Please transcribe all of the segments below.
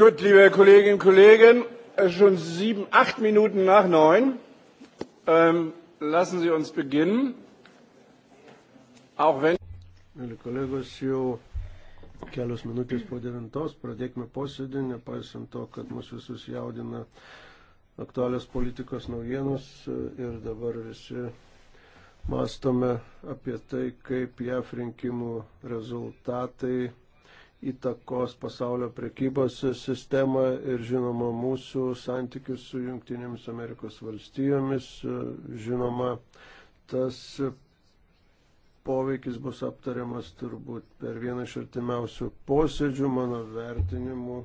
Gut, liebe Kolleginnen und Kollegen, schon sieben, acht Minuten nach neun. Ähm, lassen Sie uns beginnen. Auch wenn. Mėly kolegos, jau kelios minutės po devintos pradėkime posėdį, nepaisant to, kad mus visus jaudina aktualios politikos naujienos e, ir dabar visi mastome apie tai, kaip JAF rinkimų rezultatai įtakos pasaulio prekybos sistemą ir žinoma mūsų santykius su Junktinėmis Amerikos valstijomis. Žinoma, tas poveikis bus aptariamas turbūt per vieną iš artimiausių posėdžių mano vertinimu.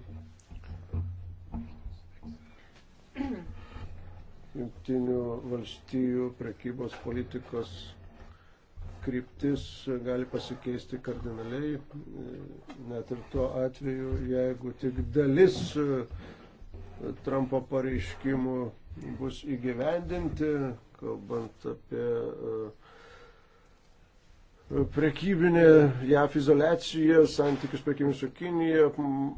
Junktinių valstijų prekybos politikos kryptis gali pasikeisti kardinaliai, net ir tuo atveju, jeigu tik dalis e, Trumpo pareiškimų bus įgyvendinti, kalbant apie uh, prekybinė JAF izolacija, santykius prekybinis su Kinija,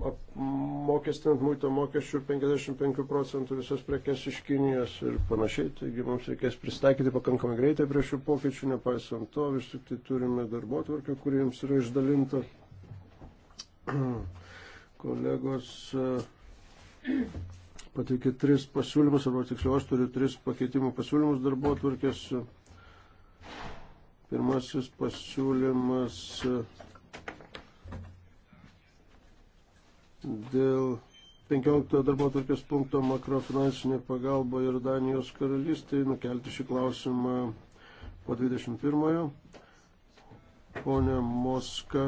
apmokestinant muito mokesčių 55 procentų visas prekes iš Kinijos ir panašiai. Taigi mums reikės pristaikyti pakankamai greitai prie šių pokyčių, nepaisant to, vis tik tai turime darbo tvarkę, kuri jums yra išdalinta. Kolegos pateikė tris pasiūlymus, arba tiksliau aš turiu tris pakeitimų pasiūlymus darbo tvarkės. Pirmasis pasiūlymas e, dėl 15 darbo tvarkės punkto makrofinansinė pagalba ir Danijos karalystėje nukelti šį klausimą po 21-ojo. Pone Moska,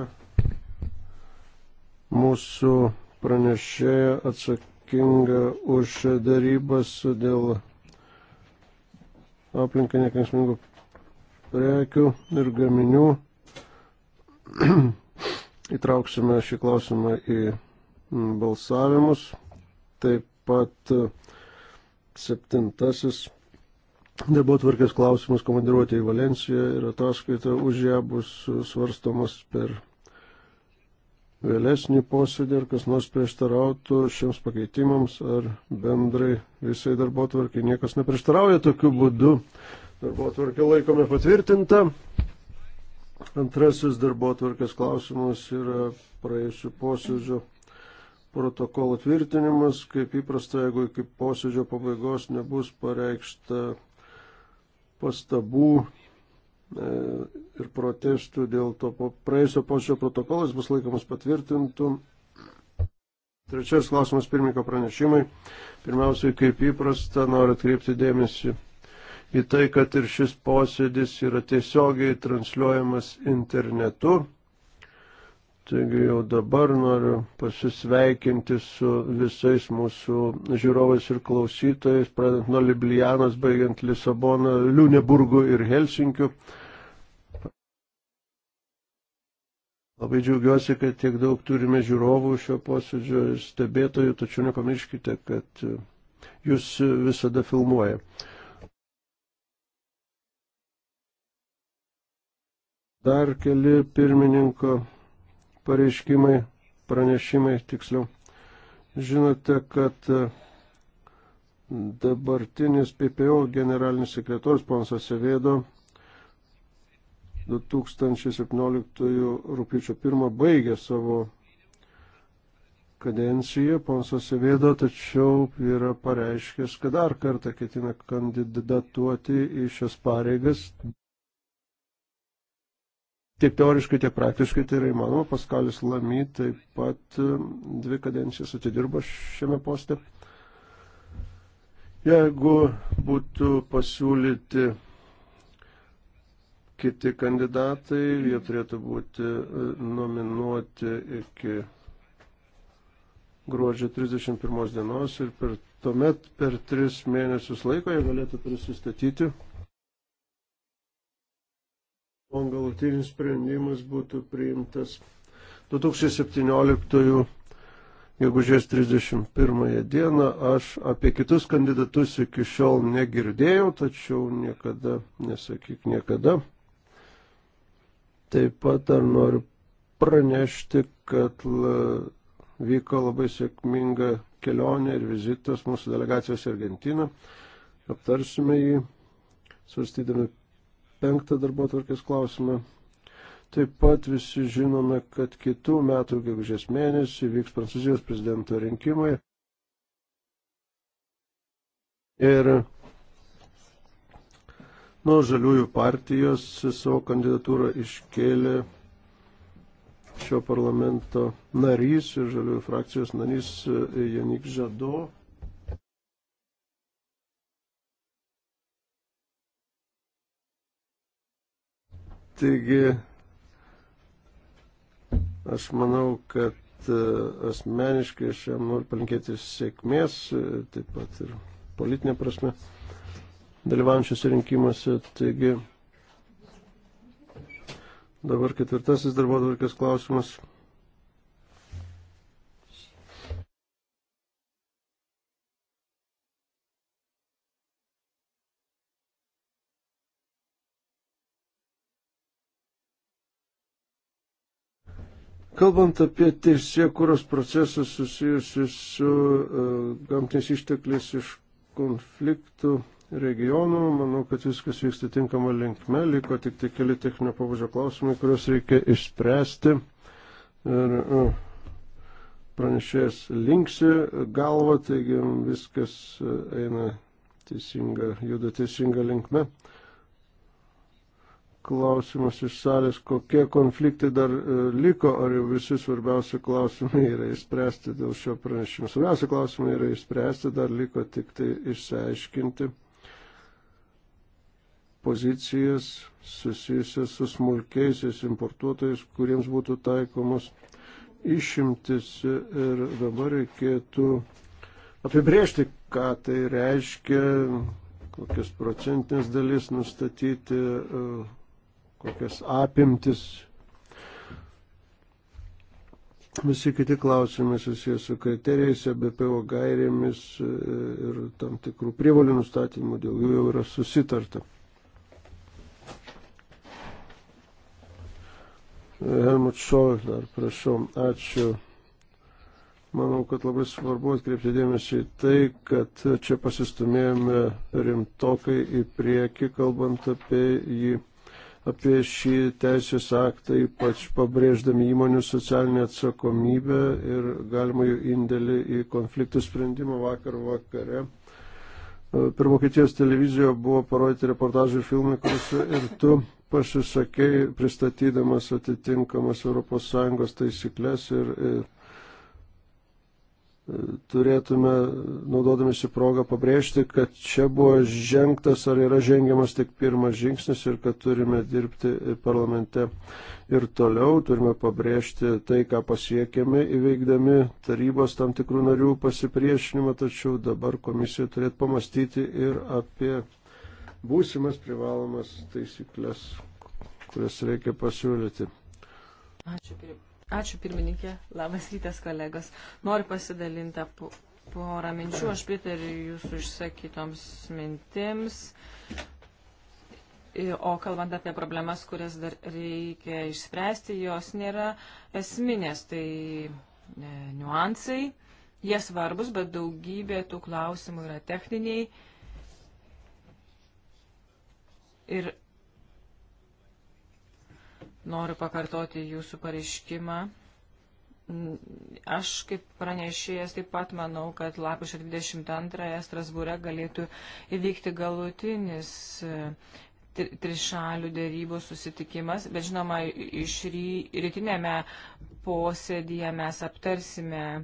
mūsų pranešėja atsakinga už darybas dėl aplinkai nekenksmingų prekių ir gaminių. Įtrauksime šį klausimą į balsavimus. Taip pat e, septintasis darbo tvarkės klausimas komandiruotė į Valenciją ir ataskaita už ją bus svarstomas per vėlesnį posėdį ir kas nors prieštarautų šiems pakeitimams ar bendrai visai darbo tvarkiai. Niekas neprieštarauja tokiu būdu darbo atvarkę laikome patvirtintą. Antrasis darbo atvarkės klausimas yra praėjusių posėdžių protokolo tvirtinimas. Kaip įprasta, jeigu iki posėdžio pabaigos nebus pareikšta pastabų e, ir protestų dėl to po praėjusio posėdžio protokolas bus laikomas patvirtintų. Trečias klausimas pirmininko pranešimai. Pirmiausiai, kaip įprasta, noriu atkreipti dėmesį į tai, kad ir šis posėdis yra tiesiogiai transliuojamas internetu. Taigi jau dabar noriu pasisveikinti su visais mūsų žiūrovais ir klausytojais, pradant nuo Liblianos, baigiant Lisaboną, Liuneburgų ir Helsinkių. Labai džiaugiuosi, kad tiek daug turime žiūrovų šio posėdžio ir stebėtojų, tačiau nepamirškite, kad jūs visada filmuoja. Dar keli pirmininko pareiškimai, pranešimai tiksliau. Žinote, kad e, dabartinis PPO generalinis sekretorius Ponsas Asevedo 2017 rūpiučio 1 baigė savo kadenciją Ponsas Asevedo, tačiau yra pareiškęs, kad dar kartą ketina kandidatuoti į šias pareigas tiek teoriškai, tiek praktiškai tai yra įmanoma. Paskalis Lamy taip pat um, dvi kadencijas atidirbo šiame poste. Jeigu būtų pasiūlyti kiti kandidatai, jie turėtų būti e, nominuoti iki gruodžio 31 dienos ir per, tuomet per tris mėnesius laiko jie galėtų prisistatyti o galutinis sprendimas būtų priimtas 2017 gegužės 31 dieną aš apie kitus kandidatus iki šiol negirdėjau, tačiau niekada, nesakyk niekada. Taip pat dar noriu pranešti, kad la, vyko labai sėkminga kelionė ir vizitas mūsų delegacijos Argentina. Aptarsime jį, svarstydami penktą darbo tvarkės klausimą. Taip pat visi žinome, kad kitų metų gegužės mėnesį vyks Prancūzijos prezidento rinkimai. Ir nuo žaliųjų partijos savo kandidatūrą iškėlė šio parlamento narys ir žaliųjų frakcijos narys Janik Žado. Taigi, aš manau, kad e, asmeniškai aš jam noriu palinkėti sėkmės, e, taip pat ir politinė prasme, dalyvaujančiose rinkimuose. Taigi, dabar ketvirtasis darbo tvarkės klausimas. Kalbant apie teisėkuros procesus susijusius su e, gamtiniais ištekliais iš konfliktų regionų, manau, kad viskas vyksta tinkama linkme, liko tik tai keli techninio pabudžio klausimai, kuriuos reikia išspręsti. Ir e, pranešėjas linksi galvą, taigi viskas e, eina teisinga, juda teisinga linkme klausimas iš salės, kokie konfliktai dar e, liko, ar jau visi svarbiausi klausimai yra išspręsti dėl šio pranešimo. Svarbiausi klausimai yra išspręsti, dar liko tik tai išsiaiškinti pozicijas susijusias su smulkiaisiais importuotojais, kuriems būtų taikomos išimtis ir dabar reikėtų apibriežti, ką tai reiškia, kokias procentinės dalis nustatyti, kokias apimtis. Visi kiti klausimai susijęs su kriterijais, BPO gairėmis e, ir tam tikrų prievalių nustatymų, dėl jų jau yra susitarta. Helmut Šovik dar prašau. Ačiū. Manau, kad labai svarbu atkreipti dėmesį į tai, kad čia pasistumėjome rimtokai į priekį, kalbant apie jį apie šį teisės aktą, ypač pabrėždami įmonių socialinę atsakomybę ir galima jų indėlį į konfliktų sprendimą vakar vakare. E, per Vokietijos televiziją buvo parodyti reportažai filmai, kuriuose ir tu pasisakei, pristatydamas atitinkamas ES taisyklės ir, ir e, turėtume, naudodami šį progą, pabrėžti, kad čia buvo žengtas ar yra žengiamas tik pirmas žingsnis ir kad turime dirbti parlamente ir toliau, turime pabrėžti tai, ką pasiekėme įveikdami tarybos tam tikrų narių pasipriešinimą, tačiau dabar komisija turėtų pamastyti ir apie būsimas privalomas taisyklės, kurias reikia pasiūlyti. Ačiū. Pirip. Ačiū pirmininkė, labas rytas kolegos. Noriu pasidalinti porą minčių, aš pritariu jūsų išsakytoms mintims. O kalbant apie problemas, kurias dar reikia išspręsti, jos nėra esminės, tai e, niuansai, jie svarbus, bet daugybė tų klausimų yra techniniai. Ir Noriu pakartoti jūsų pareiškimą. Aš kaip pranešėjas taip pat manau, kad lapkričio 22 Strasbūre galėtų įvykti galutinis e, trišalių dėrybų susitikimas, bet žinoma, iš ry, rytinėme posėdėje mes aptarsime e,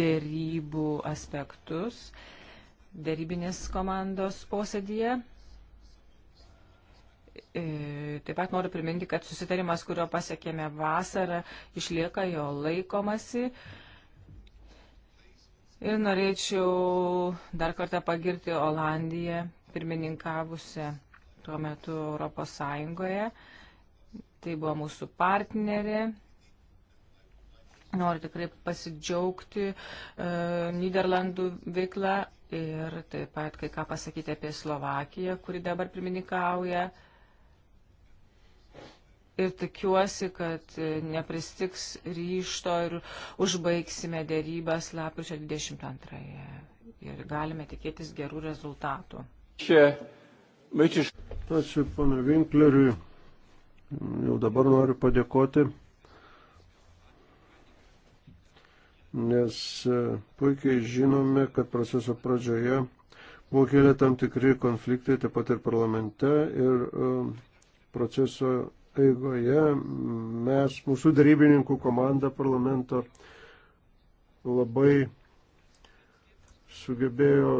dėrybų aspektus dėrybinės komandos posėdėje. E, taip pat noriu priminti, kad susitarimas, kurio pasiekėme vasarą, išlieka jo laikomasi. Ir norėčiau dar kartą pagirti Olandiją, pirmininkavusią tuo metu Europos Sąjungoje. Tai buvo mūsų partnerė. Noriu tikrai pasidžiaugti e, Niderlandų veikla ir taip pat kai ką pasakyti apie Slovakiją, kuri dabar pirmininkauja. E, ir tikiuosi, kad e, nepristiks ryšto ir užbaigsime dėrybas lapkričio 22. Ir galime tikėtis gerų rezultatų. Čia, bet iš. Ačiū, pana Vinkleriui. Jau dabar noriu padėkoti, nes e, puikiai žinome, kad proceso pradžioje buvo kėlė tam tikri konfliktai, taip pat ir parlamente, ir e, proceso eigoje mes, mūsų darybininkų komanda parlamento labai sugebėjo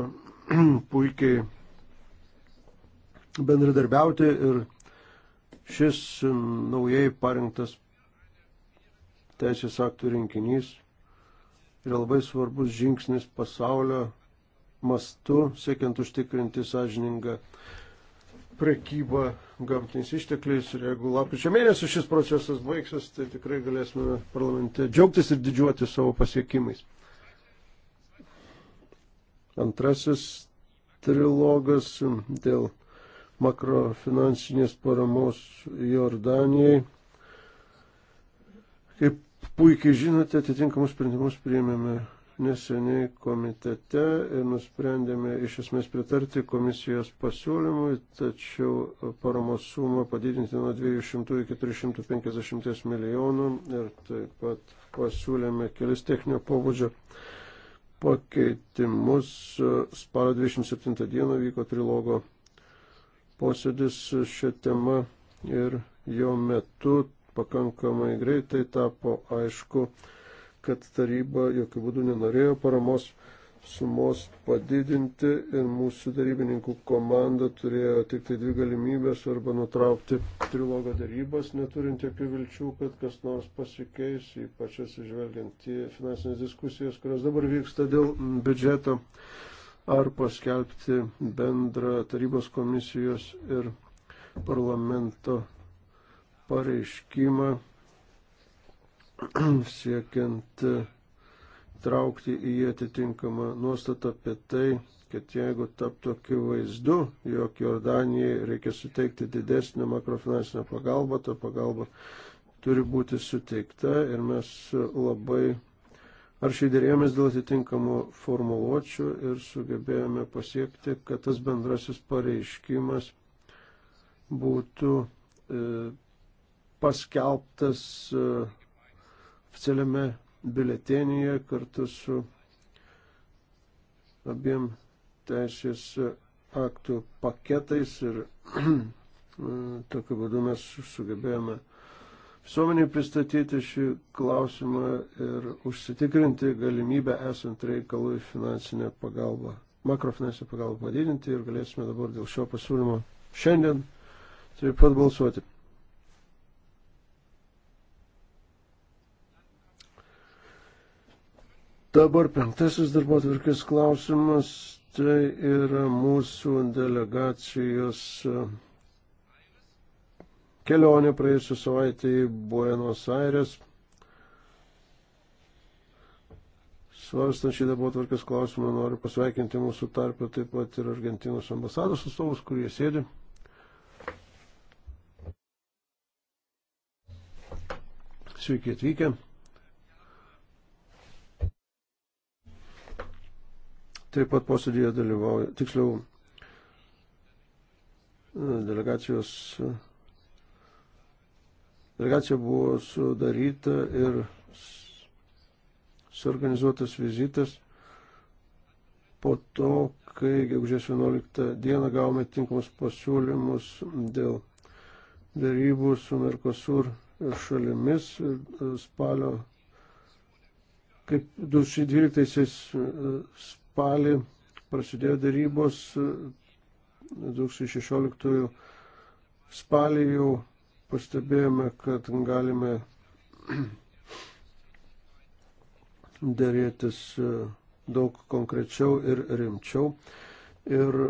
puikiai bendradarbiauti ir šis naujai parinktas teisės aktų rinkinys yra labai svarbus žingsnis pasaulio mastu, siekiant užtikrinti sąžiningą prekybą gamtiniais ištekliais ir jeigu lapkričio mėnesį šis procesas baigsis, tai tikrai galėsime parlamente džiaugtis ir didžiuoti savo pasiekimais. Antrasis trilogas dėl makrofinansinės paramos Jordanijai. Kaip puikiai žinote, atitinkamus sprendimus priėmėme neseniai komitete ir nusprendėme iš esmės pritarti komisijos pasiūlymui, tačiau paramos sumą padidinti nuo 200 iki 350 milijonų ir taip pat pasiūlėme kelis techninio pobūdžio pakeitimus. Spalio 27 dieną vyko trilogo posėdis šią temą ir jo metu pakankamai greitai tapo aišku, kad taryba jokių būdų nenorėjo paramos sumos padidinti ir mūsų darybininkų komanda turėjo tik tai dvi galimybės arba nutraukti trilogo darybas, neturint jokių vilčių, kad kas nors pasikeis, ypač atsižvelgiant į finansinės diskusijas, kurios dabar vyksta dėl biudžeto, ar paskelbti bendrą tarybos komisijos ir parlamento pareiškimą siekiant traukti į jį atitinkamą nuostatą apie tai, kad jeigu taptų akivaizdu, jog Jordanijai reikia suteikti didesnį makrofinansinę pagalbą, ta pagalba turi būti suteikta ir mes labai aršiai dėrėjomės dėl atitinkamų formuluočių ir sugebėjome pasiekti, kad tas bendrasis pareiškimas būtų e, paskelbtas e, oficialiame biletenyje kartu su abiem teisės aktų paketais ir tokiu būdu mes sugebėjome visuomeniai pristatyti šį klausimą ir užsitikrinti galimybę esant reikalui finansinę pagalbą, makrofinansinę pagalbą padidinti ir galėsime dabar dėl šio pasiūlymo šiandien taip pat balsuoti. Dabar penktasis darbo atvirkės klausimas, tai yra mūsų delegacijos e, kelionė praėjusią savaitę į Buenos Aires. Svarstant šį darbo atvarkės klausimą noriu pasveikinti mūsų tarpę taip pat ir Argentinos ambasados atstovus, kurie sėdi. Sveiki atvykę. Taip pat posėdėje dalyvauja, tiksliau, delegacijos, delegacija buvo sudaryta ir suorganizuotas vizitas po to, kai gegužės 11 dieną gavome tinkamus pasiūlymus dėl darybų su Merkosur šalimis spalio, kaip 2012 spalį prasidėjo darybos 2016 spalį jau pastebėjome, kad galime dėrėtis e, daug konkrečiau ir rimčiau. Ir e,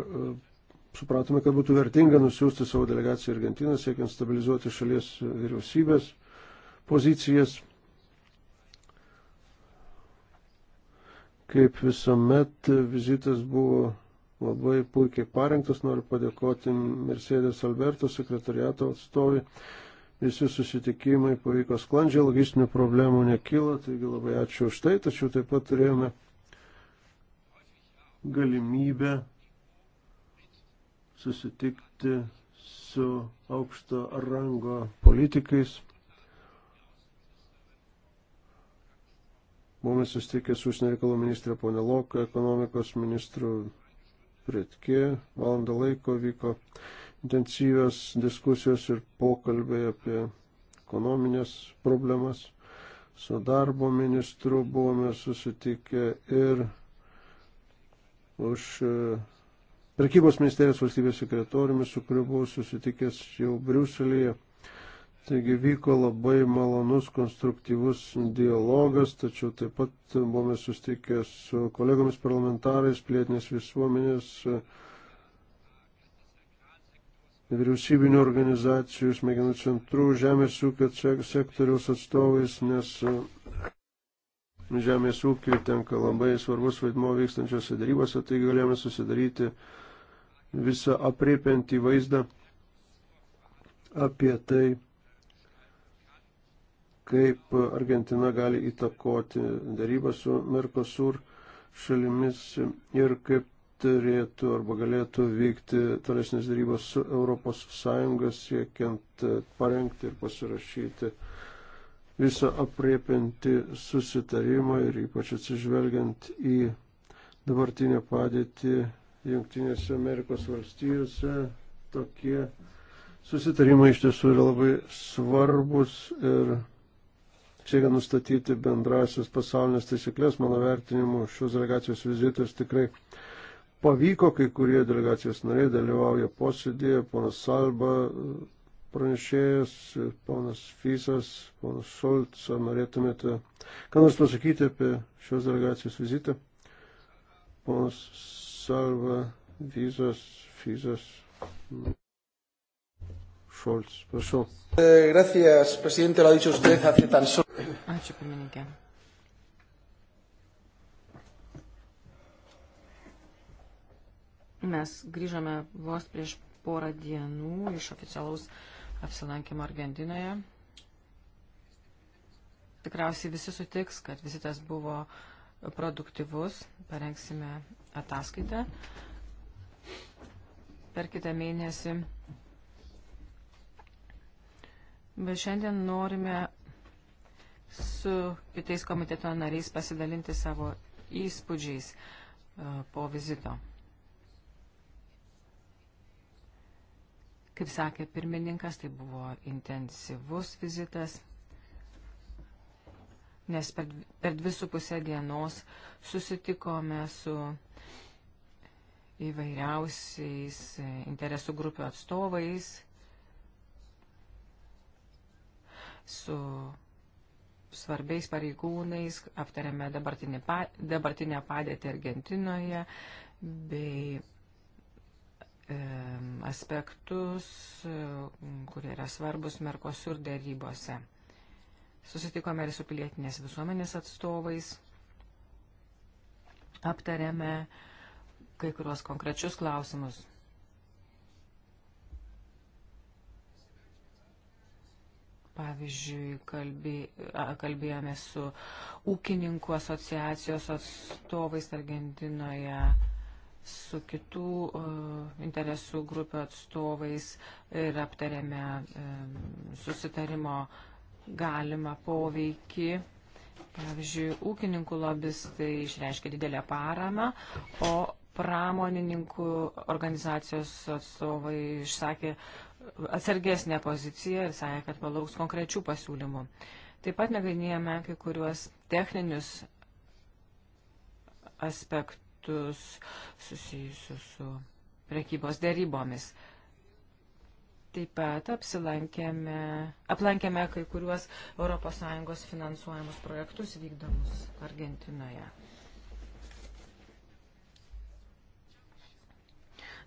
supratome, kad būtų vertinga nusiųsti savo delegaciją Argentiną, siekiant stabilizuoti šalies vyriausybės pozicijas. Kaip visuomet, vizitas buvo labai puikiai parengtas. Noriu padėkoti Mercedes Alberto sekretariato atstovui. Visi susitikimai pavyko sklandžiai, logistinių problemų nekilo, taigi labai ačiū už tai, tačiau taip pat turėjome galimybę susitikti su aukšto rango politikais Mumis susitikė su užsienio reikalų ministrė ponė Loka, ekonomikos ministru Pritkė. Valandą laiko vyko intensyvios diskusijos ir pokalbiai apie ekonominės problemas. Su darbo ministru buvome susitikę ir už e, Prekybos ministerijos valstybės sekretoriumi, su kuriuo buvau susitikęs jau Briuselėje. Taigi vyko labai malonus, konstruktyvus dialogas, tačiau taip pat buvome sustikę su kolegomis parlamentarais, plėtinės visuomenės, vyriausybinių organizacijų, smegenų centrų, žemės ūkio sektoriaus atstovais, nes e, žemės ūkiui tenka labai svarbus vaidmo vykstančiose darybose, taigi galėjome susidaryti visą apriepiantį vaizdą apie tai, kaip Argentina gali įtakoti darybą su Mercosur šalimis ir kaip turėtų arba galėtų vykti tolesnės darybos su ES siekiant parengti ir pasirašyti visą apriepinti susitarimą ir ypač atsižvelgiant į dabartinę padėtį Junktinėse Amerikos valstijose tokie susitarimai iš tiesų yra labai svarbus ir siekia nustatyti bendrasis pasaulinės taisyklės. Mano vertinimu, šios delegacijos vizitas tikrai pavyko, kai kurie delegacijos nariai dalyvauja posėdėje, ponas Salba pranešėjas, ponas Fisas, ponas Šolts, ar norėtumėte ką nors pasakyti apie šios delegacijos vizitą? Ponas Salva, Visas, Fisas. Šolts, prašau. Eh, gracias, presidente, lo ha dicho usted hace tan solo. Ačiū, pirmininkė. Mes grįžome vos prieš porą dienų iš oficialaus apsilankimo Argentinoje. Tikriausiai visi sutiks, kad vizitas buvo produktyvus. Parengsime ataskaitą. Per kitą mėnesį. Bet šiandien norime su kitais komiteto nariais pasidalinti savo įspūdžiais e, po vizito. Kaip sakė pirmininkas, tai buvo intensyvus vizitas, nes per, per dvi su pusę dienos susitikome su įvairiausiais e, interesų grupių atstovais, su svarbiais pareigūnais, aptarėme dabartinį, dabartinę padėtį Argentinoje bei aspektus, kurie yra svarbus Merkosur dėrybose. Susitikome ir su pilietinės visuomenės atstovais, aptarėme kai kuriuos konkrečius klausimus. Pavyzdžiui, kalbė, kalbėjome su ūkininkų asociacijos atstovais Argentinoje, su kitų uh, interesų grupių atstovais ir aptarėme um, susitarimo galimą poveikį. Pavyzdžiui, ūkininkų lobistai išreiškia didelę paramą, o pramonininkų organizacijos atstovai išsakė atsargesnę poziciją ir sąja, kad palauks konkrečių pasiūlymų. Taip pat nagrinėjame kai kuriuos techninius aspektus susijusius su prekybos dėrybomis. Taip pat apsilankėme, aplankėme kai kuriuos ES finansuojamus projektus vykdomus Argentinoje.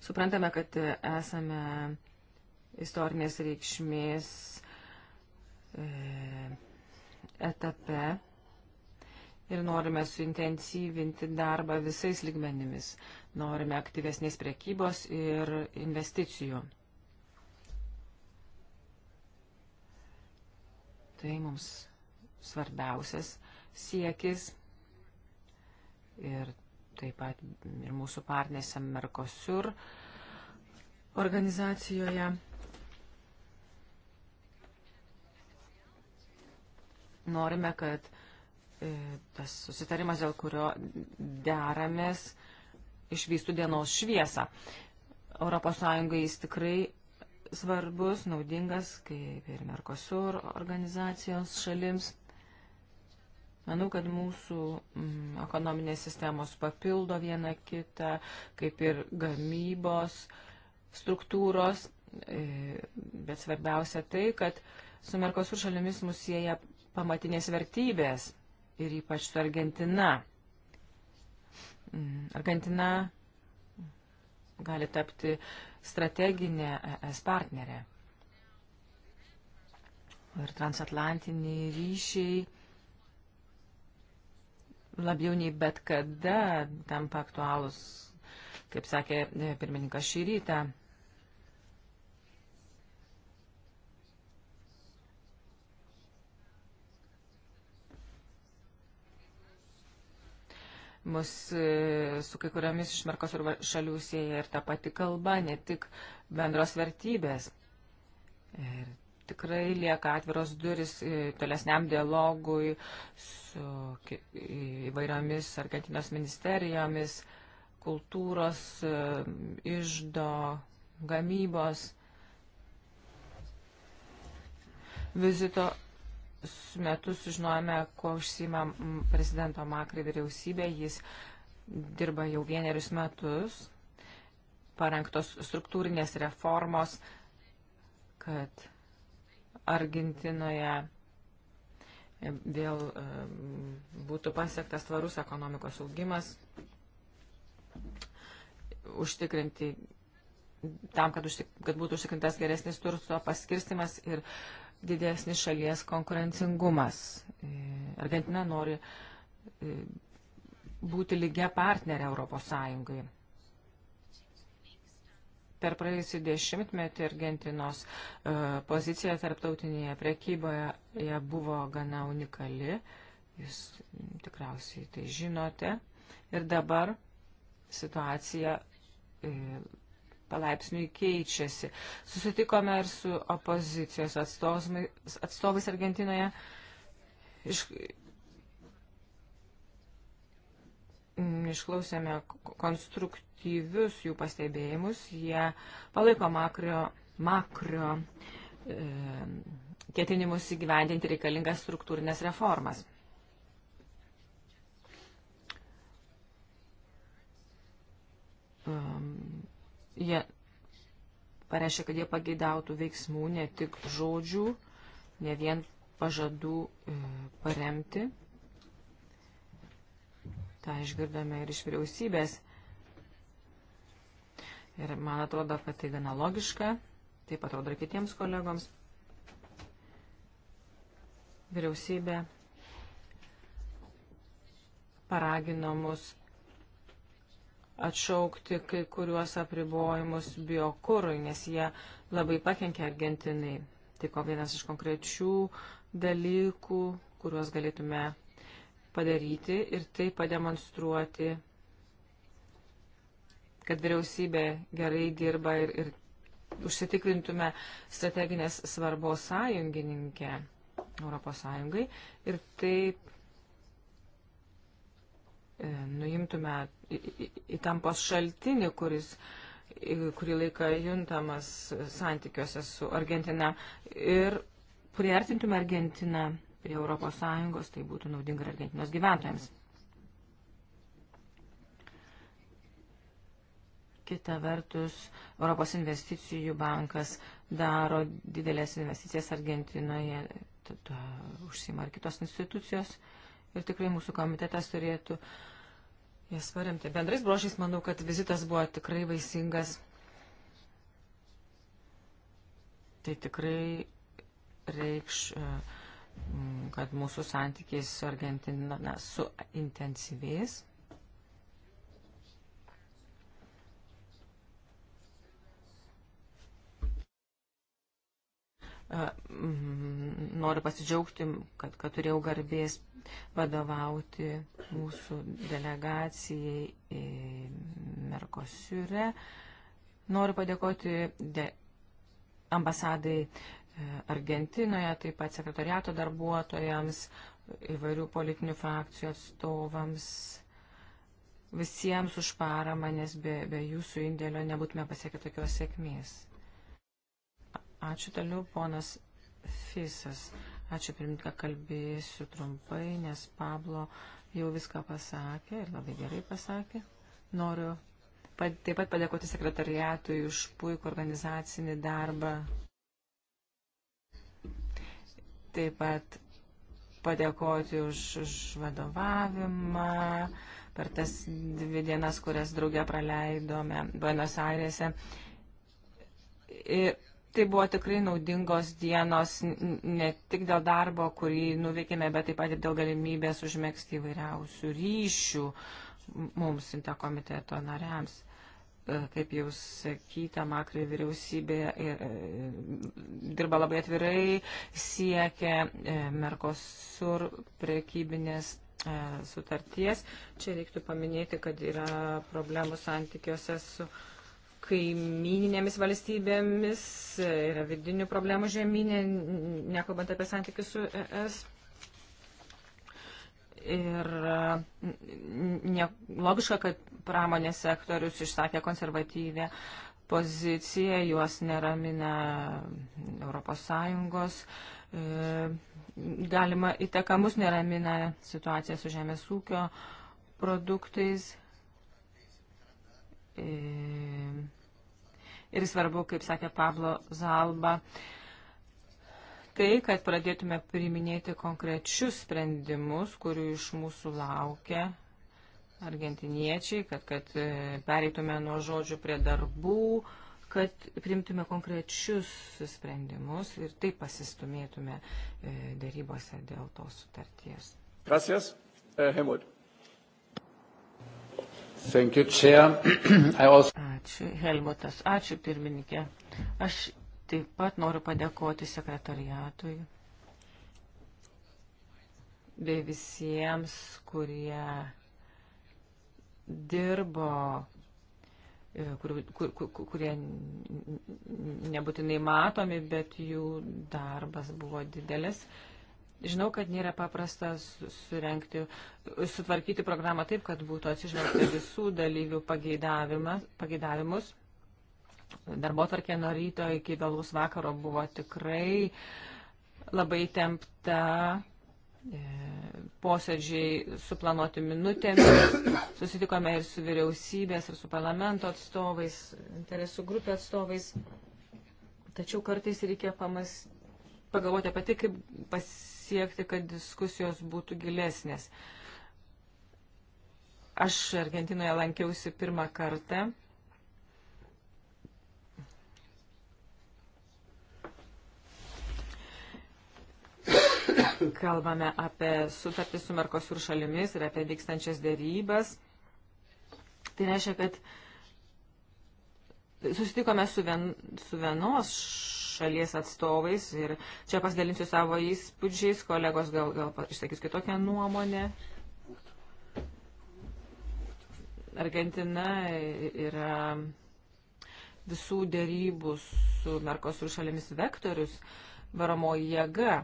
Suprantame, kad esame istorinės reikšmės e, etape ir norime suintensyvinti darbą visais ligmenimis. Norime aktyvesnės priekybos ir investicijų. Tai mums svarbiausias siekis ir taip pat ir mūsų partnėse Mercosur organizacijoje. Norime, kad e, tas susitarimas, dėl kurio deramės, išvystų dienos šviesą. ES jis tikrai svarbus, naudingas, kaip ir Mercosur organizacijos šalims. Manau, kad mūsų mm, ekonominės sistemos papildo vieną kitą, kaip ir gamybos struktūros, e, bet svarbiausia tai, kad su Merkosur šalimis mus sieja pamatinės vertybės ir ypač su Argentina. Mm, Argentina gali tapti strateginė ES partnerė. Ir transatlantiniai ryšiai labiau nei bet kada tampa aktualūs, kaip sakė e, pirmininkas šį rytą. Mus e, su kai kuriomis iš Merkosur šalių sieja ir ta pati kalba, ne tik bendros vertybės. Ir tikrai lieka atviros duris e, tolesniam dialogui su įvairiomis Argentinos ministerijomis, kultūros, e, išdo, gamybos. Vizito metus sužinojame, ko užsima prezidento Makrai vyriausybė. Jis dirba jau vienerius metus, parengtos struktūrinės reformos, kad Argentinoje vėl e, būtų pasiektas tvarus ekonomikos augimas, užtikrinti tam, kad, užtik, kad būtų užtikrintas geresnis turto paskirstimas ir uh, didesnis šalies konkurencingumas. E, Argentina nori e, būti lygia partnerė Europos Sąjungai. Per praėjusį dešimtmetį Argentinos e, pozicija tarptautinėje prekyboje buvo gana unikali. Jūs tikriausiai tai žinote. Ir dabar situacija palaipsniui keičiasi. Susitikome ir su opozicijos atstovais Argentinoje. Iš, išklausėme konstruktyvius jų pastebėjimus. Jie palaiko makrio, makrio e, ketinimus įgyvendinti reikalingas struktūrinės reformas. Um, Jie pareiškia, kad jie pageidautų veiksmų, ne tik žodžių, ne vien pažadų e, paremti. Ta išgirdome ir iš vyriausybės. Ir man atrodo, kad tai gana logiška, taip atrodo ir kitiems kolegoms. Vyriausybė paragino mus atšaukti kai kuriuos apribojimus biokūrui, nes jie labai pakenkia Argentinai. Tai ko vienas iš konkrečių dalykų, kuriuos galėtume padaryti ir tai pademonstruoti, kad vyriausybė gerai dirba ir, ir užsitikrintume strateginės svarbos sąjungininkę Europos Sąjungai ir taip E, nuimtume įtampos šaltinį, kuris kurį laiką juntamas santykiuose su Argentina ir priartintume Argentiną prie Europos Sąjungos, tai būtų naudinga ir Argentinos gyventojams. Kita vertus, Europos investicijų bankas daro didelės investicijas Argentinoje, tada užsima ir kitos institucijos. Uh, ir tikrai mūsų komitetas turėtų jas paremti. Bendrais brošiais manau, kad vizitas buvo tikrai vaisingas. Tai tikrai reikš, e, kad mūsų santykiai su Argentina suintensyvės. Mhm, noriu pasidžiaugti, kad, kad turėjau garbės vadovauti mūsų delegacijai Merkosiure. Noriu padėkoti de, ambasadai e, Argentinoje, taip pat sekretariato darbuotojams, įvairių politinių frakcijų atstovams, visiems už paramą, nes be, be jūsų indėlio nebūtume pasiekę tokios sėkmės. Ačiū toliau, ponas Fisas. Ačiū pirmininką, kalbėsiu trumpai, nes Pablo jau viską pasakė ir labai gerai pasakė. Noriu taip pat padėkoti sekretariatui už puikų organizacinį darbą. Taip pat padėkoti už, už vadovavimą per tas dvi dienas, kurias draugė praleidome Buenos Airėse. Ir Tai buvo tikrai naudingos dienos ne tik dėl darbo, kurį nuveikėme, bet taip pat ir dėl galimybės užmėgsti įvairiausių ryšių mums sinta komiteto nariams. E, kaip jau sakyta, makrai vyriausybė e, e, dirba labai atvirai, siekia Merkosur prekybinės sutarties. Čia reiktų paminėti, kad yra problemų santykiuose su kaimininėmis valstybėmis, yra vidinių problemų žemynė, nekalbant apie santykius su ES. Ir ne, logiška, kad pramonės sektorius išsakė konservatyvę poziciją, juos neramina ES. E, galima įteka mus neramina situacija su žemės ūkio produktais. E, ir svarbu, kaip sakė Pablo Zalba, tai, kad pradėtume priminėti konkrečius sprendimus, kurių iš mūsų laukia argentiniečiai, kad, kad e, pereitume nuo žodžių prie darbų, kad primtume konkrečius sprendimus ir taip pasistumėtume e, darybose dėl tos sutarties. Gracias, eh, Helmut. Thank you, Chair. I also... Ačiū, Helmutas. Ačiū, pirmininkė. Aš taip pat noriu padėkoti sekretariatui bei visiems, kurie dirbo, kur, e, kur, kur, kurie nebūtinai matomi, bet jų darbas buvo didelis. Žinau, kad nėra paprasta surenkti, sutvarkyti programą taip, kad būtų atsižvelgta visų dalyvių pageidavimus. Darbo tvarkė nuo ryto iki vėlus vakaro buvo tikrai labai tempta. E, posėdžiai suplanuoti minutėmis. Susitikome ir su vyriausybės, ir su parlamento atstovais, interesų grupė atstovais. Tačiau kartais reikia pamastyti pagalvoti apie tai, kaip pasiekti, kad diskusijos būtų gilesnės. Aš Argentinoje lankiausi pirmą kartą. Kalbame apie sutartį su Merkosur šalimis ir apie vykstančias dėrybas. Tai reiškia, kad susitikome su, vien, su vienos šalies atstovais ir čia pasidalinsiu savo įspūdžiais, kolegos gal, gal išsakys kitokią nuomonę. Argentina yra visų dėrybų su Merkosur šalimis vektorius varomoji jėga.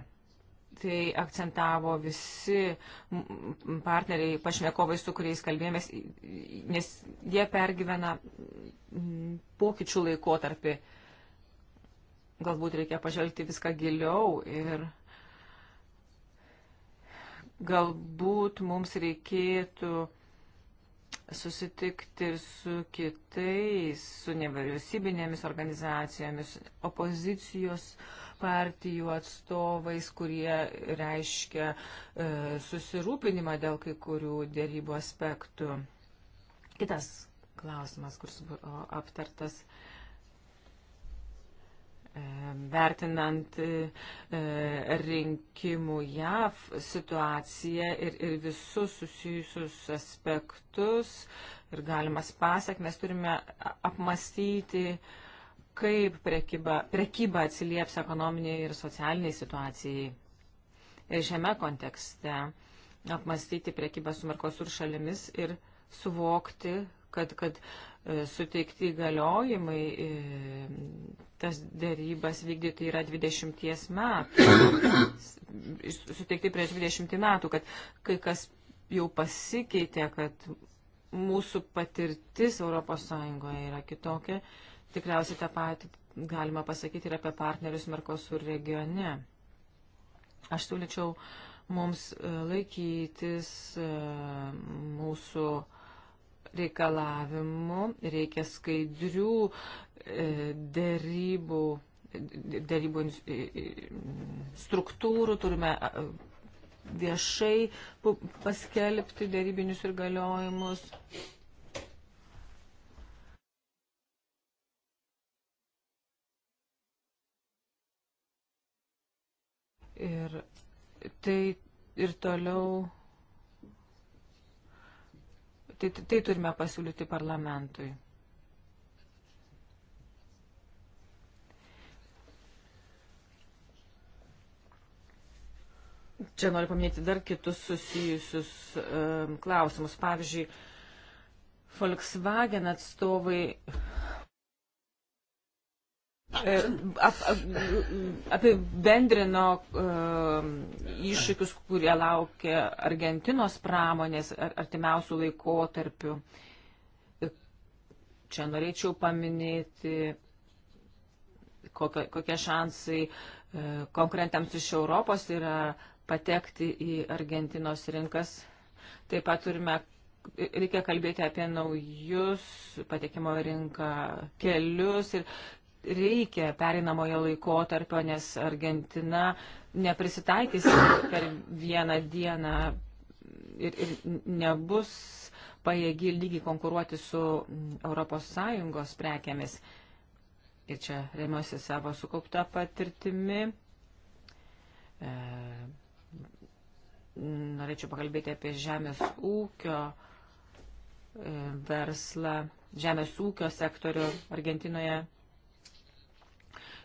Tai akcentavo visi partneriai, pašnekovai, su kuriais kalbėjomės, nes jie pergyvena pokyčių laikotarpį galbūt reikia pažvelgti viską giliau ir galbūt mums reikėtų susitikti su kitais, su nevyriausybinėmis organizacijomis, opozicijos partijų atstovais, kurie reiškia e, susirūpinimą dėl kai kurių dėrybų aspektų. Kitas klausimas, kuris buvo aptartas vertinant e, e, rinkimų JAV situaciją ir, ir visus susijusius aspektus ir galimas pasiekmes, turime apmastyti, kaip prekyba, prekyba atsilieps ekonominiai ir socialiniai situacijai. Ir šiame kontekste apmastyti prekybą su Merkosur šalimis ir suvokti, kad, kad e, suteikti galiojimai e, tas dėrybas vykdyti yra 20 metų, suteikti prieš 20 metų, kad kai kas jau pasikeitė, kad mūsų patirtis ES yra kitokia, tikriausiai tą patį galima pasakyti ir apie partnerius Merkosur regione. Aš siūlyčiau mums e, laikytis mūsų uh, reikalavimų, reikia skaidrių e, dėrybų, dėrybų e, e, struktūrų, turime viešai paskelbti dėrybinius ir galiojimus. Ir tai ir toliau Tai, tai turime pasiūlyti parlamentui. Čia noriu paminėti dar kitus susijusius um, klausimus. Pavyzdžiui, Volkswagen atstovai E, ap, ap, apibendrino uh, iššūkius, kurie laukia Argentinos pramonės artimiausių laikotarpių. E, čia norėčiau paminėti, kokie, kokie šansai uh, konkurentams iš Europos yra patekti į Argentinos rinkas. Taip pat turime reikia kalbėti apie naujus patekimo rinką kelius ir reikia perinamojo laikotarpio, nes Argentina neprisitaikys per vieną dieną ir, ir nebus pajėgi lygiai konkuruoti su ES prekiamis. Ir čia remiuosi savo sukauptą patirtimi. E, norėčiau pakalbėti apie žemės ūkio e, verslą, žemės ūkio sektorių Argentinoje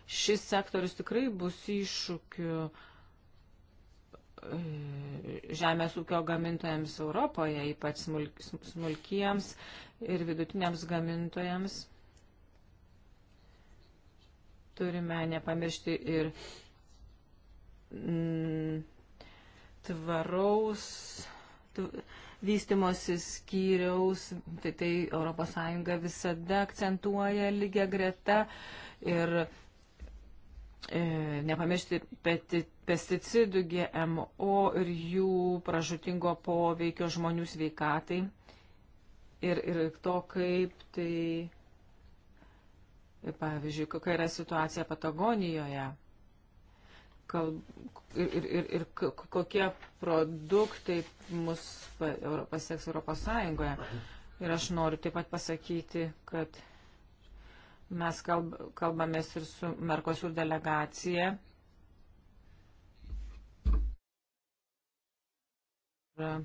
šis sektorius tikrai bus iššūkiu e, žemės ūkio gamintojams Europoje, ypač smulkiems ir vidutiniams gamintojams. Turime nepamiršti ir mm, tvaraus vystimosi skyriaus, tai tai ES visada akcentuoja lygia greta ir E, nepamiršti pesticidų GMO ir jų pražutingo poveikio žmonių sveikatai ir, ir to, kaip tai, pavyzdžiui, kokia yra situacija Patagonijoje kalb, ir, ir, ir, ir kokie produktai mus pasieks Europos Sąjungoje. Ir aš noriu taip pat pasakyti, kad Mes kalb, kalbamės ir su Merkosių delegacija. Ir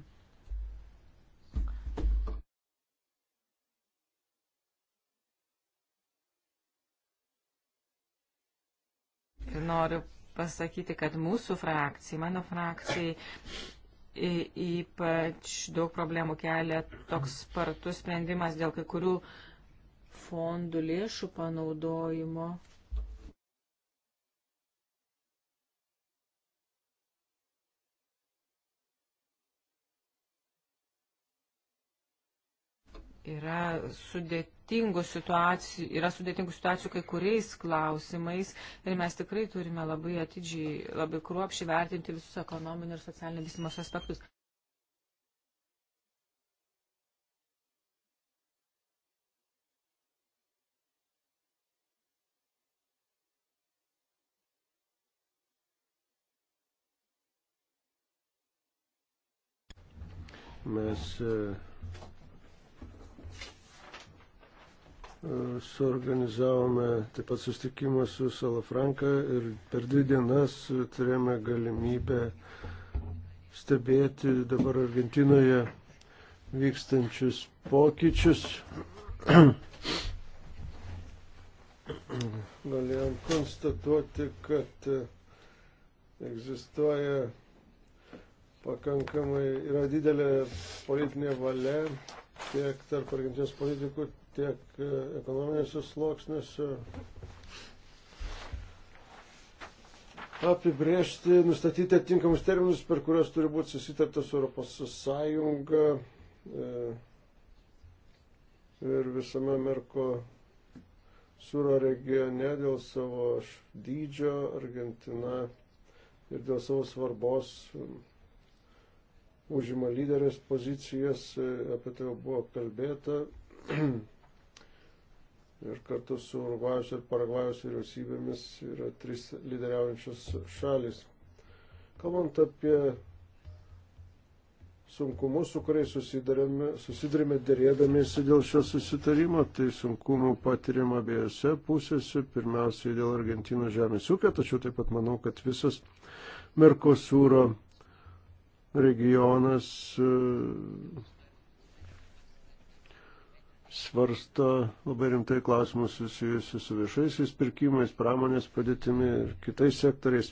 noriu pasakyti, kad mūsų frakcijai, mano frakcijai ypač daug problemų kelia toks spartus sprendimas dėl kai kurių uh, fondų lėšų panaudojimo. Yra sudėtingų situacijų, yra sudėtingų situacijų kai kuriais klausimais ir mes tikrai turime labai atidžiai, labai kruopšiai vertinti visus ekonominius ir socialinius aspektus. Mes e, e, suorganizavome taip pat sustikimą su Salafranka ir per dvi dienas turėjome galimybę stebėti dabar Argentinoje vykstančius pokyčius. Galėjom konstatuoti, kad egzistuoja pakankamai yra didelė politinė valia tiek tarp Argentinos politikų, tiek e, ekonominėse sluoksniuose apibriežti, nustatyti atitinkamus terminus, per kuriuos turi būti susitarta su Europos Sąjunga e, ir visame Merko Sūro regione dėl savo dydžio Argentina ir dėl savo svarbos užima lyderės pozicijas, e, apie tai jau buvo kalbėta. ir kartu su Urugvajos ir Paragvajos vyriausybėmis yra trys lyderiaujančios šalis. Kalbant apie sunkumus, su kuriais susidurime dėrėdamėsi dėl šio susitarimo, tai sunkumų patiriama abiejose pusėse, pirmiausiai dėl Argentinos žemės ūkio, tačiau taip pat manau, kad visas Merkosūro regionas e, svarsto labai rimtai klausimus susijusius su viešaisiais pirkimais, pramonės padėtimi ir kitais sektoriais.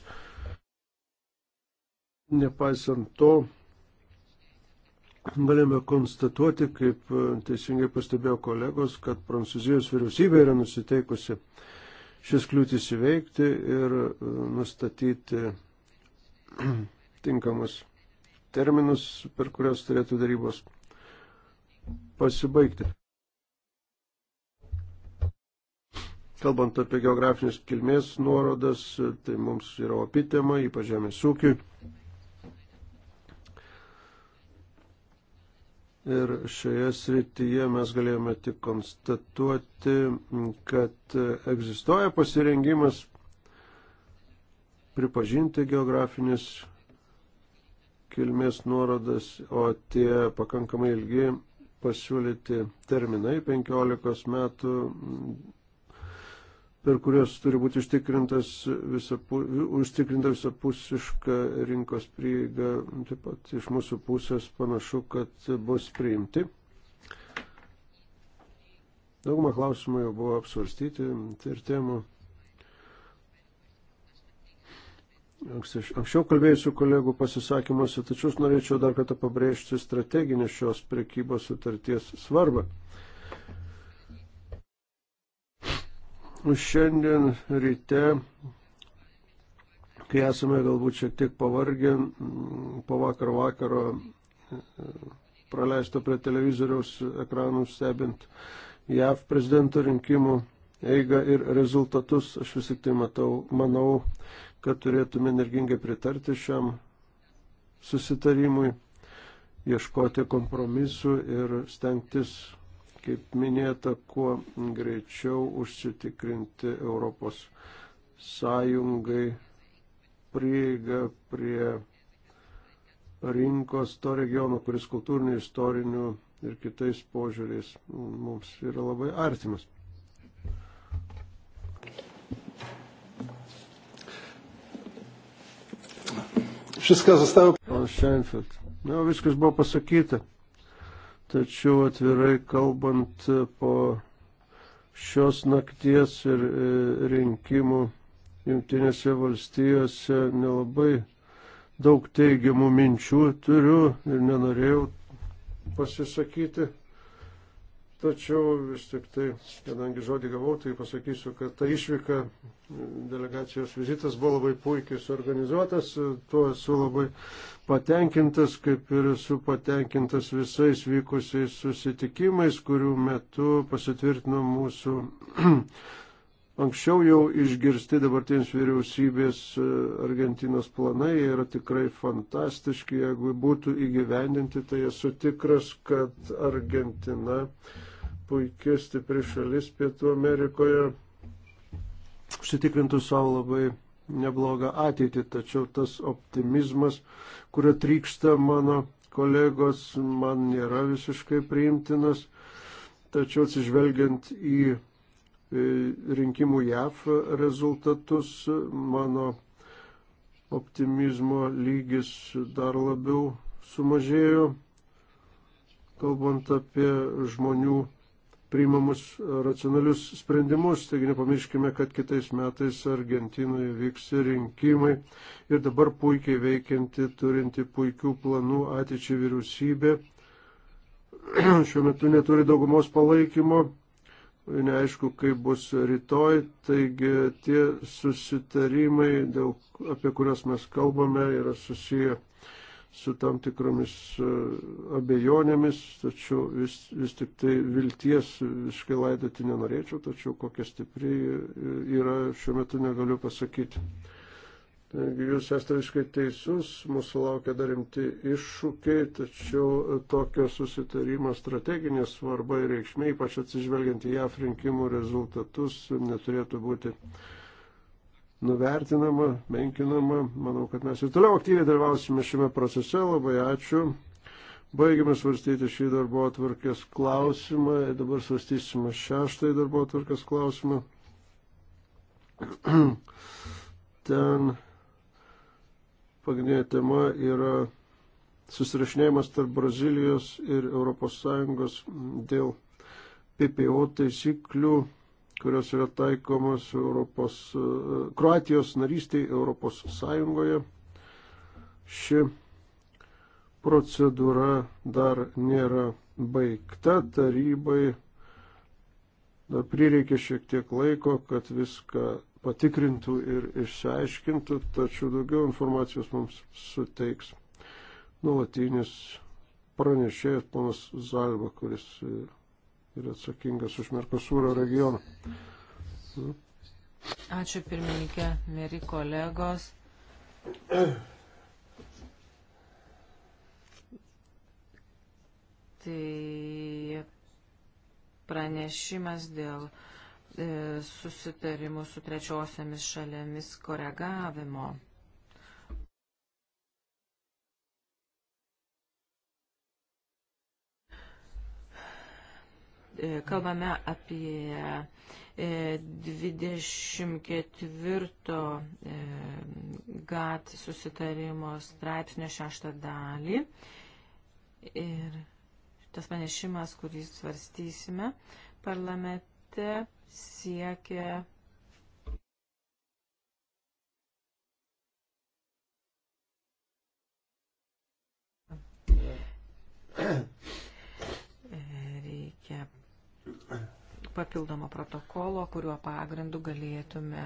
Nepaisant to, galime konstatuoti, kaip teisingai pastebėjo kolegos, kad Prancūzijos vyriausybė yra nusiteikusi šis kliūtis įveikti ir e, nustatyti tinkamas terminus, per kurios turėtų darybos pasibaigti. Kalbant apie geografinės kilmės nuorodas, tai mums yra opi tema, ypač žemės ūkiui. Ir šioje srityje mes galėjome tik konstatuoti, kad egzistuoja pasirengimas pripažinti geografinės kilmės nuorodas, o tie pakankamai ilgi pasiūlyti terminai 15 metų, per kuriuos turi būti užtikrintas visapu, užtikrinta visapusiška rinkos prieiga, taip pat iš mūsų pusės panašu, kad bus priimti. Daugumą klausimų jau buvo apsvarstyti tai ir temų anksčiau kalbėjusių kolegų pasisakymuose, tačiau aš norėčiau dar kartą pabrėžti strateginę šios prekybos sutarties svarbą. Šiandien ryte, kai esame galbūt šiek tiek pavargę po vakaro vakaro praleisto prie televizoriaus ekranų stebint JAV prezidento rinkimų eigą ir rezultatus, aš vis tik tai matau, manau, kad turėtume energingai pritarti šiam susitarimui, ieškoti kompromisų ir stengtis, kaip minėta, kuo greičiau užsitikrinti Europos sąjungai prieigą prie rinkos to regiono, kuris kultūriniu, istoriniu ir kitais požiūriais mums yra labai artimas. Viskas zostało. O Seinfeld. No, viskas buvo pasakyta. Tačiau atvirai kalbant e, po šios nakties ir e, rinkimų jungtinėse valstijose nelabai daug teigiamų minčių turiu ir nenorėjau pasisakyti. Tačiau vis tik tai, kadangi žodį gavau, tai pasakysiu, kad ta išvyka delegacijos vizitas buvo labai puikiai suorganizuotas, tuo esu labai patenkintas, kaip ir esu patenkintas visais vykusiais susitikimais, kurių metu pasitvirtino mūsų anksčiau jau išgirsti dabartinės vyriausybės e, Argentinos planai, jie yra tikrai fantastiški, jeigu būtų įgyvendinti, tai esu tikras, kad Argentina puikia stipri šalis Pietų Amerikoje užsitikrintų savo labai neblogą ateitį, tačiau tas optimizmas, kurio trykšta mano kolegos, man nėra visiškai priimtinas, tačiau atsižvelgiant į e, rinkimų JAF rezultatus, mano optimizmo lygis dar labiau sumažėjo, kalbant apie žmonių priimamus racionalius sprendimus. Taigi nepamirškime, kad kitais metais Argentinoje vyks rinkimai ir dabar puikiai veikianti, turinti puikių planų ateičiai vyriausybė. Šiuo metu neturi daugumos palaikymo, neaišku, kaip bus rytoj, taigi tie susitarimai, dėl, apie kuriuos mes kalbame, yra susiję su tam tikromis e, abejonėmis, tačiau vis, vis tik tai vilties visiškai laidoti nenorėčiau, tačiau kokia stipri e, yra šiuo metu negaliu pasakyti. Taigi jūs esate visiškai teisus, mūsų laukia dar rimti iššūkiai, tačiau tokio susitarimo strateginė svarba ir reikšmė, ypač atsižvelgiant į JAF rinkimų rezultatus, neturėtų būti nuvertinama, menkinama. Manau, kad mes ir toliau aktyviai dalyvausime šiame procese. Labai ačiū. Baigiame svarstyti šį darbo atvarkės klausimą. Dabar svarstysime šeštąjį darbo atvarkės klausimą. Ten pagrindinė tema yra susirašinėjimas tarp Brazilijos ir ES dėl PPO taisyklių kurios yra taikomos Europos, Kroatijos narystiai Europos Sąjungoje. Ši procedūra dar nėra baigta, tarybai dar prireikė šiek tiek laiko, kad viską patikrintų ir išsiaiškintų, tačiau daugiau informacijos mums suteiks nuolatinis pranešėjas ponas Zalba, kuris yra atsakingas už Merkosūro regioną. Ačiū pirmininkė, mėry kolegos. Tai pranešimas dėl e, susitarimų su trečiosiamis šalėmis koregavimo. E, kalbame apie 24 e, e, GAT susitarimo straipsnio šeštą dalį. Ir tas panešimas, kurį svarstysime parlamente, siekia reikia papildomo protokolo, kuriuo pagrindu galėtume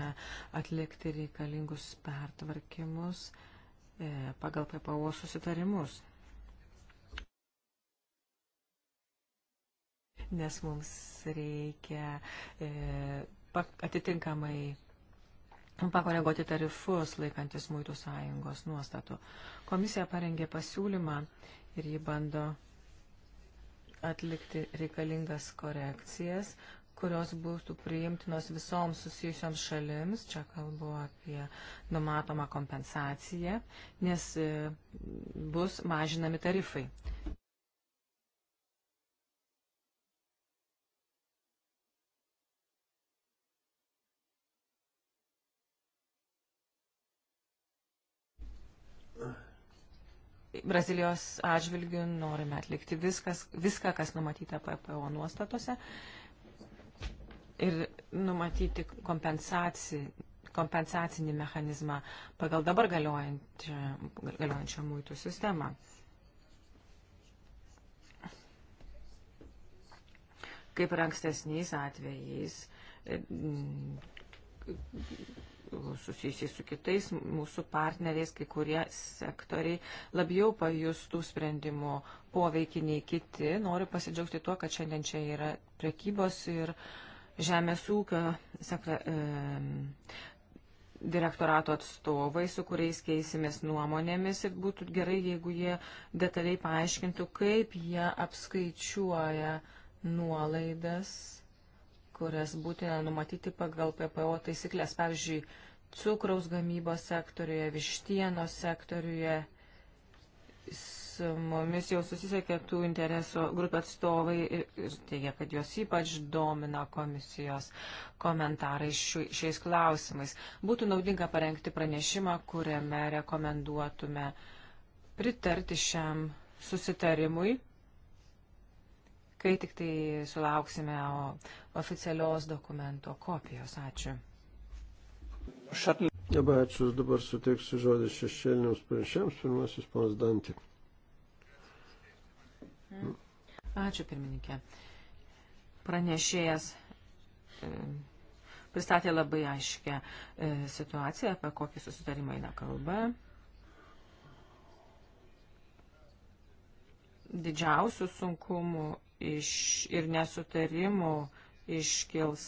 atlikti reikalingus pertvarkimus e, pagal PPO susitarimus. Nes mums reikia e, atitinkamai pakoreguoti tarifus laikantis Muitų sąjungos nuostatų. Komisija parengė pasiūlymą ir jį bando atlikti reikalingas korekcijas, kurios būtų priimtinos visoms susijusioms šalims, čia kalbu apie numatomą kompensaciją, nes e, bus mažinami tarifai. Brazilijos atžvilgių norime atlikti viskas, viską, kas numatyta PPO nuostatose ir numatyti kompensacinį mechanizmą pagal dabar galiojančią, galiojančią muitų sistemą. Kaip ir ankstesniais atvejais, susijusiais su kitais mūsų partneriais, kai kurie sektoriai labiau pajustų sprendimų poveikį nei kiti. Noriu pasidžiaugti tuo, kad šiandien čia yra prekybos ir žemės ūkio sekre, e, direktorato atstovai, su kuriais keisimės nuomonėmis ir būtų gerai, jeigu jie detaliai paaiškintų, kaip jie apskaičiuoja nuolaidas kurias būtina numatyti pagal PPO taisyklės, pavyzdžiui, cukraus gamybos sektoriuje, vištienos sektoriuje. Su mumis jau susisiekė tų interesų grupė atstovai ir, ir teigia, kad juos ypač domina komisijos komentarai šiu, šiais klausimais. Būtų naudinga parengti pranešimą, kuriame rekomenduotume pritarti šiam susitarimui kai tik tai sulauksime oficialios dokumento kopijos. Ačiū. Labai ačiū, dabar suteiksiu žodį šešėliniams pranešėms, pirmasis panas Dantį. Ačiū, pirmininkė. Pranešėjas e, pristatė labai aiškę e, situaciją, apie kokį susitarimą eina kalba. Didžiausių sunkumų iš, ir nesutarimų iškils,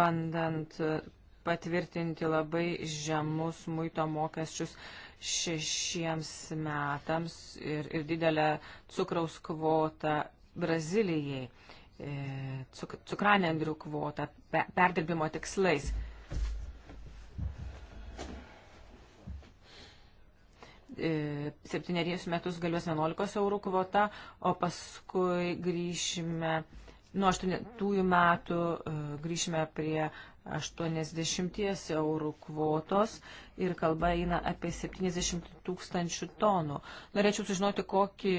bandant patvirtinti labai žemus muito mokesčius šešiems metams ir, ir didelę cukraus kvotą Brazilijai, e, cuk, cukranendrių kvotą pe, perdirbimo tikslais. E, septynerius metus galios 11 eurų kvota, o paskui grįšime nuo 8 metų e, grįšime prie 80 eurų kvotos ir kalba eina apie 70 tūkstančių tonų. Norėčiau sužinoti, kokį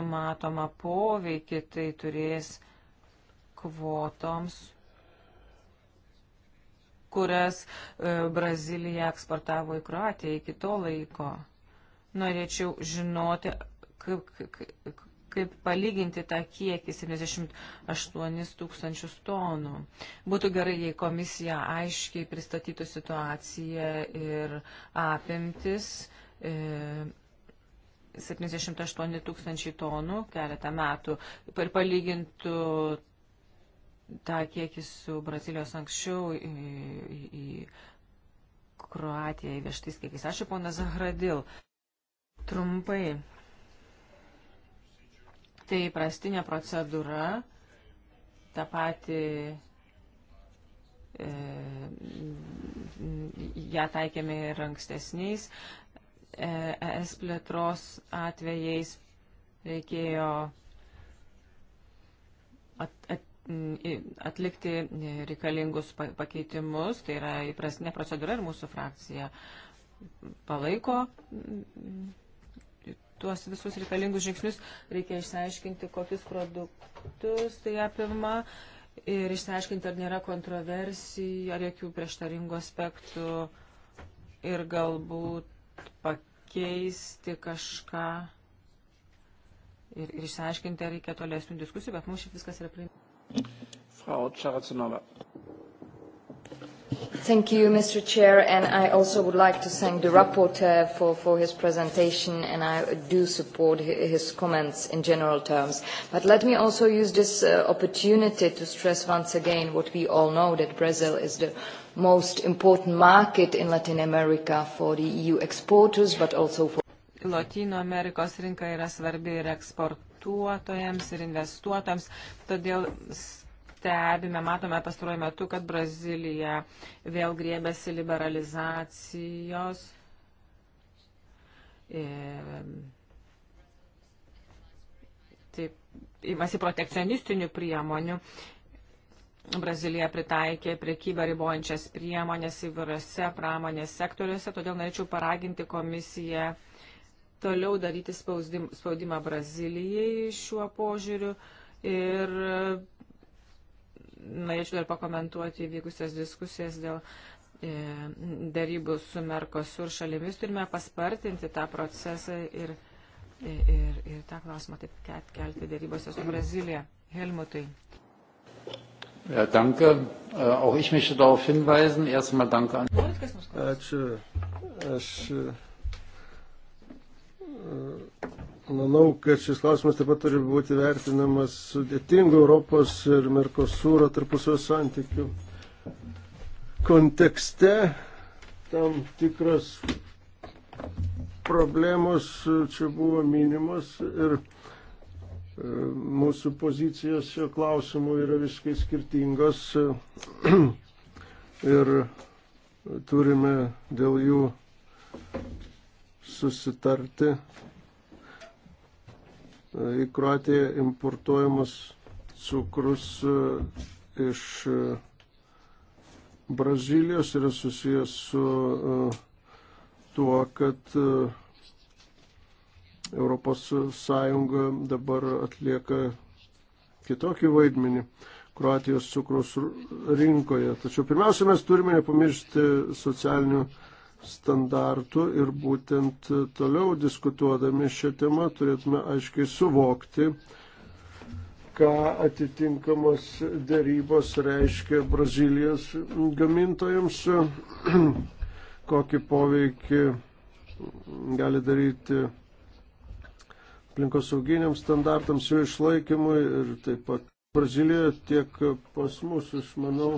numatomą poveikį tai turės kvotoms, kurias e, Brazilija eksportavo į Kroatiją iki to laiko. Norėčiau žinoti, kaip, kaip, kaip palyginti tą kiekį 78 tūkstančius tonų. Būtų gerai, jei komisija aiškiai pristatytų situaciją ir apimtis. E, 78 tūkstančiai tonų keletą metų ir palygintų tą kiekį su Brazilijos anksčiau į, į Kroatiją įvežtais kiekis. Ačiū, ponas Zahradil. Trumpai. Tai prastinė procedūra, tą patį e, ją taikėme ir ankstesniais e, ES plėtros atvejais reikėjo at, at, atlikti reikalingus pakeitimus, tai yra įprastinė procedūra ir mūsų frakcija palaiko tuos visus reikalingus žingsnius reikia išsiaiškinti, kokius produktus tai apima ir išsiaiškinti, ar nėra kontroversijų, ar jokių prieštaringų aspektų ir galbūt pakeisti kažką ir, ir išsiaiškinti, ar reikia tolesnių diskusijų, bet mums šiaip viskas yra priimta. Frau Čaracinova. Thank you, Mr. Chair, and I also would like to thank the rapporteur for, for his presentation, and I do support his comments in general terms. But let me also use this uh, opportunity to stress once again what we all know, that Brazil is the most important market in Latin America for the EU exporters, but also for... Latino Amerikos rinka yra svarbi ir eksportuotojams, ir investuotojams, todėl stebime, matome pastaruoju metu, kad Brazilija vėl griebėsi liberalizacijos. Taip, imasi protekcionistinių priemonių. Brazilija pritaikė priekybą ribojančias priemonės įvairiose pramonės sektoriuose, todėl norėčiau paraginti komisiją toliau daryti spaudim, spaudimą Brazilijai šiuo požiūriu ir norėčiau dar pakomentuoti vykusias diskusijas dėl e, darybų su Merkosur šalimis. Turime paspartinti tą procesą ir, e, ir, ir tą klausimą taip kelti darybose su Brazilija. Helmutui. Ja, danke. Äh, auch ich möchte darauf hinweisen. Erstmal danke an. Ačiū. Aš äh, Manau, kad šis klausimas taip pat turi būti vertinamas sudėtingų Europos ir Merkosūro tarpusavio santykių kontekste. Tam tikras problemos čia buvo minimos ir e, mūsų pozicijos šio klausimu yra visiškai skirtingos ir turime dėl jų susitarti į Kroatiją importuojamas cukrus e, iš e, Brazilijos yra susijęs su e, tuo, kad Europos Sąjunga dabar atlieka kitokį vaidmenį Kroatijos cukraus rinkoje. Tačiau pirmiausia, mes turime nepamiršti socialinių standartų ir būtent toliau diskutuodami šią temą turėtume aiškiai suvokti, ką atitinkamos dėrybos reiškia Brazilijos gamintojams, kokį poveikį gali daryti aplinkosauginiams standartams jų išlaikymui ir taip pat Brazilijoje tiek pas mus, aš manau,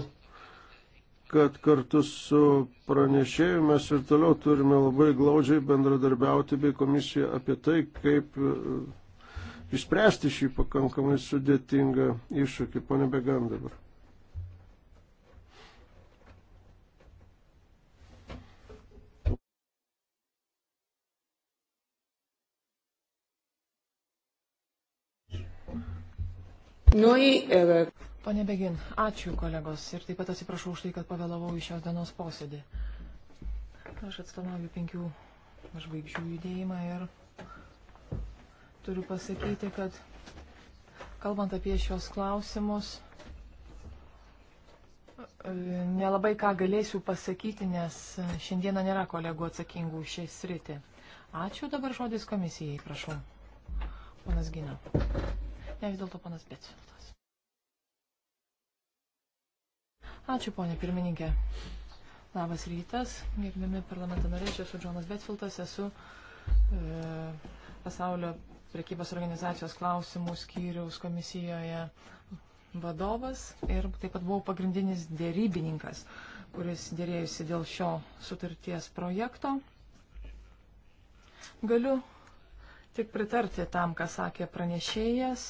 kad kartu su pranešėju mes ir toliau turime labai glaudžiai bendradarbiauti bei komisiją apie tai, kaip e, išspręsti šį pakankamai sudėtingą iššūkį. Pone Began dabar. Noi, eh, Pane Begin, ačiū kolegos ir taip pat atsiprašau už tai, kad pavėlavau į šios dienos posėdį. Aš atstovauju penkių žvaigždžių judėjimą ir turiu pasakyti, kad kalbant apie šios klausimus, e, nelabai ką galėsiu pasakyti, nes šiandieną nėra kolegų atsakingų šiai sritį. Ačiū dabar žodis komisijai, prašau. Ponas Gina. Ne vis dėlto ponas Betsvildas. Ačiū, ponė pirmininkė. Labas rytas, gerbiami parlamento nariai, aš esu Džonas Betfiltas, esu e, pasaulio prekybos organizacijos klausimų skyriaus komisijoje vadovas ir taip pat buvau pagrindinis dėrybininkas, kuris dėrėjusi dėl šio sutarties projekto. Galiu tik pritarti tam, ką sakė pranešėjas,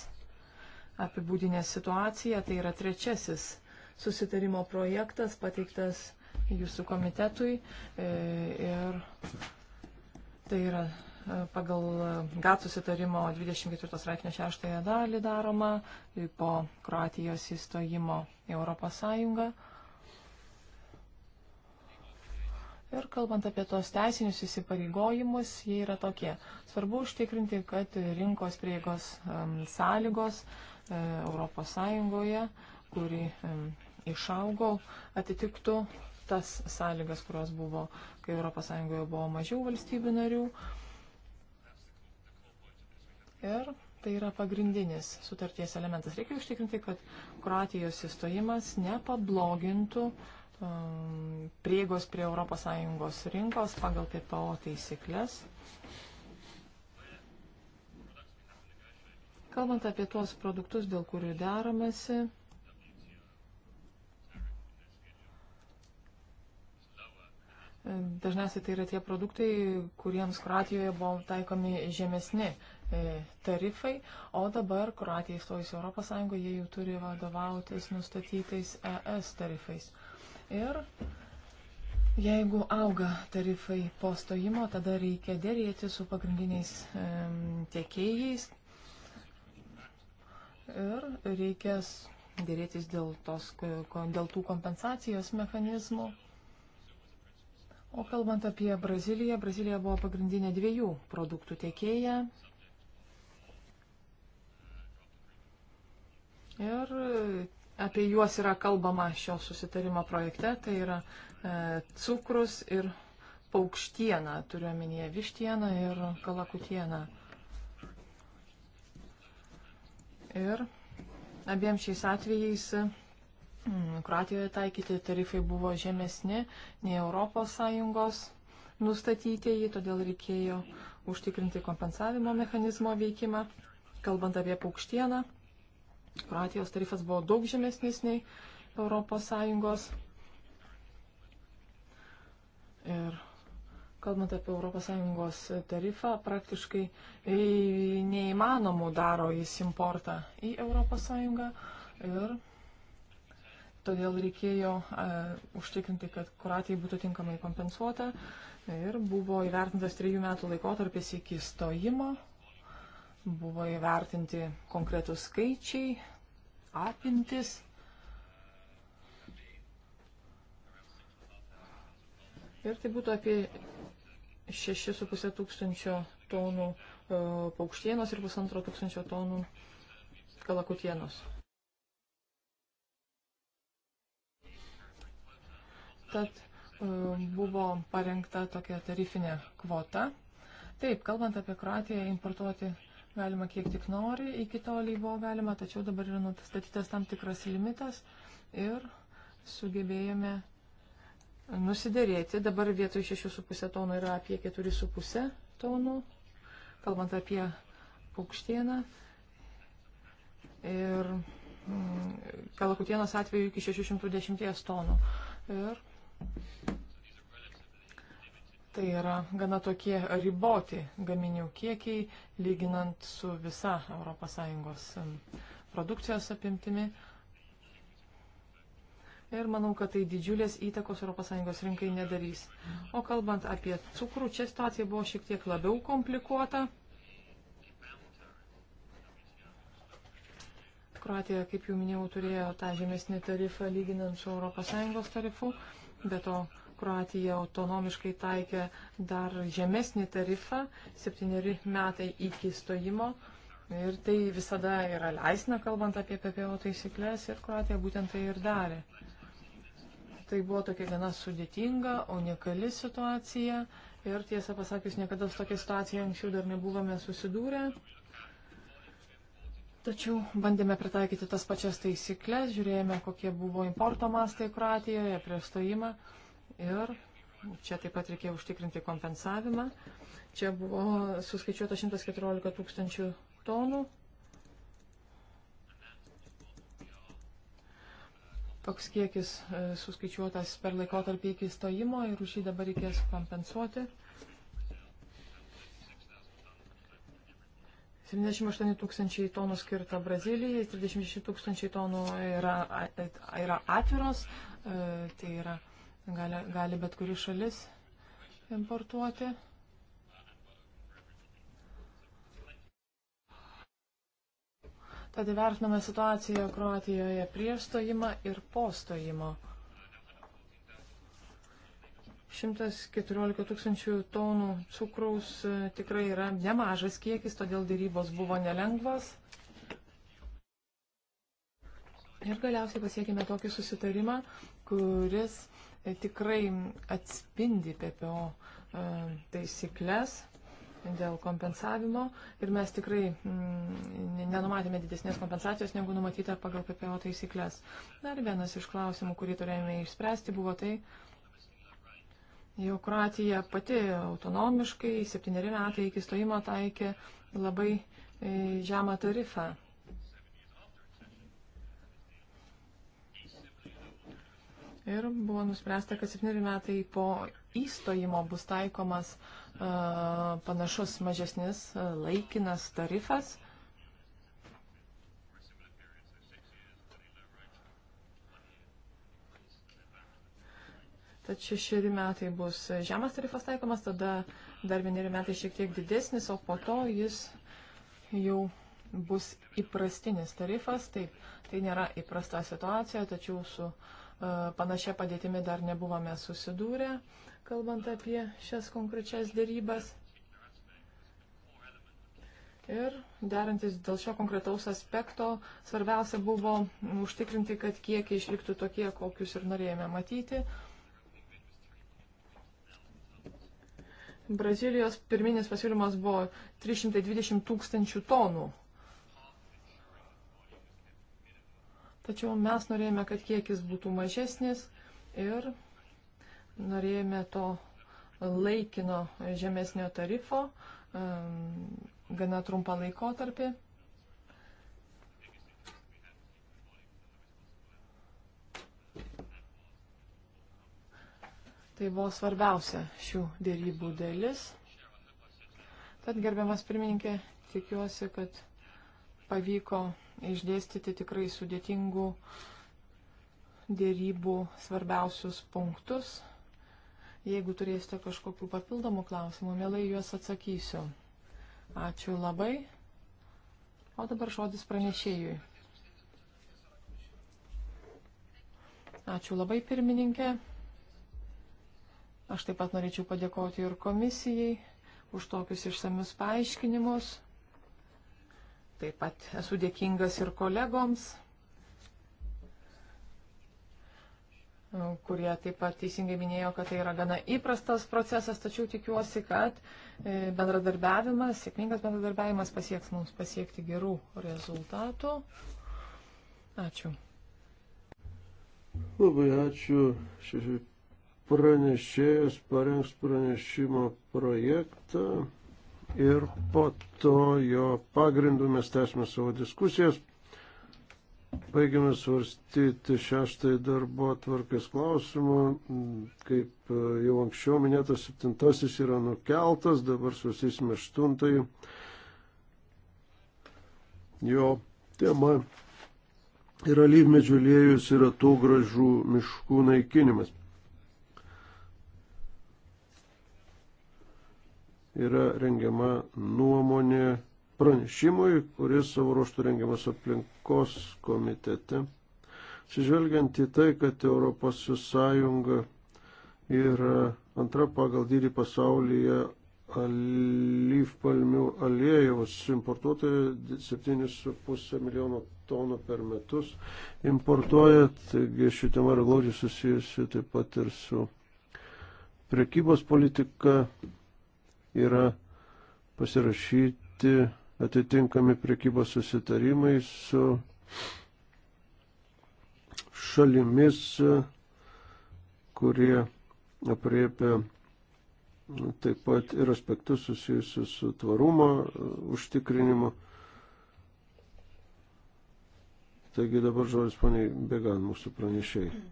apibūdinė situacija, tai yra trečiasis susitarimo projektas pateiktas jūsų komitetui e, ir tai yra e, pagal GAT susitarimo 24 straipsnio 6 dalį daroma e, po Kroatijos įstojimo į Europos Sąjungą. Ir kalbant apie tos teisinius įsipareigojimus, jie yra tokie. Svarbu užtikrinti, kad rinkos prieigos sąlygos Europos Sąjungoje, kuri išaugo, atitiktų tas sąlygas, kurios buvo, kai ES buvo mažiau valstybių narių. Ir tai yra pagrindinis sutarties elementas. Reikia užtikrinti, kad Kroatijos įstojimas nepablogintų um, prieigos prie ES rinkos pagal PPO taisyklės. Kalbant apie tuos produktus, dėl kurių deramasi, Dažniausiai tai yra tie produktai, kuriems Kroatijoje buvo taikomi žemesni e, tarifai, o dabar Kroatija įstojus Europos Sąjungoje, jie jau turi vadovautis nustatytais ES tarifais. Ir jeigu auga tarifai po stojimo, tada reikia dėrėti su pagrindiniais e, tiekėjais ir reikės dėrėtis dėl, tos, dėl tų kompensacijos mechanizmų. O kalbant apie Braziliją, Brazilija buvo pagrindinė dviejų produktų tiekėja. Ir e, apie juos yra kalbama šio susitarimo projekte, tai yra e, cukrus ir paukštiena, turiuomenyje vištieną ir kalakutieną. Ir abiems šiais atvejais Mm, Kroatijoje taikyti tarifai buvo žemesni nei ES nustatytieji, todėl reikėjo užtikrinti kompensavimo mechanizmo veikimą. Kalbant apie paukštieną, Kroatijos tarifas buvo daug žemesnis nei ES. Ir kalbant apie ES tarifą, praktiškai e, neįmanomų daro jis importą į ES. Ir todėl reikėjo e, užtikrinti, kad Kroatijai būtų tinkamai kompensuota ir buvo įvertintas trijų metų laikotarpis iki stojimo, buvo įvertinti konkretus skaičiai, apimtis. Ir tai būtų apie 6,5 tūkstančio tonų e, paukštienos ir pusantro tūkstančio tonų kalakutienos. Tad e, buvo parengta tokia tarifinė kvota. Taip, kalbant apie Kroatiją, importuoti galima kiek tik nori, iki tol jį buvo galima, tačiau dabar yra nustatytas tam tikras limitas ir sugebėjome nusidėrėti. Dabar vietoj 6,5 tonų yra apie 4,5 tonų, kalbant apie paukštieną. Ir mm, kalakutienos atveju iki 610 tonų. Ir Tai yra gana tokie riboti gaminių kiekiai, lyginant su visa ES produkcijos apimtimi. Ir manau, kad tai didžiulės įtakos ES rinkai nedarys. O kalbant apie cukrų, čia situacija buvo šiek tiek labiau komplikuota. Kroatija, kaip jau minėjau, turėjo tą žemesnį tarifą lyginant su ES tarifu. Be to, Kroatija autonomiškai taikė dar žemesnį tarifą, septyneri metai iki stojimo. Ir tai visada yra leisna, kalbant apie PPO taisyklės, ir Kroatija būtent tai ir darė. Tai buvo tokia gana sudėtinga, unikali situacija ir tiesą pasakius, niekada su tokia situacija anksčiau dar nebuvome susidūrę. Tačiau bandėme pritaikyti tas pačias taisyklės, žiūrėjome, kokie buvo importo mastai Kroatijoje prieš stojimą ir čia taip pat reikėjo užtikrinti kompensavimą. Čia buvo suskaičiuota 114 tūkstančių tonų. Toks kiekis e, suskaičiuotas per laikotarpį iki stojimo ir už jį dabar reikės kompensuoti. 78 tūkstančiai tonų skirta Brazilijai, 36 tūkstančiai tonų yra, e, yra atviros, e, tai yra, gali, gali bet kuri šalis importuoti. Tad įvertiname situaciją Kroatijoje prieš stojimą ir po stojimo. 114 tūkstančių tonų cukraus e, tikrai yra nemažas kiekis, todėl dėrybos buvo nelengvas. Ir galiausiai pasiekime tokį susitarimą, kuris e, tikrai atspindi PPO e, taisyklės dėl kompensavimo ir mes tikrai mm, nenumatėme didesnės kompensacijos negu numatyta pagal PPO taisyklės. Dar vienas iš klausimų, kurį turėjome išspręsti, buvo tai, mm, Jau Kroatija pati autonomiškai septyneri metai iki stojimo taikė labai e, žemą tarifą. Ir buvo nuspręsta, kad septyneri metai po įstojimo bus taikomas uh, panašus mažesnis uh, laikinas tarifas. Tad šešeri metai bus žemas tarifas taikomas, tada dar vieneri metai šiek tiek didesnis, o po to jis jau bus įprastinis tarifas. Taip, tai nėra įprasta situacija, tačiau su uh, panašia padėtimi dar nebuvome susidūrę, kalbant apie šias konkrečias dėrybas. Ir derantis dėl šio konkretaus aspekto, svarbiausia buvo užtikrinti, kad kiekiai išliktų tokie, kokius ir norėjome matyti, Brazilijos pirminis pasiūlymas buvo 320 tūkstančių tonų. Tačiau mes norėjome, kad kiekis būtų mažesnis ir norėjome to laikino žemesnio tarifo gana trumpą laikotarpį. Tai buvo svarbiausia šių dėrybų dalis. Tad, gerbiamas pirmininkė, tikiuosi, kad pavyko išdėstyti tikrai sudėtingų dėrybų svarbiausius punktus. Jeigu turėsite kažkokių papildomų klausimų, mielai juos atsakysiu. Ačiū labai. O dabar žodis pranešėjui. Ačiū labai, pirmininkė. Aš taip pat norėčiau padėkoti ir komisijai už tokius išsamius paaiškinimus. Taip pat esu dėkingas ir kolegoms, kurie taip pat teisingai minėjo, kad tai yra gana įprastas procesas, tačiau tikiuosi, kad e, bendradarbiavimas, sėkmingas bendradarbiavimas pasieks mums pasiekti gerų rezultatų. Ačiū. Labai ačiū. Šeši pranešėjas parengs pranešimo projektą ir po to jo pagrindu mes tęsime savo diskusijas. Baigiame svarstyti šeštąjį darbo tvarkės klausimą. Kaip jau anksčiau minėtas, septintasis yra nukeltas, dabar svarstysime aštuntąjį. Jo tema yra lygmedžių lėjus ir atų gražų miškų naikinimas. yra rengiama nuomonė pranešimui, kuris savo ruoštų rengiamas aplinkos komitete. Sižvelgiant į tai, kad ES yra antra pagal dydį pasaulyje alyvpalmių aliejaus importuotoja 7,5 milijono tonų per metus importuoja, taigi ši tema yra glaudžiai susijusi taip pat ir su prekybos politika yra pasirašyti atitinkami prekybos susitarimai su šalimis, kurie apriepia taip pat ir aspektus susijusius su tvarumo e, užtikrinimu. Taigi dabar žodis poniai Began mūsų pranešėjai.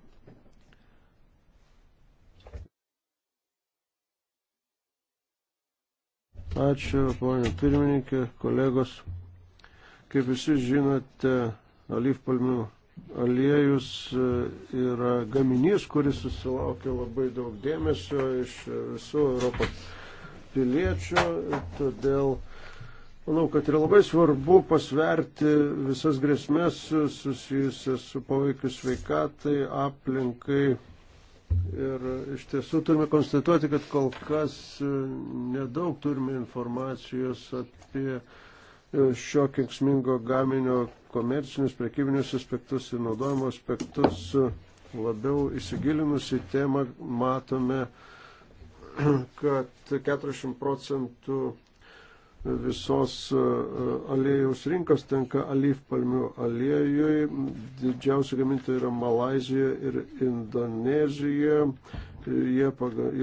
Ačiū, ponė pirmininkė, kolegos. Kaip visi žinote, alyvpalmių aliejus e, yra gaminys, kuris susilaukia labai daug dėmesio iš visų Europos piliečių. Todėl manau, kad yra labai svarbu pasverti visas grėsmės susijusias su poveikiu sveikatai, aplinkai Ir iš tiesų turime konstatuoti, kad kol kas e, nedaug turime informacijos apie e, šio kengsmingo gaminio komercinius, prekybinius aspektus ir naudojimo aspektus. Labiau įsigilinus į temą matome, kad 40 procentų visos e, e, aliejaus rinkos tenka alyvpalmių aliejui. Didžiausia gamintoja yra Malazija ir Indonezija. Jie,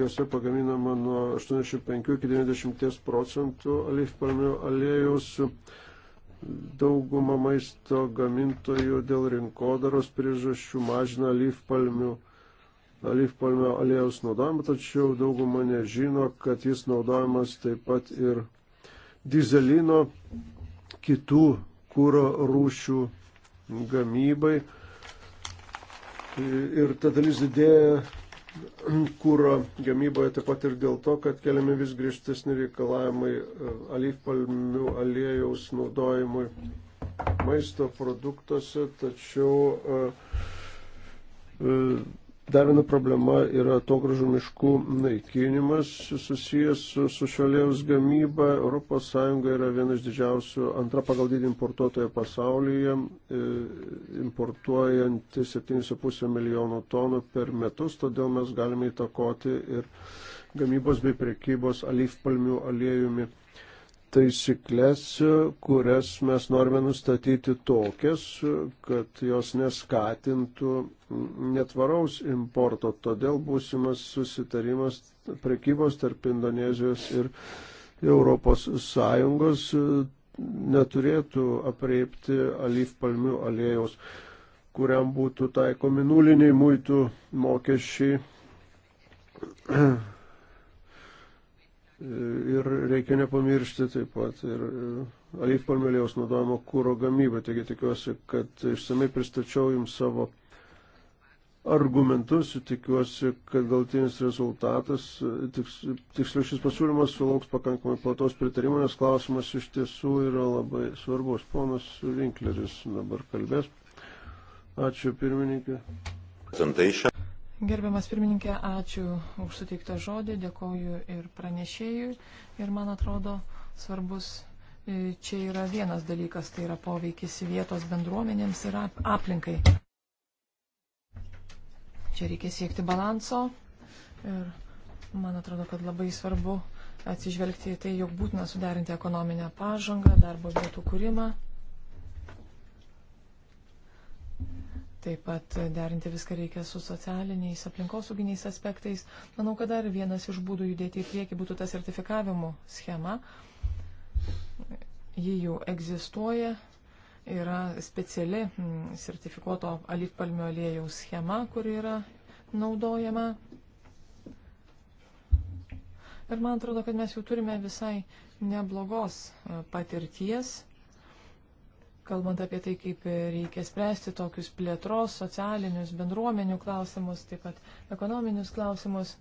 jose pagaminama nuo 85 iki 90 procentų alyvpalmių aliejaus. Dauguma maisto gamintojų dėl rinkodaros priežasčių mažina alyvpalmių alyvpalmio aliejaus naudojimą, tačiau dauguma nežino, kad jis naudojamas taip pat ir dizelino, kitų kūro rūšių gamybai. Ir ta dalis didėja kūro gamyboje taip pat ir dėl to, kad keliami vis griežtesni reikalavimai e, alyvpalmių aliejaus naudojimui maisto produktuose, tačiau uh, uh, Dar viena problema yra atogražų miškų naikinimas susijęs su, su šiolėjaus gamyba. ES yra vienas didžiausių, antra pagal dydį importuotoje pasaulyje, e, importuojanti 7,5 milijono tonų per metus, todėl mes galime įtakoti ir gamybos bei priekybos alyvpalmių aliejumi taisyklės, kurias mes norime nustatyti tokias, kad jos neskatintų netvaraus importo. Todėl būsimas susitarimas prekybos tarp Indonezijos ir Europos Sąjungos neturėtų apreipti alyvpalmių aliejaus, kuriam būtų taikomi nuliniai muitų mokesčiai Ir reikia nepamiršti taip pat ir e, alyvpalmelėjos naudojimo kūro gamybą. Taigi tikiuosi, kad išsamei pristačiau jums savo argumentus ir tikiuosi, kad galtinis rezultatas, e, tiks, tiksliau šis pasiūlymas sulauks pakankamai platos pritarimo, nes klausimas iš tiesų yra labai svarbus. Ponas Rinkleris dabar kalbės. Ačiū pirmininkė. Gerbiamas pirmininkė, ačiū už suteiktą žodį, dėkoju ir pranešėjui. Ir man atrodo, svarbus e, čia yra vienas dalykas, tai yra poveikis vietos bendruomenėms ir aplinkai. Čia reikia siekti balanso ir man atrodo, kad labai svarbu atsižvelgti į tai, jog būtina suderinti ekonominę pažangą, darbo vietų kūrimą Taip pat derinti viską reikia su socialiniais, aplinkosauginiais aspektais. Manau, kad dar vienas iš būdų judėti į priekį būtų ta sertifikavimo schema. Ji jau egzistuoja, yra speciali mm, sertifikuoto alitpalmio aliejaus schema, kuri yra naudojama. Ir man atrodo, kad mes jau turime visai neblogos patirties kalbant apie tai, kaip reikia spręsti tokius plėtros, socialinius, bendruomenių klausimus, taip pat ekonominius klausimus.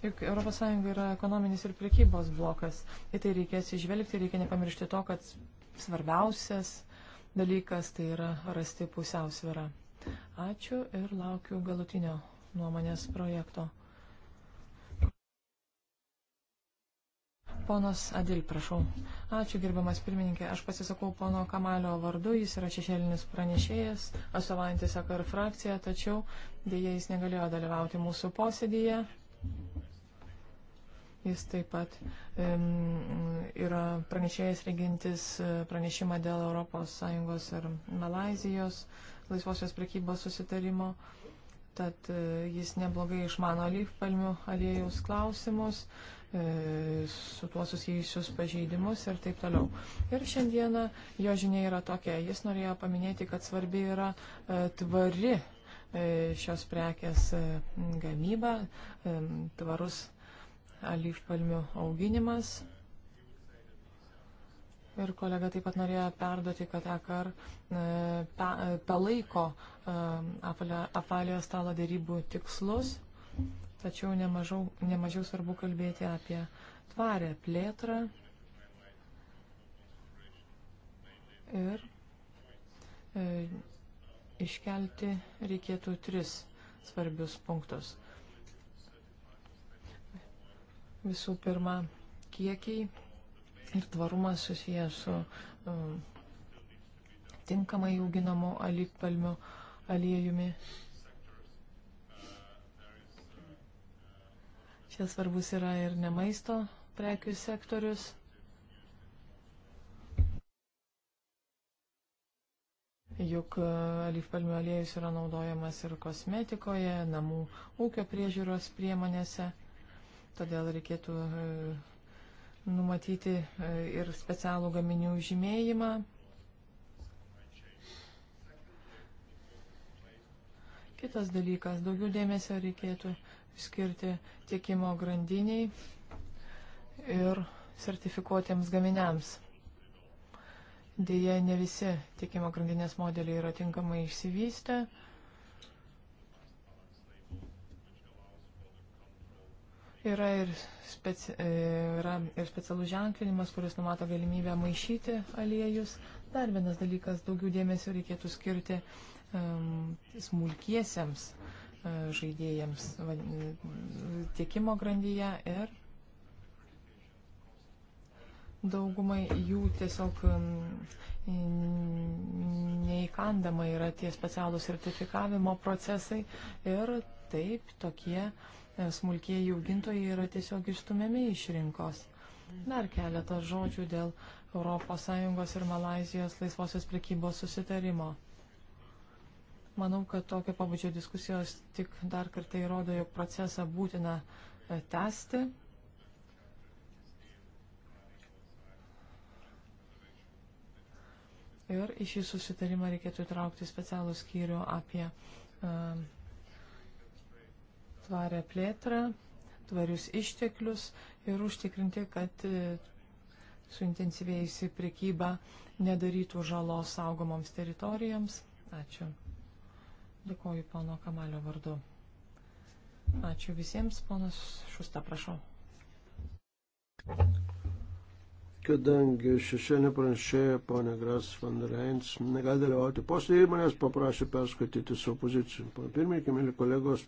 Juk ES yra ekonominis ir prekybos blokas. Į tai reikės išvelgti, reikia nepamiršti to, kad svarbiausias dalykas tai yra rasti pusiausvyrą. Ačiū ir laukiu galutinio nuomonės projekto. Ponas Adil, prašau. Ačiū, gerbiamas pirmininkė. Aš pasisakau pono Kamalio vardu, jis yra šešėlinis pranešėjas, atstovaujantis AKR frakciją, tačiau dėja jis negalėjo dalyvauti mūsų posėdėje. Jis taip pat um, yra pranešėjas regintis e, pranešimą dėl ES ir Malazijos laisvosios prekybos susitarimo. Tad uh, jis neblogai išmano alyvpalmių aliejus klausimus. Uh, E, su tuo susijusius pažeidimus ir taip toliau. Ir šiandieną jo žinia yra tokia. Jis norėjo paminėti, kad svarbi yra e, tvari e, šios prekės gamyba, tvarus alyvpalmių auginimas. Ir kolega taip pat norėjo perduoti, kad EKR palaiko apalio stalo dėrybų tikslus tačiau nemažiau, nemažiau svarbu kalbėti apie tvarę plėtrą ir e, iškelti reikėtų tris svarbius punktus. Visų pirma, kiekiai ir tvarumas susijęs su um, tinkamai auginamu alipalmiu aliejumi. aliejumi Čia svarbus yra ir ne maisto prekių sektorius. Juk e, alyvpalmių aliejus yra naudojamas ir kosmetikoje, namų ūkio priežiūros priemonėse. Todėl reikėtų e, numatyti e, ir specialų gaminių žymėjimą. Kitas dalykas, daugiau dėmesio reikėtų skirti tiekimo grandiniai ir sertifikuotiems gaminiams. Deja, ne visi tiekimo grandinės modeliai yra tinkamai išsivystę. Yra ir, speci e, yra ir specialus ženklinimas, kuris numato galimybę maišyti aliejus. Dar vienas dalykas, daugiau dėmesio reikėtų skirti um, smulkiesiems E, žaidėjams e, tiekimo grandyje ir daugumai jų tiesiog neįkandama yra tie specialūs sertifikavimo procesai ir taip tokie e, smulkieji augintojai yra tiesiog išstumiami iš rinkos. Dar keletą žodžių dėl ES ir Malazijos laisvosios prekybos susitarimo. Manau, kad tokio pabudžio diskusijos tik dar kartą įrodo, jog procesą būtina e, tęsti. Ir į šį susitarimą reikėtų įtraukti specialų skyrių apie um, tvarę plėtrą, tvarius išteklius ir užtikrinti, kad e, suintensyvėjusi prekyba nedarytų žalos saugomoms teritorijoms. Ačiū. Dėkoju pono Kamalio vardu. Ačiū visiems, ponas Šusta, prašau. Kadangi šešėlė pranešėja ponė Gras van der Leins negali dalyvauti posėdėje, manęs paprašė perskaityti savo poziciją. Pana pirmininkė, mėly kolegos,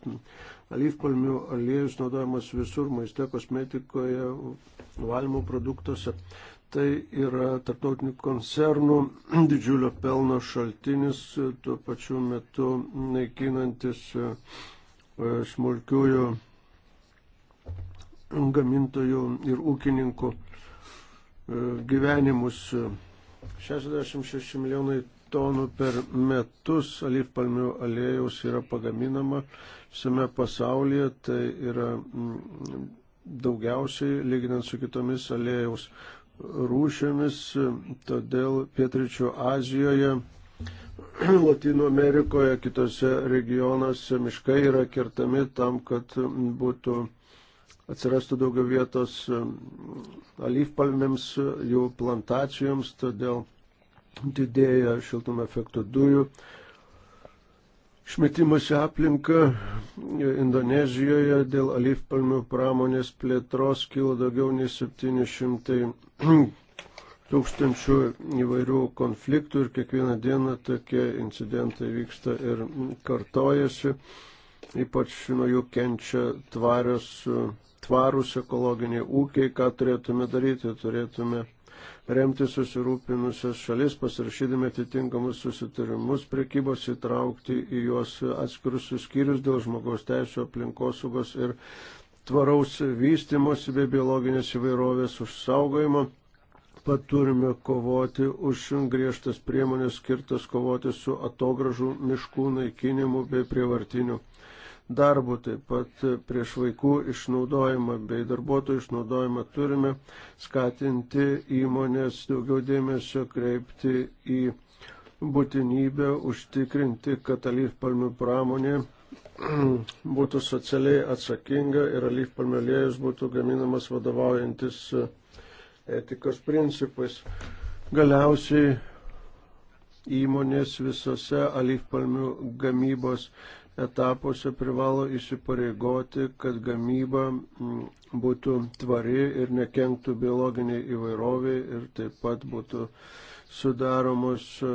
alyvpalmių aliejus naudojamas visur maiste, kosmetikoje, valymo produktuose tai yra tarptautinių koncernų didžiulio pelno šaltinis, tuo pačiu metu naikinantis e, smulkiųjų gamintojų ir ūkininkų e, gyvenimus. 66 milijonai tonų per metus alyvpalmių aliejaus yra pagaminama visame pasaulyje, tai yra daugiausiai lyginant su kitomis aliejaus rūšiamis, todėl Pietričio Azijoje, Latino Amerikoje, kitose regionuose miškai yra kertami tam, kad būtų atsirastų daugiau vietos mm, alyvpalmėms, jų plantacijoms, todėl didėja šiltumo efektų dujų išmetimas į aplinką Indonezijoje dėl alyvpalmių pramonės plėtros kilo daugiau nei 700 tūkstančių įvairių konfliktų ir kiekvieną dieną tokie incidentai vyksta ir kartojasi. Ypač nuo jų kenčia tvarios, tvarus ekologiniai ūkiai, ką turėtume daryti, turėtume remti susirūpinusias šalis, pasirašydami atitinkamus susitarimus prekybos, įtraukti į juos atskirus skyrius dėl žmogaus teisų, aplinkosaugos ir tvaraus vystimosi bei biologinės įvairovės užsaugojimo. Pat turime kovoti už griežtas priemonės skirtas kovoti su atogražų miškų naikinimu bei prievartiniu darbu, taip pat prieš vaikų išnaudojimą bei darbuotojų išnaudojimą turime skatinti įmonės daugiau dėmesio kreipti į būtinybę užtikrinti, kad alyvpalmių pramonė būtų socialiai atsakinga ir alyvpalmių aliejus būtų gaminamas vadovaujantis etikos principais. Galiausiai įmonės visose alyvpalmių gamybos etapuose privalo įsipareigoti, kad gamyba mm, būtų tvari ir nekenktų biologiniai įvairoviai ir taip pat būtų sudaromos e,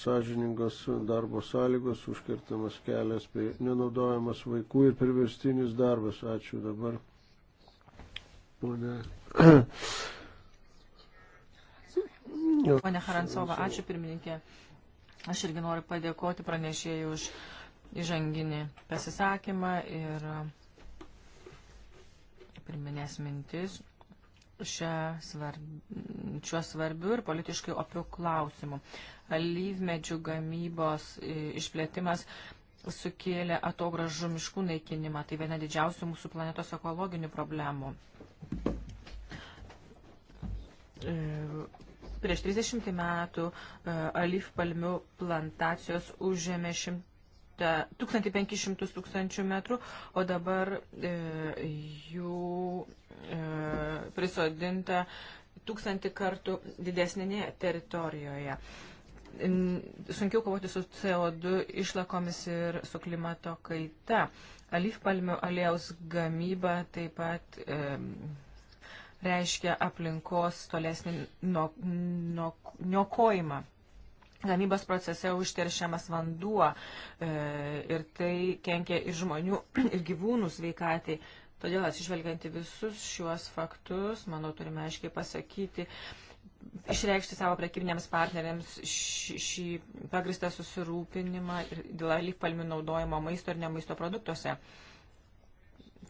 sąžiningos darbo sąlygos, užkirtamas kelias, nenaudojamas vaikų ir priverstinis darbas. Ačiū dabar. Pone. Pone Harantsova, ačiū pirmininkė. Aš irgi noriu padėkoti pranešėjai už įžanginį pasisakymą ir pirminės mintis šiuo svarbiu ir politiškai opiu klausimu. Alyvmedžių gamybos e, išplėtimas sukėlė atogražų miškų naikinimą. Tai viena didžiausių mūsų planetos ekologinių problemų. E, prieš 30 metų e, alyvpalmių plantacijos užėmė 100 1500 tūkstančių metrų, o dabar e, jų e, prisodinta tūkstantį kartų didesnėje teritorijoje. Sunkiau kovoti su CO2 išlakomis ir su klimato kaita. Alyvpalmių aliejaus gamyba taip pat e, reiškia aplinkos tolesnį niokojimą. No, no, gamybos procese užteršiamas vanduo e, ir tai kenkia ir žmonių, ir gyvūnų sveikatai. Todėl atsižvelgiant į visus šiuos faktus, manau, turime aiškiai pasakyti, išreikšti savo prekybinėms partneriams šį, šį pagristą susirūpinimą ir dėl alikpalmių naudojimo maisto ir ne maisto produktuose. E,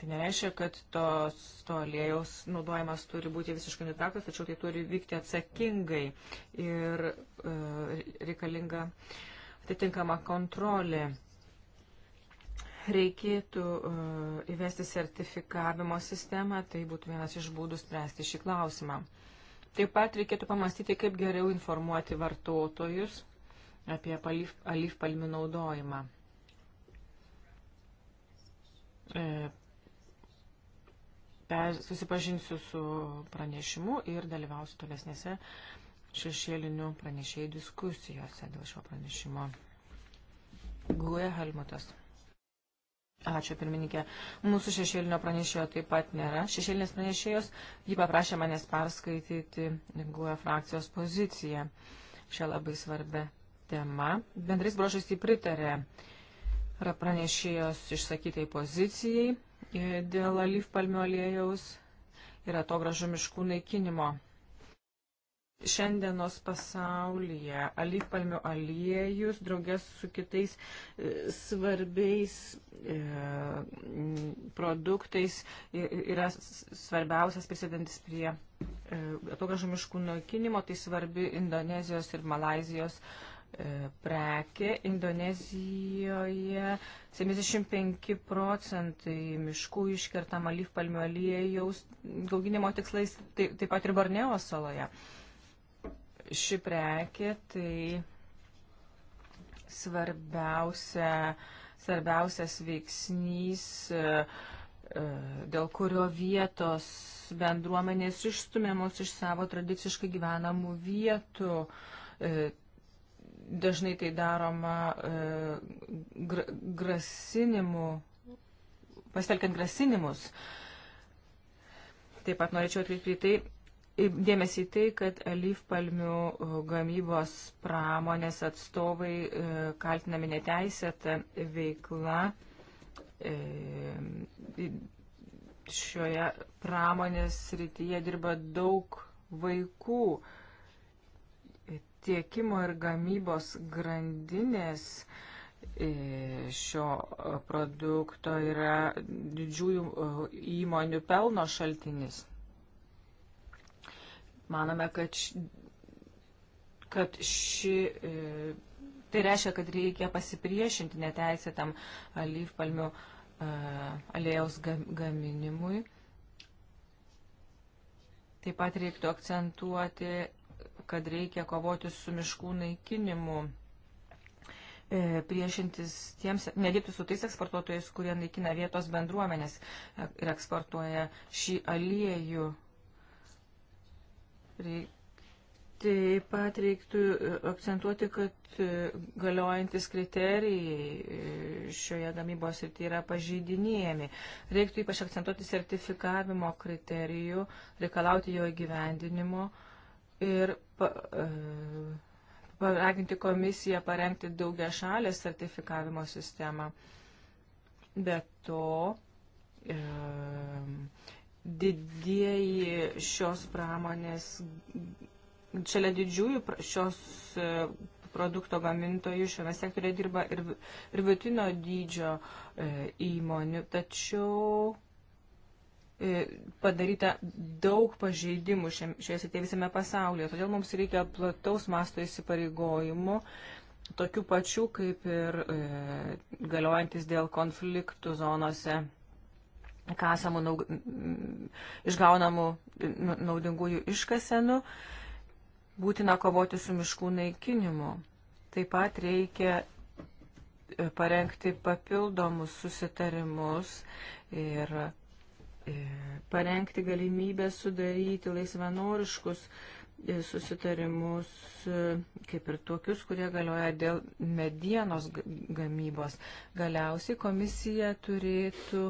Tai nereiškia, kad tos to aliejaus naudojimas turi būti visiškai nutrauktas, tačiau tai turi vykti atsakingai ir e, reikalinga atitinkama kontrolė. Reikėtų e, įvesti sertifikavimo sistemą, tai būtų vienas iš būdų spręsti šį klausimą. Taip pat reikėtų pamastyti, kaip geriau informuoti vartotojus apie alyvpalmių naudojimą. E, susipažinsiu su pranešimu ir dalyvausiu tolesnėse šešėlinių pranešėjų diskusijose dėl šio pranešimo. Guė Helmutas. Ačiū, pirmininkė. Mūsų šešėlinio pranešėjo taip pat nėra. Šešėlinės pranešėjos, ji paprašė manęs perskaityti GUE frakcijos poziciją. Šią labai svarbę temą. Bendrais brožais jį pritarė pranešėjos išsakytai pozicijai E, dėl alyvpalmio aliejaus ir atogražų miškų naikinimo. Šiandienos pasaulyje alyvpalmių aliejus draugės su kitais e, svarbiais e, produktais yra svarbiausias prisėdantis prie e, atogražų miškų naikinimo, tai svarbi Indonezijos ir Malazijos e, E, prekė. Indonezijoje 75 procentai miškų iškertama lyfpalmių aliejaus gauginimo tikslais, taip, taip pat ir Borneo saloje. Ši prekė tai svarbiausia, svarbiausias veiksnys, e, e, dėl kurio vietos bendruomenės išstumiamos iš savo tradiciškai gyvenamų vietų Dažnai tai daroma e, gr grasinimu, pasitelkiant grasinimus. Taip pat norėčiau atkreipti tai, dėmesį į tai, kad alyvpalmių e, gamybos pramonės atstovai e, kaltinami neteisėta veikla šioje pramonės srityje dirba daug vaikų tiekimo ir gamybos grandinės e, šio produkto yra didžiųjų e, įmonių pelno šaltinis. Manome, kad, ši, kad ši, e, tai reiškia, kad reikia pasipriešinti neteisėtam alyvpalmių aliejaus gaminimui. Taip pat reiktų akcentuoti kad reikia kovoti su miškų naikinimu, e, priešintis tiems, nedirbti su tais eksportuotojais, kurie naikina vietos bendruomenės ir eksportuoja šį aliejų. Reik, Taip pat reiktų e, akcentuoti, kad e, galiojantis kriterijai šioje gamybos ir tai yra pažeidinėjami. Reiktų ypač akcentuoti sertifikavimo kriterijų, reikalauti jo įgyvendinimo. Uh, ir pa, e, paraginti komisiją parengti daugia šalės sertifikavimo sistemą. Be to, e, didieji šios pramonės, šalia didžiųjų šios e, produkto gamintojų šiame sektorėje dirba ir, ir vidutinio dydžio e, įmonių, tačiau E, padaryta daug pažeidimų šioje srityje visame pasaulyje. Todėl mums reikia plataus masto įsipareigojimų, tokių pačių kaip ir e, galiojantis dėl konfliktų zonose kasamų naug, išgaunamų naudingųjų iškasenų. Būtina kovoti su miškų naikinimu. Taip pat reikia e, parengti papildomus susitarimus ir E, parengti galimybę sudaryti laisvanoriškus e, susitarimus, e, kaip ir tokius, kurie galioja dėl medienos gamybos. Galiausiai komisija turėtų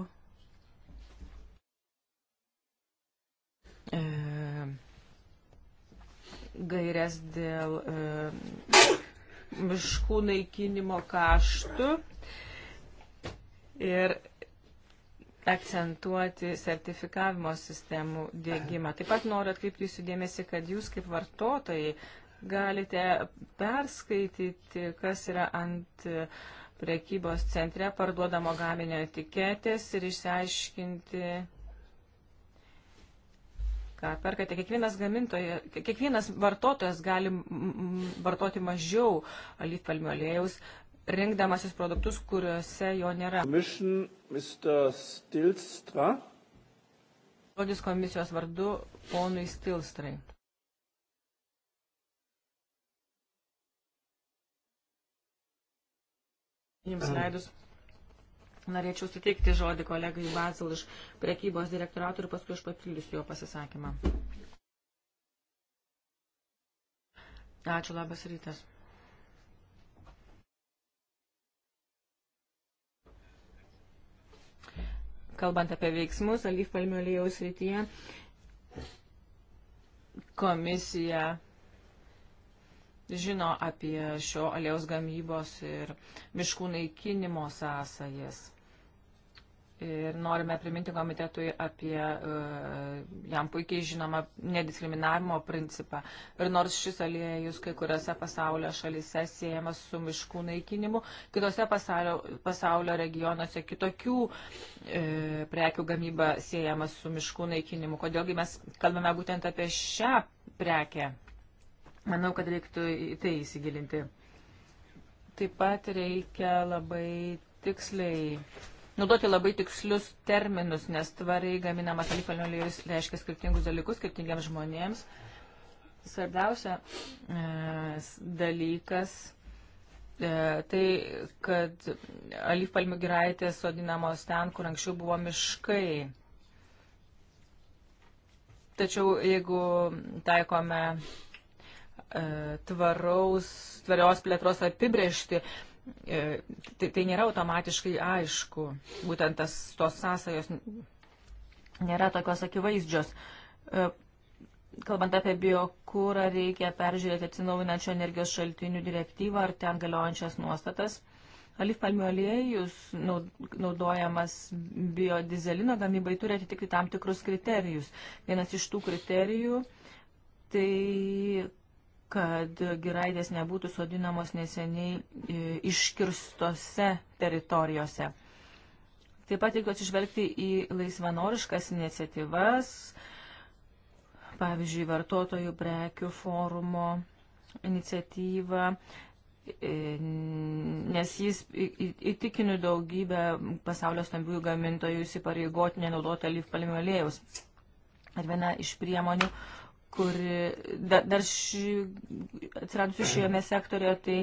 e, gairias dėl e, miškų naikinimo kaštų. Ir akcentuoti sertifikavimo sistemų dėgymą. Taip pat noriu atkreipti jūsų dėmesį, kad jūs kaip vartotojai galite perskaityti, kas yra ant prekybos centre parduodamo gaminio etiketės ir išsiaiškinti, ką perkate. Kiekvienas gamintojas, kiekvienas vartotojas gali vartoti mažiau alyvpalmių aliejaus, rinkdamasis produktus, kuriuose jo nėra. Žodis komisijos vardu ponui Stilstrai. Jums leidus. Norėčiau suteikti žodį kolegai Bazil iš prekybos direktoratų ir paskui aš papildysiu jo pasisakymą. Ačiū, labas rytas. kalbant apie veiksmus alyvpalmių aliejaus rytyje, komisija žino apie šio aliejaus gamybos ir miškų naikinimo sąsajas. Ir norime priminti komitetui apie uh, jam puikiai žinomą nediskriminavimo principą. Ir nors šis aliejus kai kuriuose pasaulio šalise siejamas su miškų naikinimu, kitose pasaulio, pasaulio regionuose kitokių uh, prekių gamyba siejamas su miškų naikinimu. Kodėlgi mes kalbame būtent apie šią prekę? Manau, kad reiktų į tai įsigilinti. Taip pat reikia labai tiksliai naudoti labai tikslius terminus, nes tvariai gaminamas alyvkalnio aliejus reiškia skirtingus dalykus skirtingiems žmonėms. Svarbiausia e, dalykas e, tai, kad alyvpalmių giraitės sodinamos ten, kur anksčiau buvo miškai. Tačiau jeigu taikome e, tvaraus, tvarios plėtros apibriežti, E, tai, tai nėra automatiškai aišku. Būtent tas, tos sąsajos nėra tokios akivaizdžios. E, kalbant apie biokūrą, reikia peržiūrėti atsinaujinančio energijos šaltinių direktyvą ar ten galiojančias nuostatas. Alifpalmių aliejus naudojamas biodizelino gamybai turi atitikti tam tikrus kriterijus. Vienas iš tų kriterijų tai kad giraidės nebūtų sodinamos neseniai e, iškirstose teritorijose. Taip pat reikia atsižvelgti į laisvanoriškas iniciatyvas, pavyzdžiui, vartotojų prekių forumo iniciatyvą, e, nes jis įtikinių daugybę pasaulio stambiųjų gamintojų įsipareigoti nenaudoti alyvpalmių aliejus. Ir viena iš priemonių, kuri da, dar ši, atsiradusi šiame sektorėje, tai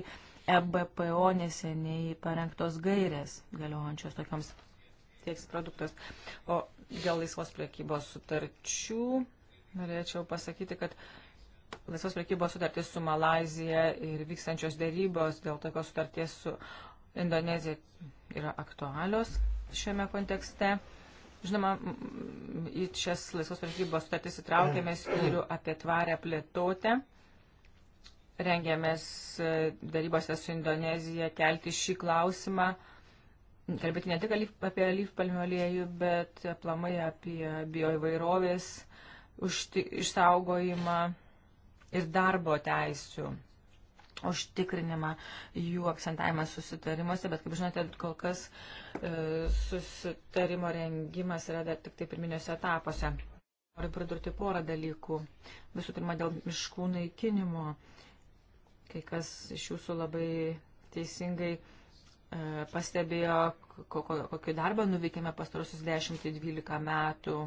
EBPO neseniai parengtos gairės galiojančios tokioms tieks produktas. O dėl laisvos priekybos sutarčių norėčiau pasakyti, kad laisvos priekybos sutartis su Malazija ir vykstančios dėrybos dėl tokios sutarties su Indonezija yra aktualios šiame kontekste. Žinoma, į šias laisvos prekybos sutartis įtraukėme skyrių mm. apie tvarę plėtotę. Rengėmės e, darybose su Indonezija kelti šį klausimą, kalbėti ne tik apie alyvpalmių aliejų, bet aplamai apie bioįvairovės išsaugojimą ir darbo teisų užtikrinimą, jų akcentavimą susitarimuose, bet kaip žinote, kol kas e, susitarimo rengimas yra dar tik tai pirminiuose etapuose. Noriu pridurti porą dalykų. Visų pirma, dėl miškų naikinimo. Kai kas iš jūsų labai teisingai e, pastebėjo, kokį darbą nuveikėme pastarosius 10-12 metų,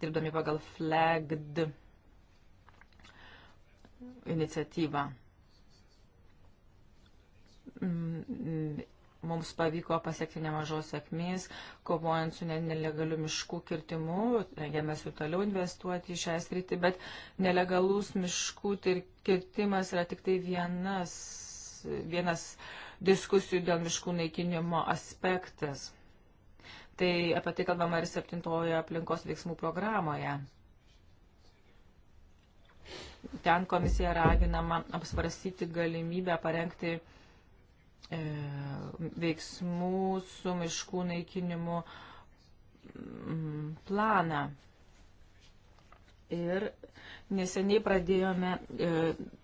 dirbdami pagal FLEGD iniciatyvą. Mm, mums pavyko pasiekti nemažos sėkmės, kovojant su nelegaliu miškų kirtimu, rengiamės ir toliau investuoti į šią sritį, bet nelegalus miškų kirtimas yra tik tai vienas, vienas diskusijų dėl miškų naikinimo aspektas. Tai apie tai kalbama ir septintojo aplinkos veiksmų programoje. Ten komisija raginama apsvarstyti galimybę parengti e, veiksmų su miškų naikinimu mm, planą. Ir neseniai pradėjome e,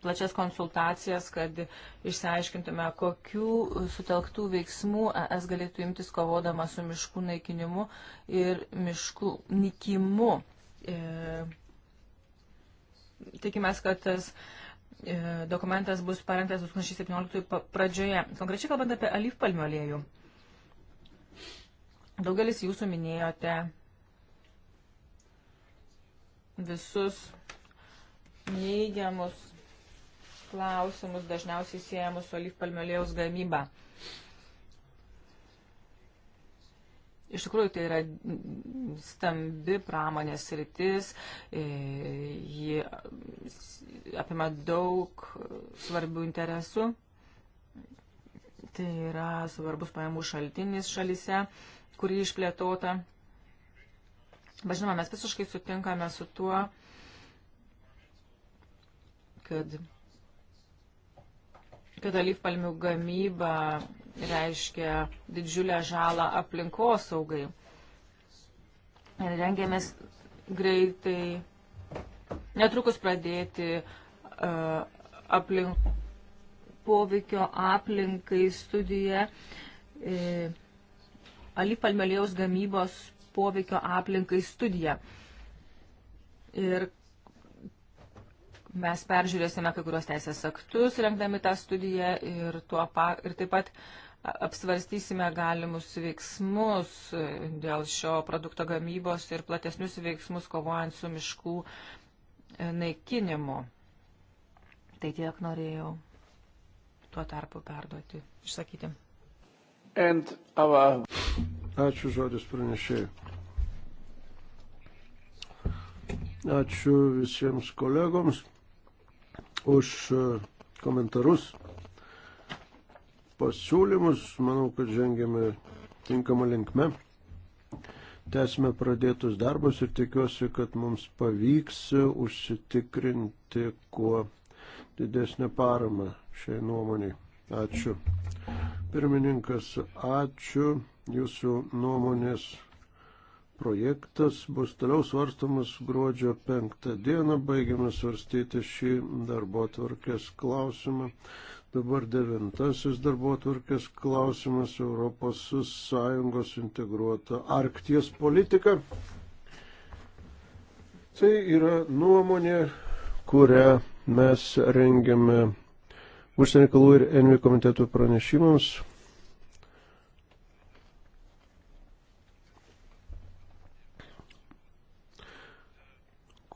plačias konsultacijas, kad išsiaiškintume, kokių sutelktų veiksmų es galėtų imtis kovodama su miškų naikinimu ir miškų nikimu. E, tikimės, kad tas e, dokumentas bus parengtas 2017 pradžioje. Konkrečiai kalbant apie alyvpalmių aliejų. Daugelis jūsų minėjote visus neįgiamus klausimus dažniausiai siejamus su alyvpalmių aliejaus gamyba. Iš tikrųjų, tai yra stambi pramonės rytis, e, ji apima daug svarbių interesų. Tai yra svarbus pajamų šaltinis šalise, kurį išplėtota. Bet žinoma, mes visiškai sutinkame su tuo, kad, kad alyvpalmių gamyba reiškia didžiulę žalą aplinkosaugai. Ir rengiamės greitai, netrukus pradėti uh, aplink, poveikio aplinkai studiją. Uh, e, Alipalmelėjaus gamybos poveikio aplinkai studiją. Ir mes peržiūrėsime kai kurios teisės aktus, rengdami tą studiją ir, pa, ir taip pat apsvarstysime galimus veiksmus dėl šio produkto gamybos ir platesnius veiksmus kovojant su miškų e, naikinimu. Tai tiek norėjau tuo tarpu perduoti, išsakyti. Our... Ačiū žodis pranešėjai. Ačiū visiems kolegoms už e, komentarus pasiūlymus. Manau, kad žengėme tinkamą linkmę. Tęsime pradėtus darbus ir tikiuosi, kad mums pavyks užsitikrinti kuo didesnę paramą šiai nuomoniai. Ačiū. Pirmininkas, ačiū. Jūsų nuomonės projektas bus toliau svarstamas gruodžio 5 dieną. Baigiame svarstyti šį darbo tvarkės klausimą. Dabar devintasis darbo tvarkės klausimas Europos Sąjungos integruota Arkties politika. Tai yra nuomonė, kurią mes rengiame užsienio reikalų ir Envi komitetų pranešimams.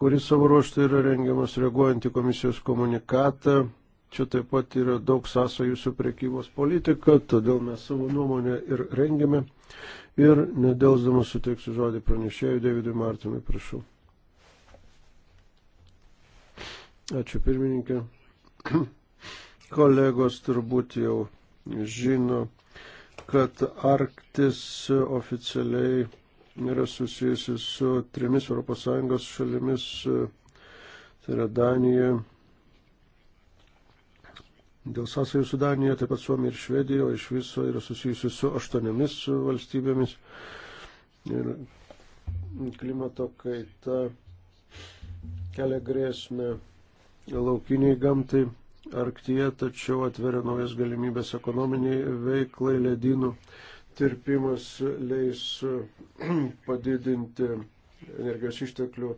kuris savo ruoštų yra rengiamas reaguojant į komisijos komunikatą Čia taip pat yra daug sąsajų su priekybos politika, todėl mes savo nuomonę ir rengiame. Ir nedėlzamas suteiksiu žodį pranešėjui Davidui Martinui, prašau. Ačiū pirmininkė. Kolegos turbūt jau žino, kad Arktis oficialiai yra susijusi su trimis ES šalimis, tai yra Danija, Dėl sąsajų su Danija, taip pat Suomija ir Švedija, o iš viso yra susijusi su aštuoniomis valstybėmis. Ir klimato kaita kelia grėsmę laukiniai gamtai Arktyje, tačiau atveria naujas galimybės ekonominiai veiklai ledynų. Tirpimas leis padidinti energijos išteklių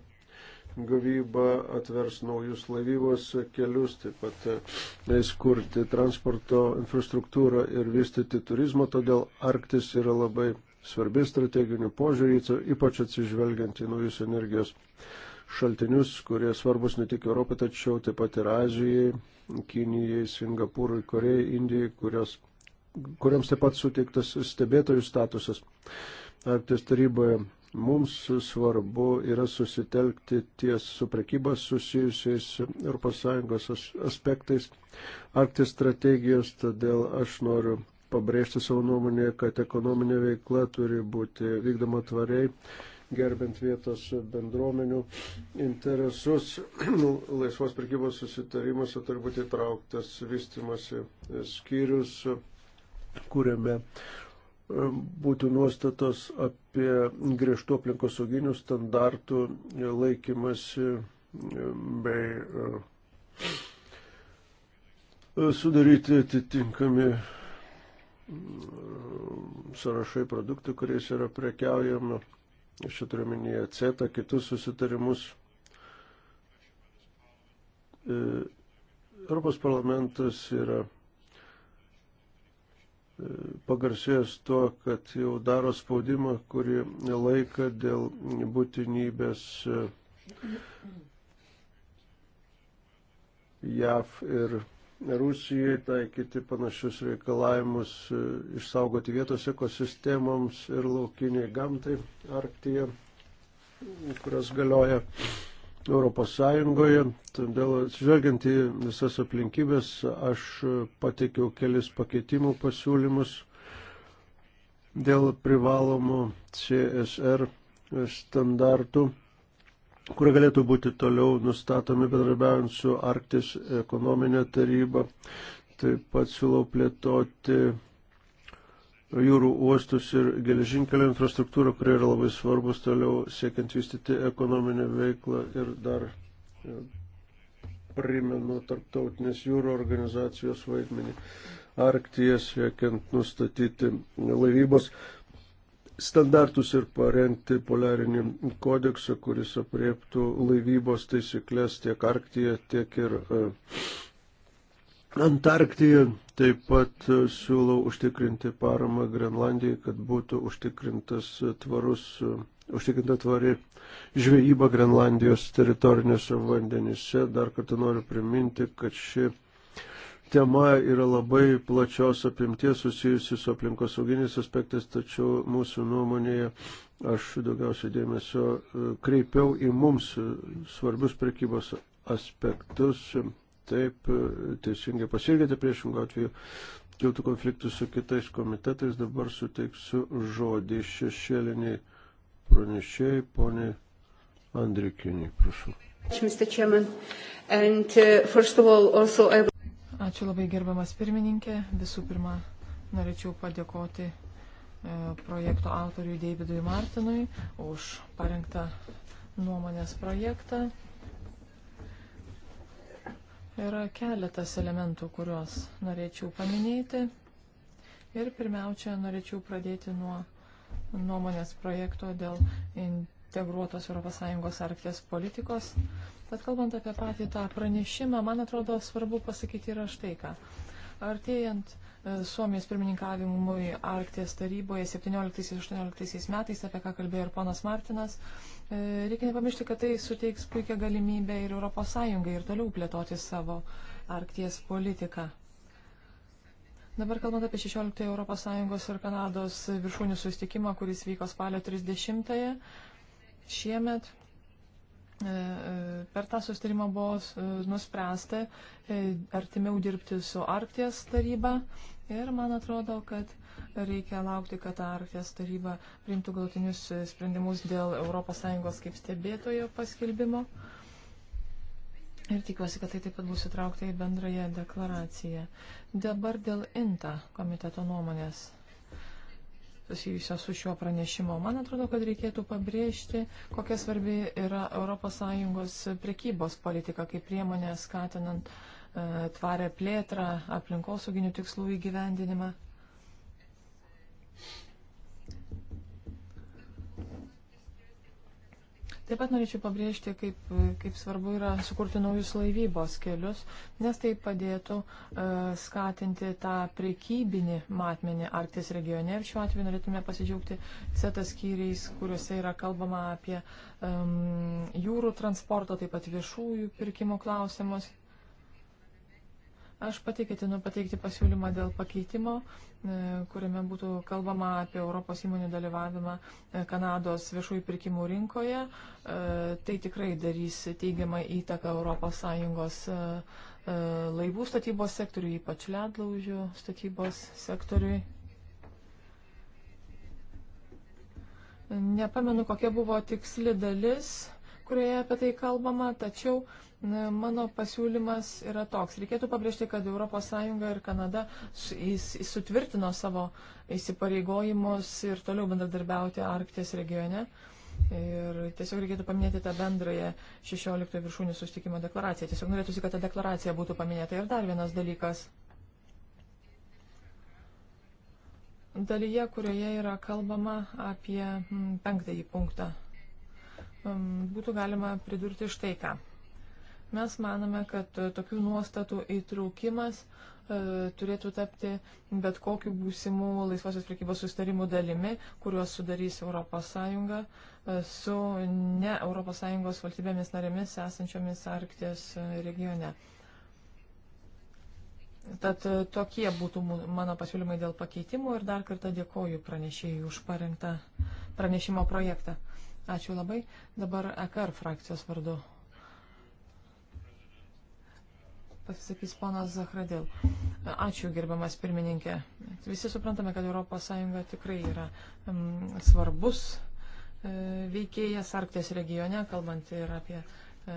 gavyba atvers naujus laivybos kelius, taip pat leis kurti transporto infrastruktūrą ir vystyti turizmą, todėl Arktis yra labai svarbi strateginių požiūrį, ypač atsižvelgiant į naujus energijos šaltinius, kurie svarbus ne tik Europai, tačiau taip pat ir Azijai, Kinijai, Singapūrui, Korejai, Indijai, kurios, kuriams taip pat suteiktas stebėtojų statusas. Arktis taryboje Mums svarbu yra susitelkti ties su prekybos susijusiais ES aspektais Arktis strategijos, todėl aš noriu pabrėžti savo nuomonėje, kad ekonominė veikla turi būti vykdoma tvariai, gerbent vietos bendruomenių interesus. Laisvos prekybos susitarimuose turi būti įtrauktas vystimasi skyrius, kuriame būti nuostatos apie griežtų aplinkosauginių standartų laikymasi bei e, sudaryti atitinkami e, sąrašai produktų, kuriais yra prekiaujama. Aš čia turiu minėję CETA, kitus susitarimus. E, Europos parlamentas yra pagarsėjęs tuo, kad jau daro spaudimą, kurį laiką dėl būtinybės e, JAV ir Rusijai taikyti panašius reikalavimus, e, išsaugoti vietos ekosistemoms ir laukiniai gamtai Arktija, kurios galioja Europos Sąjungoje. Todėl atsižvelgiant į visas aplinkybės, aš pateikiau kelis pakeitimų pasiūlymus dėl privalomų CSR standartų, kurie galėtų būti toliau nustatomi bendrabiaujant su Arktis ekonominė taryba. Taip pat siūlau plėtoti jūrų uostus ir geležinkelio infrastruktūrą, kurie yra labai svarbus toliau siekiant vystyti ekonominę veiklą ir dar e, primenu tarptautinės jūrų organizacijos vaidmenį Arktyje siekiant nustatyti laivybos standartus ir parengti poliarinį kodeksą, kuris apriektų laivybos taisyklės tiek Arktyje, tiek ir uh, Antarktiją. Taip pat e, siūlau užtikrinti paramą Grenlandijai, kad būtų užtikrintas tvarus, e, užtikrinta tvari žvejyba Grenlandijos teritoriniuose vandenyse. Dar kartą noriu priminti, kad ši tema yra labai plačios apimties susijusi su aplinkosauginiais aspektais, tačiau mūsų nuomonėje aš daugiausiai dėmesio e, kreipiau į mums svarbius prekybos aspektus taip teisingai pasirgėte priešingų atveju kiltų konfliktų su kitais komitetais. Dabar suteiksiu žodį šešėliniai pranešėjai, ponė Andrikiniai, prašau. Uh, Ačiū labai gerbiamas pirmininkė. Visų pirma, norėčiau padėkoti e, projekto autoriui Davidui Martinui už parengtą nuomonės projektą. Yra keletas elementų, kuriuos norėčiau paminėti. Ir pirmiausia, norėčiau pradėti nuo nuomonės projekto dėl integruotos ES arkties politikos. Bet kalbant apie patį tą pranešimą, man atrodo svarbu pasakyti yra štai ką. Artėjant Suomijos pirmininkavimui Arkties taryboje 17-18 metais, apie ką kalbėjo ir ponas Martinas. E, reikia nepamiršti, kad tai suteiks puikią galimybę ir ES ir toliau plėtoti savo Arkties politiką. Dabar kalbant apie 16 ES ir Kanados viršūnių sustikimą, kuris vyko spalio 30-ąją šiemet. E, e, per tą sustarimą buvo e, nuspręsta artimiau dirbti su Arkties taryba ir man atrodo, kad reikia laukti, kad Arkties taryba priimtų galtinius sprendimus dėl ES kaip stebėtojo paskelbimo. Ir tikiuosi, kad tai taip pat bus įtraukta į bendrąją deklaraciją. Dabar dėl INTA komiteto nuomonės susijusio su šiuo pranešimo. Man atrodo, kad reikėtų pabrėžti, kokia svarbi yra ES prekybos politika kaip priemonė skatinant e, tvarę plėtrą, aplinkosauginių tikslų įgyvendinimą. Taip pat norėčiau pabrėžti, kaip, kaip svarbu yra sukurti naujus laivybos kelius, nes tai padėtų uh, skatinti tą prekybinį matmenį Arktis regione. Ir šiuo atveju norėtume pasidžiaugti CETA skyriais, kuriuose yra kalbama apie um, jūrų transporto, taip pat viešųjų pirkimų klausimus. Aš pati ketinu pateikti pasiūlymą dėl pakeitimo, e, kuriame būtų kalbama apie Europos įmonių dalyvavimą e, Kanados viešųjų pirkimų rinkoje. E, tai tikrai darys teigiamą įtaką ES laivų statybos sektoriui, ypač ledlaužių statybos sektoriui. Nepamenu, kokia buvo tiksli dalis kurioje apie tai kalbama, tačiau mano pasiūlymas yra toks. Reikėtų pabrėžti, kad ES ir Kanada sutvirtino savo įsipareigojimus ir toliau bendradarbiauti Arkties regione. Ir tiesiog reikėtų paminėti tą bendrąją 16 viršūnių sustikimo deklaraciją. Tiesiog norėtųsi, kad ta deklaracija būtų paminėta. Ir dar vienas dalykas. Dalyje, kurioje yra kalbama apie penktąjį punktą būtų galima pridurti štai ką. Mes manome, kad e, tokių nuostatų įtraukimas e, turėtų tapti bet kokiu būsimų laisvosios prekybos sustarimų dalimi, kuriuos sudarys ES e, su ne ES valstybėmis narėmis esančiomis Arkties regione. Tad tokie būtų mano pasiūlymai dėl pakeitimų ir dar kartą dėkoju pranešėjai už parengtą pranešimo projektą. Ačiū labai. Dabar EKR frakcijos vardu. Pasisakys ponas Zahradil. Ačiū, gerbiamas pirmininkė. Visi suprantame, kad ES tikrai yra mm, svarbus e, veikėjas Arkties regione, kalbant ir apie e,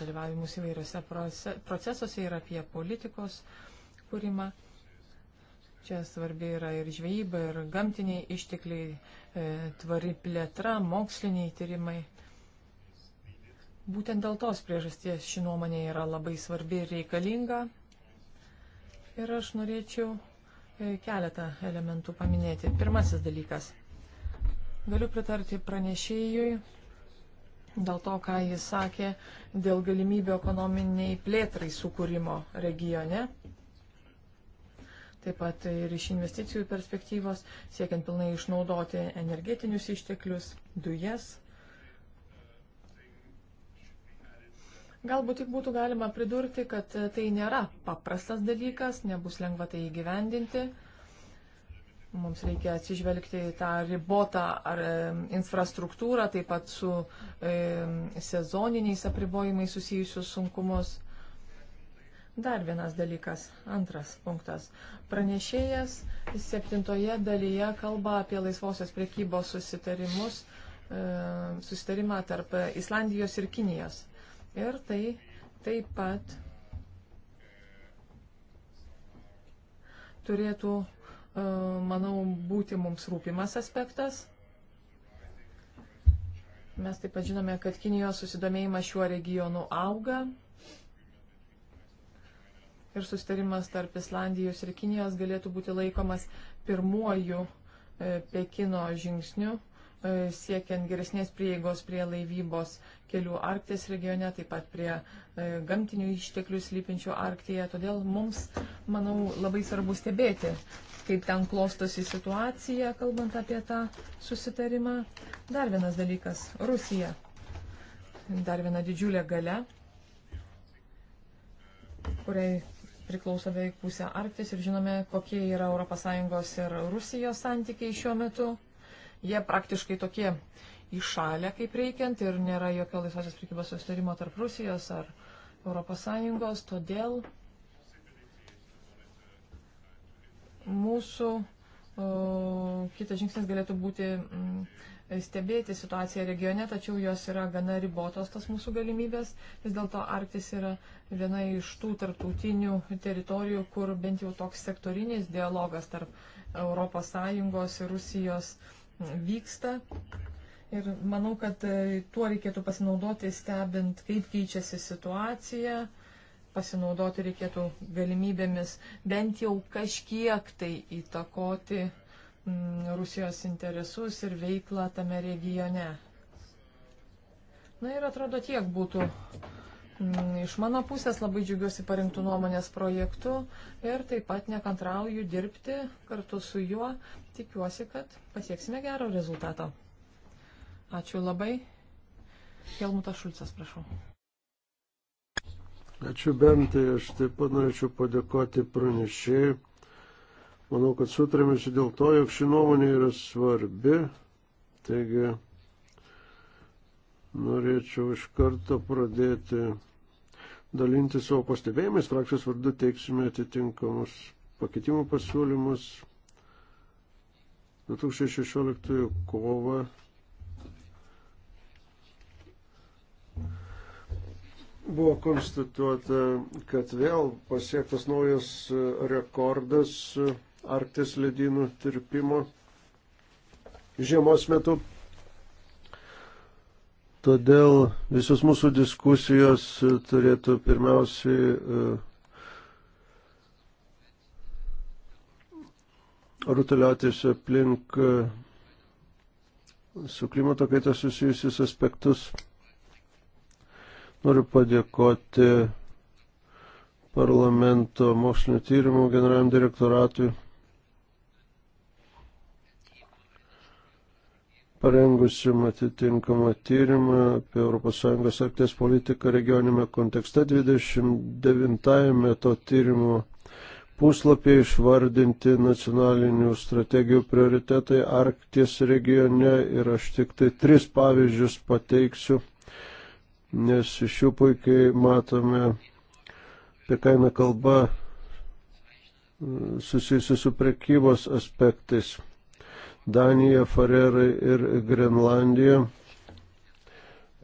dalyvavimus įvairiose procesuose ir apie politikos kūrimą. E, Čia svarbi yra ir žvejyba, ir gamtiniai ištekliai, e, tvari plėtra, moksliniai tyrimai. Būtent dėl tos priežasties ši nuomonė yra labai svarbi ir reikalinga. Ir aš norėčiau e, keletą elementų paminėti. Pirmasis dalykas. Galiu pritarti pranešėjui dėl to, ką jis sakė, dėl galimybių ekonominiai plėtrai sukūrimo regione taip pat ir iš investicijų perspektyvos, siekiant pilnai išnaudoti energetinius išteklius, dujas. Galbūt tik būtų galima pridurti, kad tai nėra paprastas dalykas, nebus lengva tai įgyvendinti. Mums reikia atsižvelgti į tą ribotą ar, infrastruktūrą, taip pat su e, sezoniniais apribojimais susijusius sunkumus. E, Dar vienas dalykas, antras punktas. Pranešėjas septintoje dalyje kalba apie laisvosios priekybos susitarimus, e, susitarimą tarp Islandijos ir Kinijos. Ir tai taip pat turėtų, e, manau, būti mums rūpimas aspektas. Mes taip pat žinome, kad Kinijos susidomėjimas šiuo regionu auga ir sustarimas tarp Islandijos ir Kinijos galėtų būti laikomas pirmuoju e, Pekino žingsniu e, siekiant geresnės prieigos prie laivybos kelių Arkties regione, taip pat prie e, gamtinių išteklių slypinčių Arktyje. Todėl mums, manau, labai svarbu stebėti, kaip ten klostosi situacija, kalbant apie tą susitarimą. Dar vienas dalykas - Rusija. Dar viena didžiulė gale, kuriai priklauso beveik pusę Arktis ir žinome, kokie yra ES ir Rusijos santykiai šiuo metu. Jie praktiškai tokie iššalę kaip reikiant ir nėra jokio laisvosios prekybos susitarimo tarp Rusijos ar ES, todėl mūsų o, kitas žingsnis galėtų būti. M, stebėti situaciją regione, tačiau jos yra gana ribotos tas mūsų galimybės. Vis dėlto Arktis yra viena iš tų tarptautinių teritorijų, kur bent jau toks sektorinis dialogas tarp ES ir Rusijos vyksta. Ir manau, kad e, tuo reikėtų pasinaudoti, stebint, kaip keičiasi situacija, pasinaudoti reikėtų galimybėmis bent jau kažkiek tai įtakoti Mm, Rusijos interesus ir veiklą tame regione. Na ir atrodo tiek būtų mm, iš mano pusės labai džiugiuosi parinktų nuomonės projektu ir taip pat nekantrauju dirbti kartu su juo. Tikiuosi, kad pasieksime gero rezultato. Ačiū labai. Helmutas Šulcas, prašau. Ačiū Bentai, aš taip pat norėčiau padėkoti pranešėjai. Manau, kad sutarėme čia dėl to, jog ši nuomonė yra svarbi. Taigi, norėčiau iš karto pradėti dalinti savo pastebėjimais. Frakcijos vardu teiksime atitinkamus pakeitimų pasiūlymus. 2016 kovą buvo konstatuota, kad vėl pasiektas naujas rekordas Arktis ledynų tirpimo žiemos metu. Todėl visos mūsų diskusijos turėtų pirmiausiai e, rutuliuotis aplink e, su klimato kaita susijusius aspektus. Noriu padėkoti parlamento mokslinio tyrimų generaliniam direktoratui parengusiam atitinkamą tyrimą apie ES arkties politiką regionime kontekste 29-ame to tyrimo puslapyje išvardinti nacionalinių strategijų prioritetai Arkties regione ir aš tik tai tris pavyzdžius pateiksiu, nes iš jų puikiai matome, apie ką eina kalba susijusi su prekybos aspektais. Danija, Farerai ir Grenlandija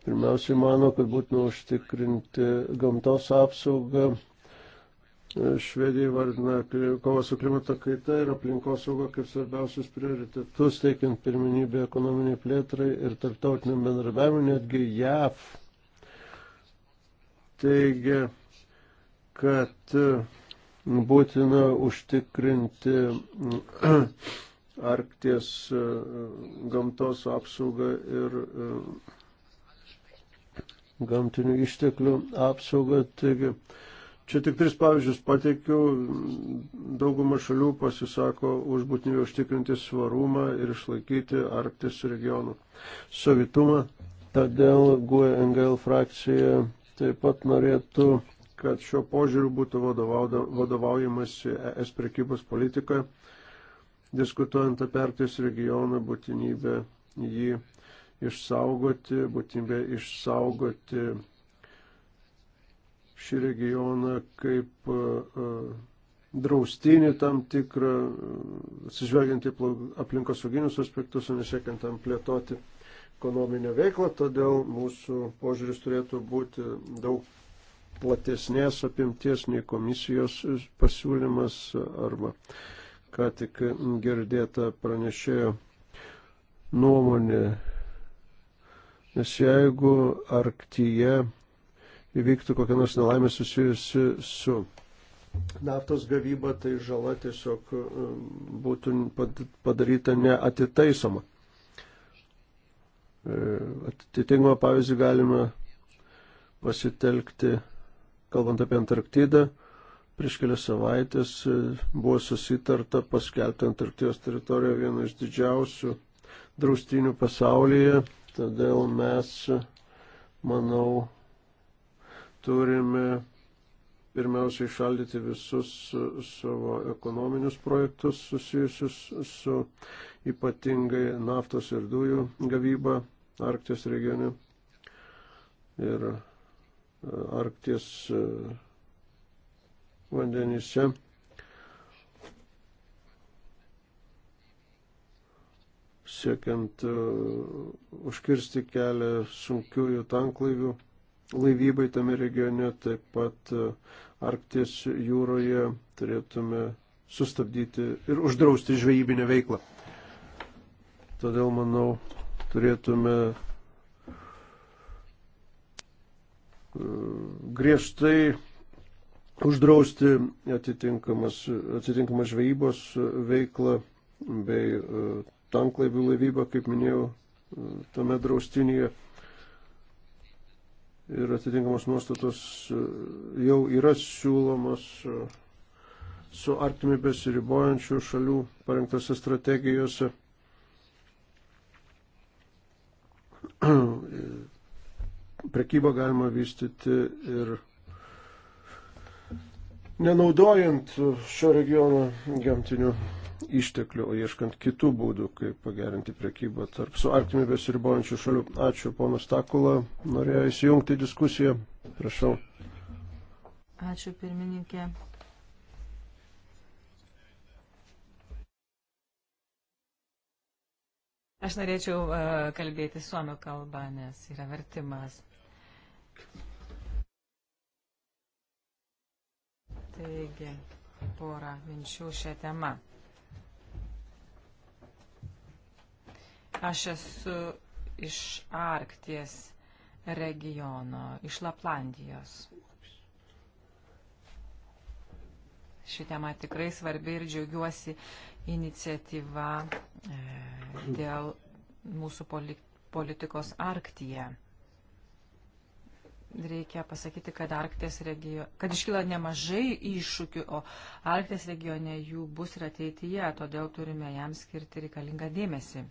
pirmiausiai mano, kad būtina užtikrinti gamtos apsaugą. Švedija vardina kovą su klimato kaita ir aplinkos saugą kaip svarbiausius prioritetus, teikiant pirminybę ekonominiai plėtrai ir tarptautiniam bendradarbiavimui, netgi JAV teigia, kad būtina užtikrinti Arkties e, gamtos apsaugą ir e, gamtinių išteklių apsaugą. Taigi, čia tik tris pavyzdžius pateikiu. Dauguma šalių pasisako už būtinybę užtikrinti svarumą ir išlaikyti Arktis regionų savitumą. Todėl GUE-NGL frakcija taip pat norėtų kad šio požiūriu būtų vadovaujamasi ES prekybos politikoje diskutuojant apie Arktis regioną, būtinybę jį išsaugoti, būtinybę išsaugoti šį regioną kaip e, draustinį tam tikrą, atsižvelgiant į aplinkosauginius aspektus, o nesiekiant tam plėtoti ekonominę veiklą, todėl mūsų požiūris turėtų būti daug platesnės apimties nei komisijos pasiūlymas arba uh, ką tik girdėta pranešėjo nuomonė. Nes jeigu Arktyje įvyktų kokia nors nelaimė susijusi su naftos gavyba, tai žala tiesiog um, būtų padaryta neatitaisoma. E, atitinkamą pavyzdį galime pasitelkti, kalbant apie Antarktidą, Prieš kelias savaitės e, buvo susitarta paskelbti Antarktijos teritoriją vieną iš didžiausių draustinių pasaulyje, todėl mes, e, manau, turime pirmiausia išaldyti visus e, savo ekonominius projektus susijusius su ypatingai naftos ir dujų gavyba Arkties regione ir Arkties vandenyse. siekiant uh, užkirsti kelią sunkiųjų tanklaivių laivybai tame regione, taip pat uh, Arkties jūroje turėtume sustabdyti ir uždrausti žvejybinę veiklą. Todėl, manau, turėtume uh, griežtai uždrausti atitinkamą žvejybos veiklą bei e, tanklaivių laivybą, kaip minėjau, e, tame draustinyje. Ir atitinkamos nuostatos e, jau yra siūlomos su artimi besiribojančių šalių parengtose strategijose. Prekybą galima vystyti ir nenaudojant šio regiono gamtinių išteklių, o ieškant kitų būdų, kaip pagerinti prekybą tarp su Arktimi besiribojančių šalių. Ačiū, ponas Takula, norėjo įsijungti į diskusiją. Prašau. Ačiū, pirmininkė. Aš norėčiau e, kalbėti suomio kalbą, nes yra vertimas. Taigi, porą minčių šią temą. Aš esu iš Arkties regiono, iš Laplandijos. Ši tema tikrai svarbi ir džiaugiuosi iniciatyva e, dėl mūsų politikos Arktyje reikia pasakyti, kad, regio, kad iškyla nemažai iššūkių, o Arkties regione jų bus ir ateityje, todėl turime jam skirti reikalingą dėmesį.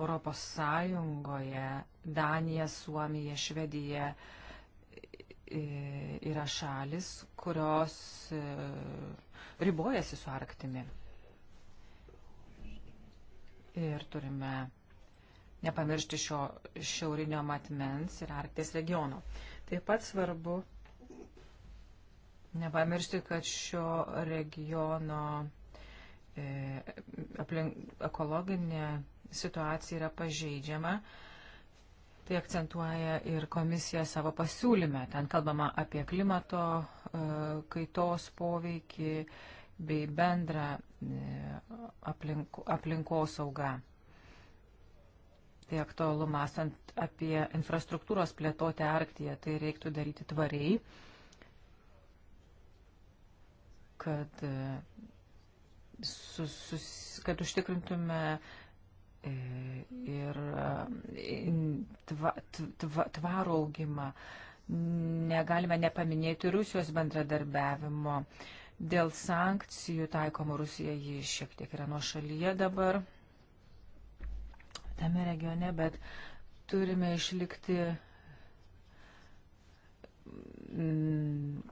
Europos Sąjungoje Danija, Suomija, Švedija yra šalis, kurios e, ribojasi su Arktimi. Ir turime nepamiršti šio šiaurinio matmens ir Arkties regiono. Taip pat svarbu nepamiršti, kad šio regiono e, aplink, ekologinė situacija yra pažeidžiama. Tai akcentuoja ir komisija savo pasiūlyme. Ten kalbama apie klimato e, kaitos poveikį bei bendrą e, aplink, aplinkosaugą tai aktualu mąstant apie infrastruktūros plėtotę Arktyje, tai reiktų daryti tvariai, kad, e, sus, sus, kad užtikrintume e, ir e, tva, tva, tvarų augimą. Negalime nepaminėti Rusijos bendradarbiavimo. Dėl sankcijų taikomų Rusija ji šiek tiek yra nuo šalyje dabar tame regione, bet turime išlikti mm,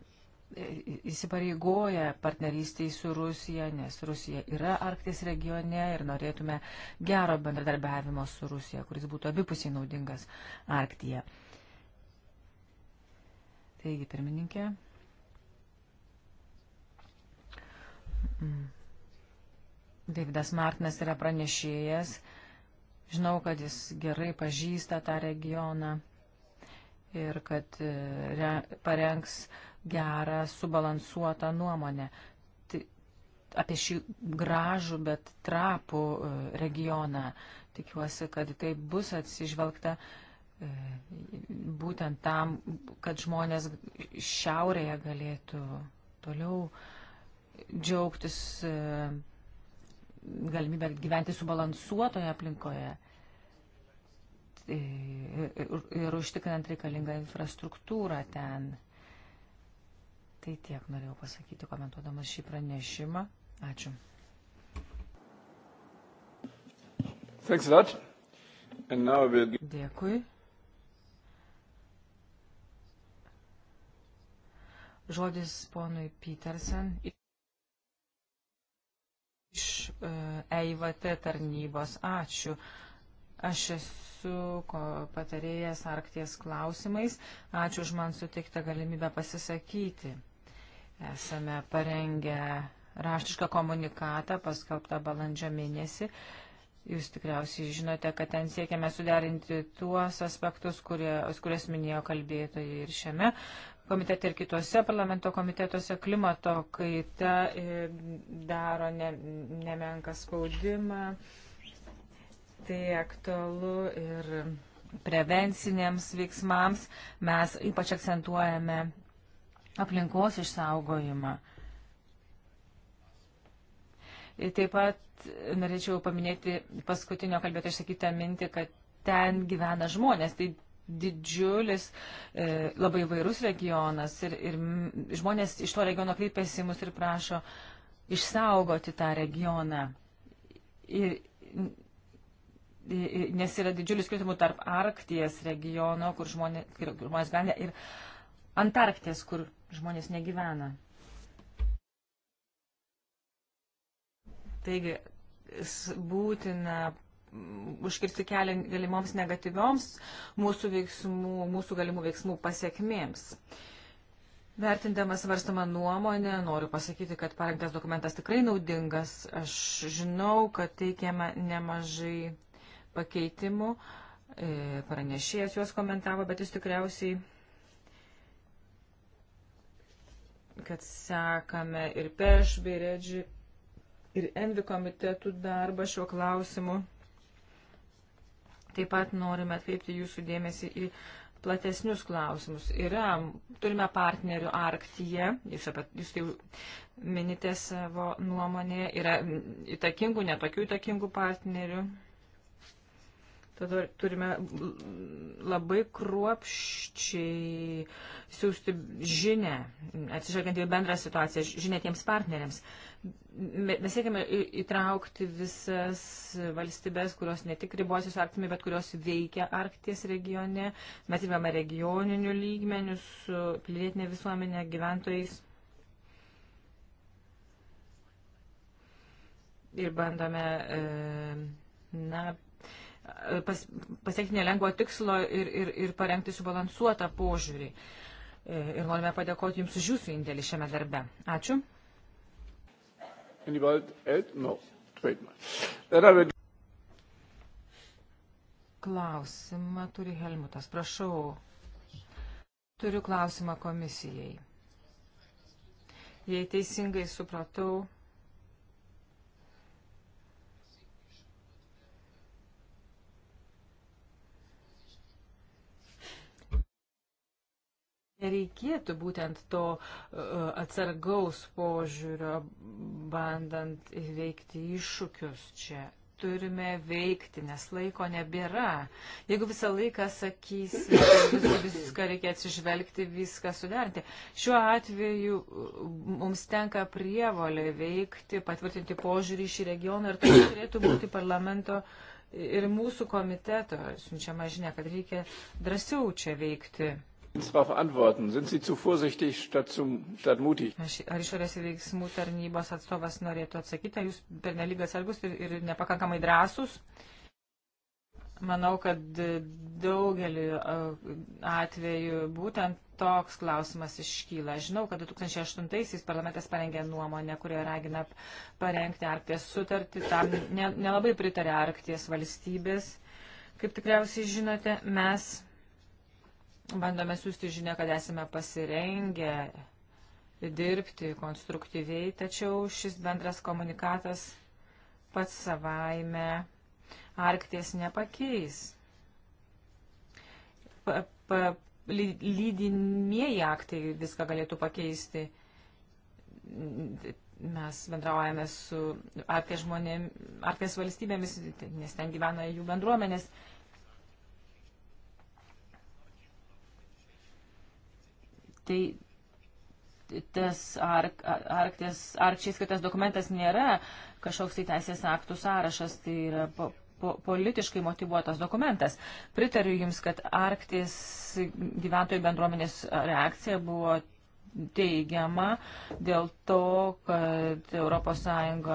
įsipareigoja partnerystiai su Rusija, nes Rusija yra Arktis regione ir norėtume gero bendradarbiavimo su Rusija, kuris būtų abipusiai naudingas Arktyje. Taigi, pirmininkė. Mm. Davidas Martinas yra pranešėjas. Mm. Žinau, kad jis gerai pažįsta tą regioną ir kad e, re, parengs gerą, subalansuotą nuomonę tai, apie šį gražų, bet trapų e, regioną. Tikiuosi, kad tai bus atsižvelgta e, būtent tam, kad žmonės šiaurėje galėtų toliau džiaugtis galimybę gyventi subalansuotoje aplinkoje ir, tai, ir, ir užtikrinant reikalingą infrastruktūrą ten. Tai tiek norėjau pasakyti, komentuodamas šį pranešimą. Ačiū. We'll... Dėkui. Žodis ponui Petersen. EIVT tarnybos. Ačiū. Aš esu patarėjęs Arkties klausimais. Ačiū už man suteiktą galimybę pasisakyti. Esame parengę raštišką komunikatą paskelbtą balandžio mėnesį. Jūs tikriausiai žinote, kad ten siekiame suderinti tuos aspektus, kurie, kurias minėjo kalbėtojai ir šiame komitete ir kitose parlamento komitetuose klimato kaita e, daro ne, nemenką spaudimą. Tai aktualu ir prevenciniams veiksmams. Mes ypač akcentuojame aplinkos išsaugojimą. Ir taip pat norėčiau paminėti paskutinio kalbėto išsakytą mintį, kad ten gyvena žmonės. Tai didžiulis, e, labai vairus regionas ir, ir žmonės iš to regiono kreipiasi mus ir prašo išsaugoti tą regioną. Ir, ir Nes yra didžiulis skirtumų tarp Arkties regiono, kur žmonės, kur žmonės gyvena, ir Antarkties, kur žmonės negyvena. Taigi, būtina Mm, užkirsti kelią galimoms negatyvioms mūsų, veiksmų, mūsų galimų veiksmų pasiekmėms. Vertindamas varstamą nuomonę, noriu pasakyti, kad parengtas dokumentas tikrai naudingas. Aš žinau, kad teikiama nemažai pakeitimų. E, pranešėjas juos komentavo, bet jis tikriausiai, kad sekame ir peš, bei redži, ir envi komitetų darbą šiuo klausimu. Taip pat norime atkreipti jūsų dėmesį į platesnius klausimus. Yra, turime partnerių Arktyje, jūs, apie, jūs tai minite savo nuomonėje, yra įtakingų, netokių įtakingų partnerių. Tada turime labai kruopščiai siūsti žinę, atsižvelgiant į bendrą situaciją, žinę tiems partneriams. Uh, Mes siekime įtraukti visas valstybės, kurios ne tik ribosios Arktimi, bet kurios veikia Arkties regione. Mes dirbame regioniniu lygmeniu su pilietinė visuomenė gyventojais. Ir bandome e, na, pas, pasiekti nelengvo tikslo ir, ir, ir parengti subalansuotą požiūrį. E, ir norime padėkoti Jums už Jūsų indėlį šiame darbe. Ačiū. Anybody else? No. Wait. Then I will... Klausimą turi Helmutas. Prašau. Turiu klausimą komisijai. Jei teisingai supratau, Nereikėtų būtent to e, atsargaus požiūrio, bandant įveikti iššūkius čia. Turime veikti, nes laiko nebėra. Jeigu visą laiką sakysime, tai vis, viską reikia atsižvelgti, viską suderinti. Šiuo atveju e, mums tenka prievolė veikti, patvirtinti požiūrį į šį regioną ir tai turėtų būti parlamento ir mūsų komiteto siunčiama žinia, kad reikia drąsiau čia veikti. Darauf antworten. Sind Sie zu vorsichtig statt, zum, statt mutig? Ar išorės veiksmų tarnybos atstovas norėtų atsakyti, ar jūs pernelyg atsargus ir, ir nepakankamai drąsus? Manau, kad daugeliu atveju būtent toks klausimas iškyla. Žinau, kad 2008-aisiais parlamentas parengė nuomonę, kurioje ragina parengti Arkties sutartį. Tam nelabai ne pritarė Arkties valstybės. Kaip tikriausiai žinote, mes bandome siūsti žinę, kad esame pasirengę dirbti konstruktyviai, tačiau šis bendras komunikatas pats savaime Arkties nepakeis. Pa, pa, lydimieji aktai viską galėtų pakeisti. Mes bendraujame su Arkties, žmonėm, Arkties valstybėmis, nes ten gyvena jų bendruomenės. Uh, tai tas ark, arktis, arkčiai skirtas dokumentas nėra kažkoks tai teisės aktų sąrašas, tai yra po, po, politiškai motivuotas dokumentas. Pritariu Jums, kad arktis gyventojų bendruomenės reakcija buvo teigiama dėl to, kad ES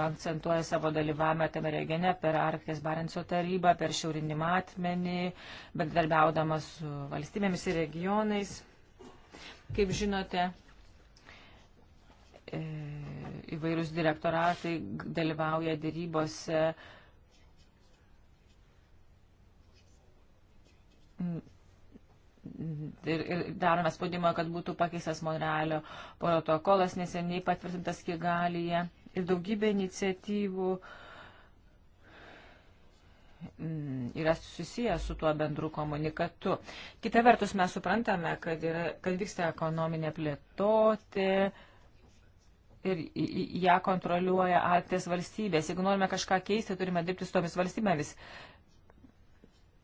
akcentuoja savo dalyvavimą tame regione per Arkties Barenco tarybą, per šiaurinį matmenį, bendradarbiaudama su valstybėmis ir regionais. Kaip žinote, e, įvairius direktoratai dalyvauja dėrybose ir, ir darome spaudimą, kad būtų pakeistas Monrealio protokolas neseniai patvirtintas Kigalyje ir daugybė iniciatyvų uh, Mm, yra susijęs su tuo bendru komunikatu. Kita vertus, mes suprantame, kad, yra, kad vyksta ekonominė plėtoti ir ją kontroliuoja Arktis valstybės. Jeigu norime kažką keisti, turime dirbti su tomis valstybėmis.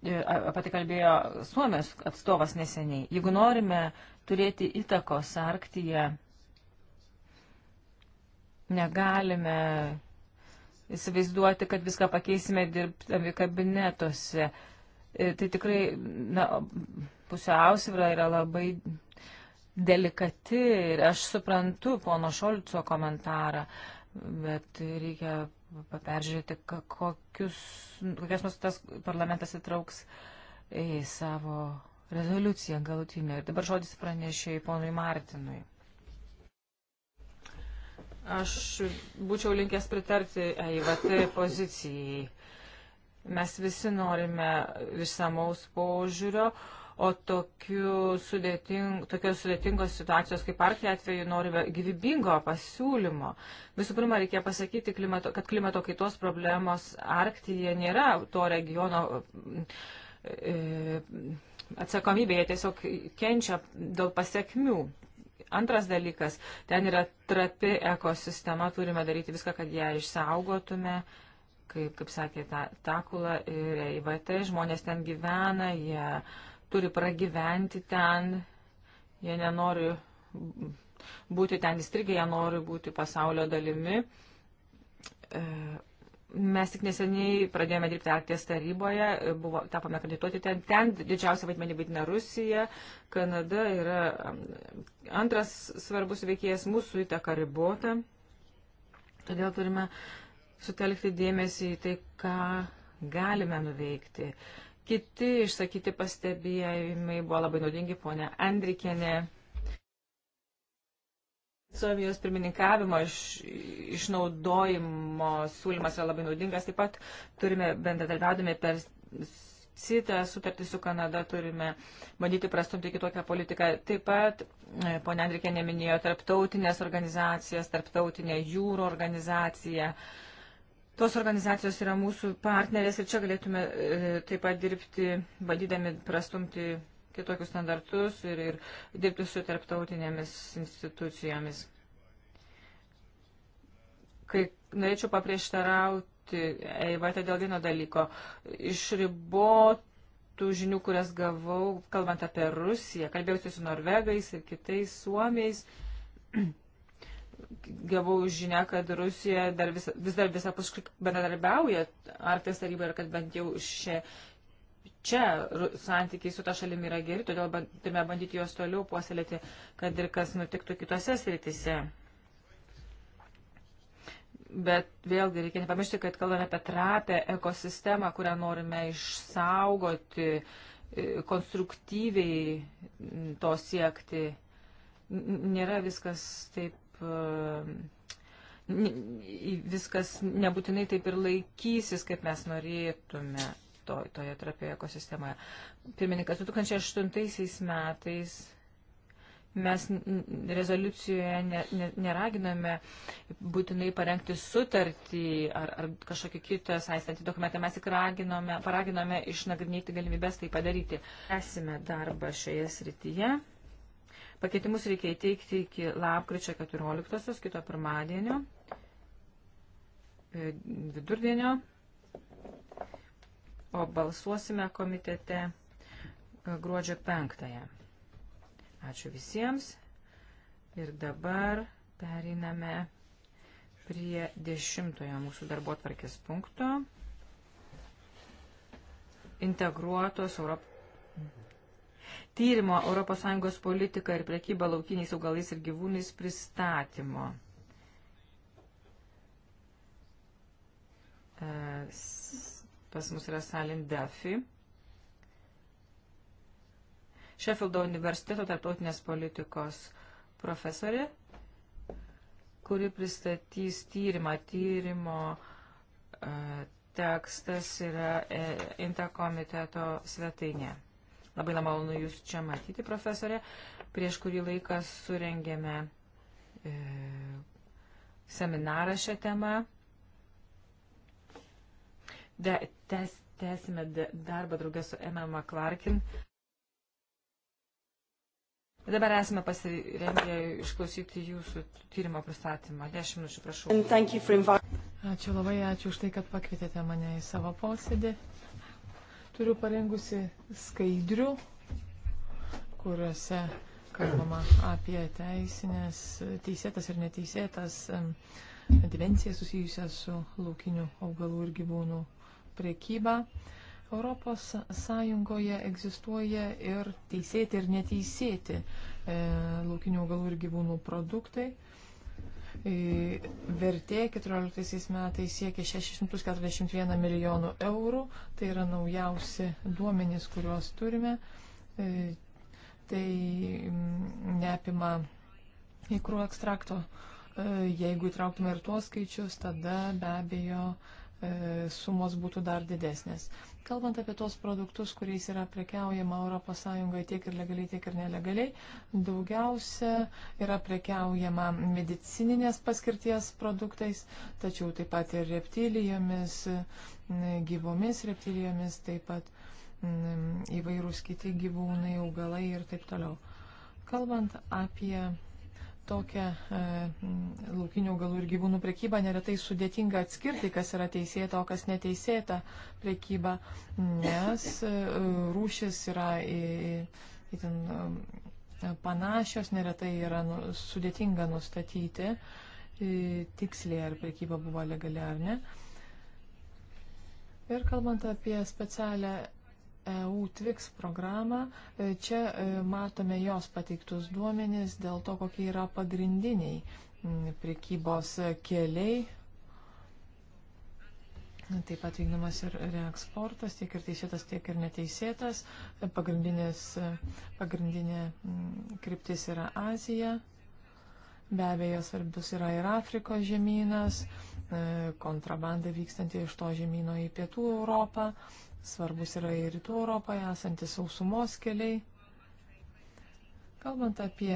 E, apie tai kalbėjo Suomijos atstovas neseniai. Jeigu norime turėti įtakos Arktyje, negalime įsivaizduoti, kad viską pakeisime dirbtami kabinetuose. E, tai tikrai na, pusiausvyrą yra labai delikati ir aš suprantu pono Šolco komentarą, bet reikia peržiūrėti, kokius, kokias nustatas parlamentas įtrauks į savo rezoliuciją galutinę. Ir dabar žodis pranešė į ponui Martinui. Aš būčiau linkęs pritarti EIVT pozicijai. Mes visi norime visamaus požiūrio, o sudėting, tokios sudėtingos situacijos kaip partija atveju norime gyvybingo pasiūlymo. Visų pirma, reikia pasakyti, klimato, kad klimato kaitos problemos Arktyje nėra to regiono. E, atsakomybėje tiesiog kenčia dėl pasiekmių. Antras dalykas, ten yra trapi ekosistema, turime daryti viską, kad ją išsaugotume. Kaip, kaip sakė ta, Takula ir EIVT, žmonės ten gyvena, jie turi pragyventi ten, jie nenori būti ten įstrigę, jie nori būti pasaulio dalimi. E, Mes tik neseniai pradėjome dirbti Arkties taryboje, buvo, tapome kandidatuoti ten. Ten didžiausią vaidmenį vaidina Rusija, Kanada yra um, antras svarbus veikėjas, mūsų įtaka ribota. Todėl turime sutelkti dėmesį į tai, ką galime nuveikti. Kiti išsakyti pastebėjimai buvo labai naudingi, ponia Andrikienė Suomijos pirmininkavimo iš, išnaudojimo siūlymas yra labai naudingas. Taip pat turime bendradarbiaudami per CITA sutartį su Kanada, turime bandyti prastumti kitokią politiką. Taip pat, e, ponia Andrikė neminėjo, tarptautinės organizacijas, tarptautinė jūro organizacija. Tos organizacijos yra mūsų partnerės ir čia galėtume e, taip pat dirbti, bandydami prastumti kitokius standartus ir, ir dirbti su tarptautinėmis institucijomis. Kai norėčiau paprieštarauti, eivate tai dėl vieno dalyko, išribotų žinių, kurias gavau, kalbant apie Rusiją, kalbėjausi su norvegais ir kitais suomiais. gavau žinę, kad Rusija dar vis, vis dar visapuškai bendradarbiauja Arkties taryboje ir kad bent jau šie, čia santykiai su ta šalimi yra geri, todėl turime bandyti juos toliau puoselėti, kad ir kas nutiktų kitose sritise. Bet vėlgi reikia nepamiršti, kad kalbame apie trapę ekosistemą, kurią norime išsaugoti, e, konstruktyviai to siekti. Nėra viskas taip e, viskas nebūtinai taip ir laikysis, kaip mes norėtume to, toje trapioje ekosistemoje. Pirmininkas, 2008 metais mes rezoliucijoje ne, ne, neraginame būtinai parengti sutartį ar, ar kažkokį kitą saistantį dokumentą. Mes tik raginome, paraginome išnagrinėti galimybės tai padaryti. Esime darbą šioje srityje. Pakeitimus reikia įteikti iki lapkričio 14, kito pirmadienio, e, vidurdienio o balsuosime komitete e, gruodžio 5. Ačiū visiems. Ir dabar periname prie dešimtojo mūsų darbo atvarkės punkto. Integruotos Europ... tyrimo ES politika ir prekyba laukiniais augalais ir gyvūnais pristatymo. E, Pas mus yra Salin Duffy. Šefildo universiteto tarptautinės politikos profesorė, kuri pristatys tyrimą. Tyrimo uh, tekstas yra uh, interkomiteto svetainė. Labai malonu Jūs čia matyti, profesorė. Prieš kurį laiką surengėme e, seminarą šią temą tęsime darbą draugę su Emma McClarkin. Dabar esame pasirengę išklausyti jūsų tyrimo pristatymą. Dešimt minučių, prašau. Ačiū labai, ačiū už tai, kad pakvietėte mane į savo posėdį. Turiu parengusi skaidrių, kuriuose kalbama apie teisinės, teisėtas ir neteisėtas dimencijas susijusias su laukiniu augalų ir gyvūnų priekybą. Europos Sąjungoje egzistuoja ir teisėti ir neteisėti e, laukinių augalų ir gyvūnų produktai. E, vertė 14 metais siekia 641 milijonų eurų. Tai yra naujausi duomenys, kuriuos turime. E, tai mm, neapima įkrų ekstrakto. E, jeigu įtrauktume ir tuos skaičius, tada be abejo e, E, sumos būtų dar didesnės. Kalbant apie tos produktus, kuriais yra prekiaujama ES tiek ir legaliai, tiek ir nelegaliai, daugiausia yra prekiaujama medicininės paskirties produktais, tačiau taip pat ir reptilijomis, gyvomis reptilijomis, taip pat įvairūs kiti gyvūnai, augalai ir taip toliau. Kalbant apie tokią e, laukinių augalų ir gyvūnų prekybą neretai sudėtinga atskirti, kas yra teisėta, o kas neteisėta prekyba, nes e, rūšis yra itin e, panašios, neretai yra nu, sudėtinga nustatyti e, tiksliai, ar prekyba buvo legali ar ne. Ir kalbant apie specialią EU TVIX programą. E, čia e, matome jos pateiktus duomenys dėl to, kokie yra pagrindiniai prekybos keliai. Taip pat vykdomas ir reeksportas, tiek ir teisėtas, tiek ir neteisėtas. E, pagrindinė kryptis yra Azija. Be abejo, svarbus yra ir Afrikos žemynas, kontrabanda vykstanti iš to žemyno į Pietų Europą, Svarbus yra ir rytų Europoje esantis sausumos keliai. Kalbant apie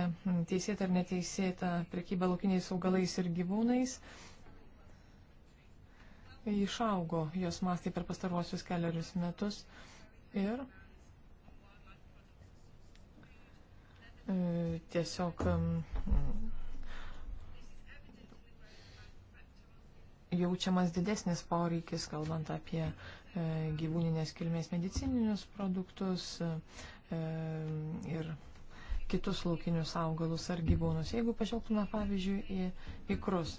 teisėtą ar neteisėtą prekybą laukiniais augalais ir gyvūnais, išaugo jos mastai per pastaruosius keliarius metus ir e, tiesiog jaučiamas didesnis poreikis, kalbant apie E, gyvūninės kilmės medicininius produktus e, e, ir kitus laukinius augalus ar gyvūnus. Jeigu pažvelgtume, pavyzdžiui, į ikrus,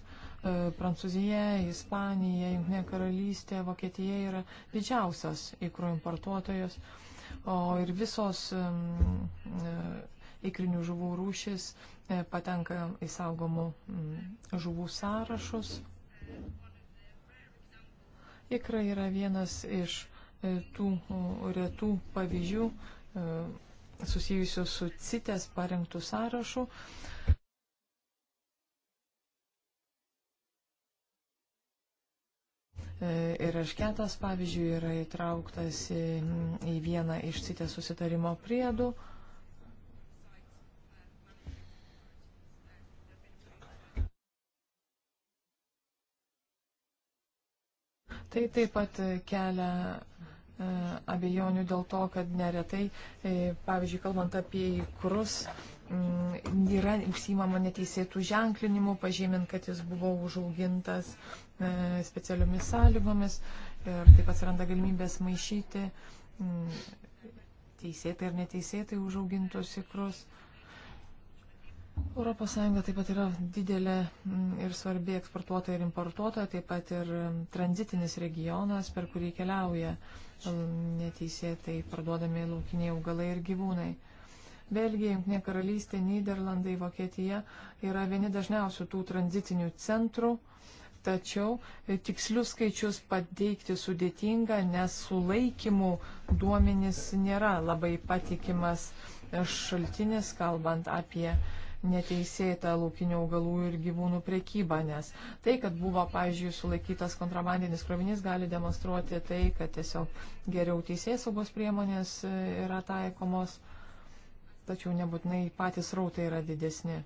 Prancūzija, Ispanija, Junktinė karalystė, Vokietija yra didžiausias ikrų importuotojas, o ir visos ikrinių žuvų rūšis patenka į saugomų žuvų sąrašus. Ikra yra vienas iš e, tų retų pavyzdžių e, susijusių su CITES parengtų sąrašų. E, ir ašketas, pavyzdžiui, yra įtrauktas į, į vieną iš CITES susitarimo priedų. E, Tai taip pat kelia e, abejonių dėl to, kad neretai, e, pavyzdžiui, kalbant apie įkrus, mm, yra užsimama neteisėtų ženklinimų, pažymint, kad jis buvo užaugintas e, specialiomis sąlygomis ir taip atsiranda galimybės maišyti mm, teisėtai ir neteisėtai užaugintus įkrus. ES taip pat yra didelė mm, ir svarbi eksportuotoja ir importuotoja, taip pat ir mm, tranzitinis regionas, per kurį keliauja mm, neteisėtai parduodami laukiniai augalai ir gyvūnai. Belgija, Junktinė karalystė, Niderlandai, Vokietija yra vieni dažniausių tų tranzitinių centrų, tačiau e, tikslius skaičius pateikti sudėtinga, nes sulaikymų duomenys nėra labai patikimas e, šaltinis, kalbant apie uh, neteisėtą laukinių augalų ir gyvūnų prekybą, nes tai, kad buvo, pavyzdžiui, sulaikytas kontrabandinis krovinys, gali demonstruoti tai, kad tiesiog geriau teisės saugos priemonės e, yra taikomos, tačiau nebūtinai patys rautai yra didesni.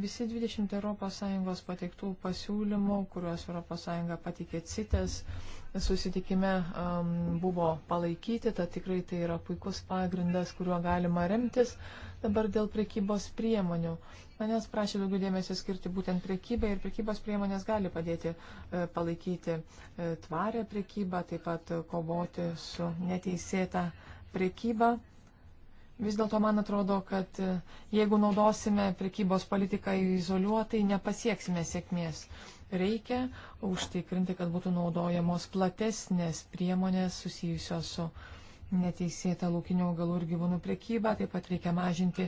Visi 20 ES pateiktų pasiūlymų, kuriuos ES pateikė CITES, susitikime um, buvo palaikyti, tad tikrai tai yra puikus pagrindas, kuriuo galima remtis. Dabar dėl prekybos priemonių. Manęs prašė daugiau dėmesio skirti būtent prekybai ir prekybos priemonės gali padėti e, palaikyti e, tvarę prekybą, taip pat e, kovoti su neteisėta prekyba. Vis dėlto man atrodo, kad e, jeigu naudosime prekybos politiką izoliuotai, nepasieksime sėkmės. Reikia užtikrinti, kad būtų naudojamos platesnės priemonės susijusios su neteisėta laukinių augalų ir gyvūnų prekyba, taip pat reikia mažinti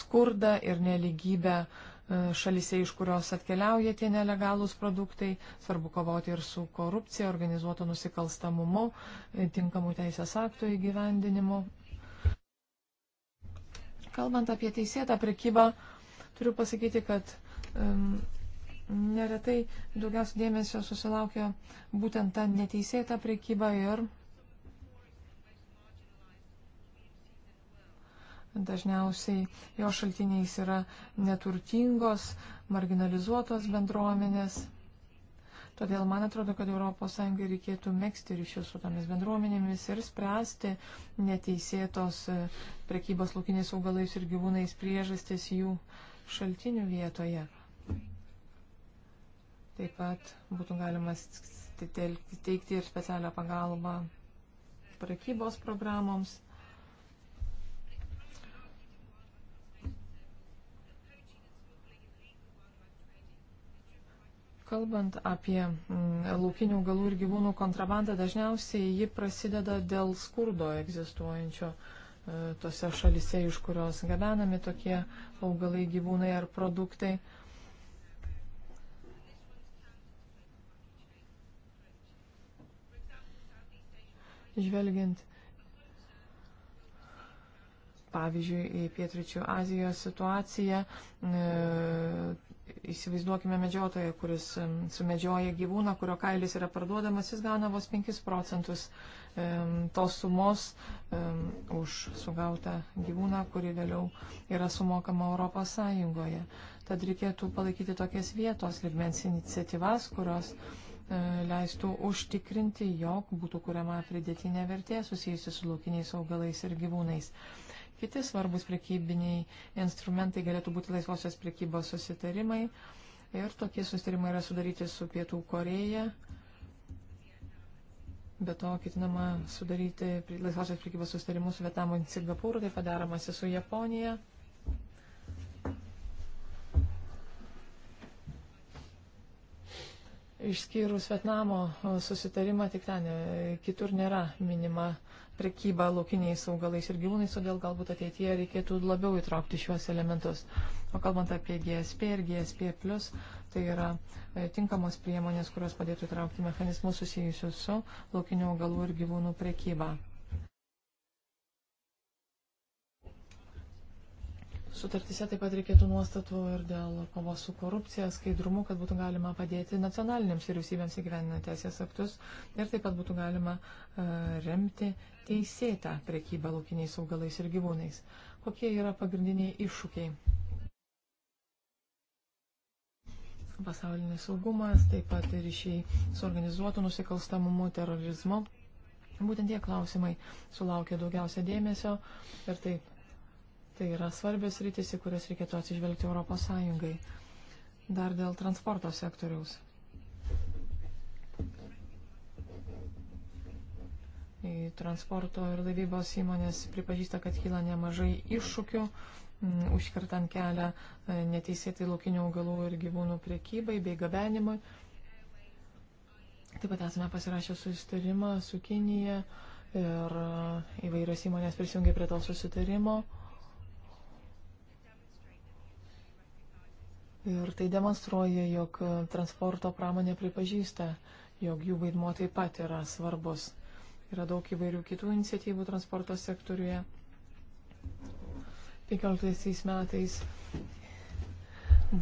skurdą ir neligybę e, šalise, iš kurios atkeliauja tie nelegalūs produktai, svarbu kovoti ir su korupcija, organizuoto nusikalstamumu, e, tinkamų teisės aktų įgyvendinimu. Kalbant apie teisėtą prekybą, turiu pasakyti, kad um, neretai daugiausia dėmesio susilaukia būtent ta neteisėta priekyba ir dažniausiai jo šaltiniais yra neturtingos, marginalizuotos bendruomenės. Todėl man atrodo, kad ES reikėtų mėgsti ryšius su tomis bendruomenėmis ir spręsti neteisėtos e, prekybos laukiniais augalais ir gyvūnais priežastis jų šaltinių vietoje. Taip pat būtų galima teikti ir specialią pagalbą prekybos programoms. Kalbant apie mm, laukinių galų ir gyvūnų kontrabandą, dažniausiai ji prasideda dėl skurdo egzistuojančio e, tose šalise, iš kurios gabenami tokie augalai, gyvūnai ar produktai. žvelgiant pavyzdžiui į Pietričių Azijos situaciją. E, įsivaizduokime medžiotoją, kuris sumedžioja gyvūną, kurio kailis yra parduodamas, jis gauna vos 5 procentus e, tos sumos e, už sugautą gyvūną, kuri vėliau yra sumokama Europos Sąjungoje. Tad reikėtų palaikyti tokias vietos ligmens iniciatyvas, kurios uh, E, leistų užtikrinti, jog būtų kuriama pridėtinė vertė susijusi su laukiniais augalais ir gyvūnais. Kiti svarbus prekybiniai instrumentai galėtų būti laisvosios prekybos susitarimai ir tokie susitarimai yra sudaryti su Pietų Koreja. Be to, ketinama sudaryti laisvosios prekybos susitarimus su Vietnamu ir Singapūru, tai padaromasi su Japonija. Išskyrus Vietnamo susitarimą, tik ten e, kitur nėra minima prekyba laukiniais augalais ir gyvūnais, todėl galbūt ateityje reikėtų labiau įtraukti šiuos elementus. O kalbant apie GSP ir GSP, tai yra e, tinkamos priemonės, kurios padėtų įtraukti mechanizmus susijusius su laukinių augalų ir gyvūnų prekyba. Sutartise taip pat reikėtų nuostatų ir dėl kovos su korupcija, skaidrumu, kad būtų galima padėti nacionalinėms vyriausybėms įgyveninant teisės aktus ir taip pat būtų galima e, remti teisėtą prekybą laukiniais augalais ir gyvūnais. Kokie yra pagrindiniai iššūkiai? pasaulinis saugumas, taip pat ryšiai su organizuotu nusikalstamumu, terorizmu. Būtent tie klausimai sulaukia daugiausia dėmesio ir taip Tai yra svarbios rytis, į kurias reikėtų atsižvelgti Europos Sąjungai. Dar dėl transporto sektoriaus. Transporto ir laivybos įmonės pripažįsta, kad kyla nemažai iššūkių, užkirtant kelią e, neteisėtai laukinių augalų ir gyvūnų priekybai bei gabenimui. Taip pat esame pasirašę susitarimą su Kinija ir e, įvairios įmonės prisijungia prie to susitarimo. Ir tai demonstruoja, jog transporto pramonė pripažįsta, jog jų vaidmuo taip pat yra svarbus. Yra daug įvairių kitų iniciatyvų transporto sektoriuje. 15 metais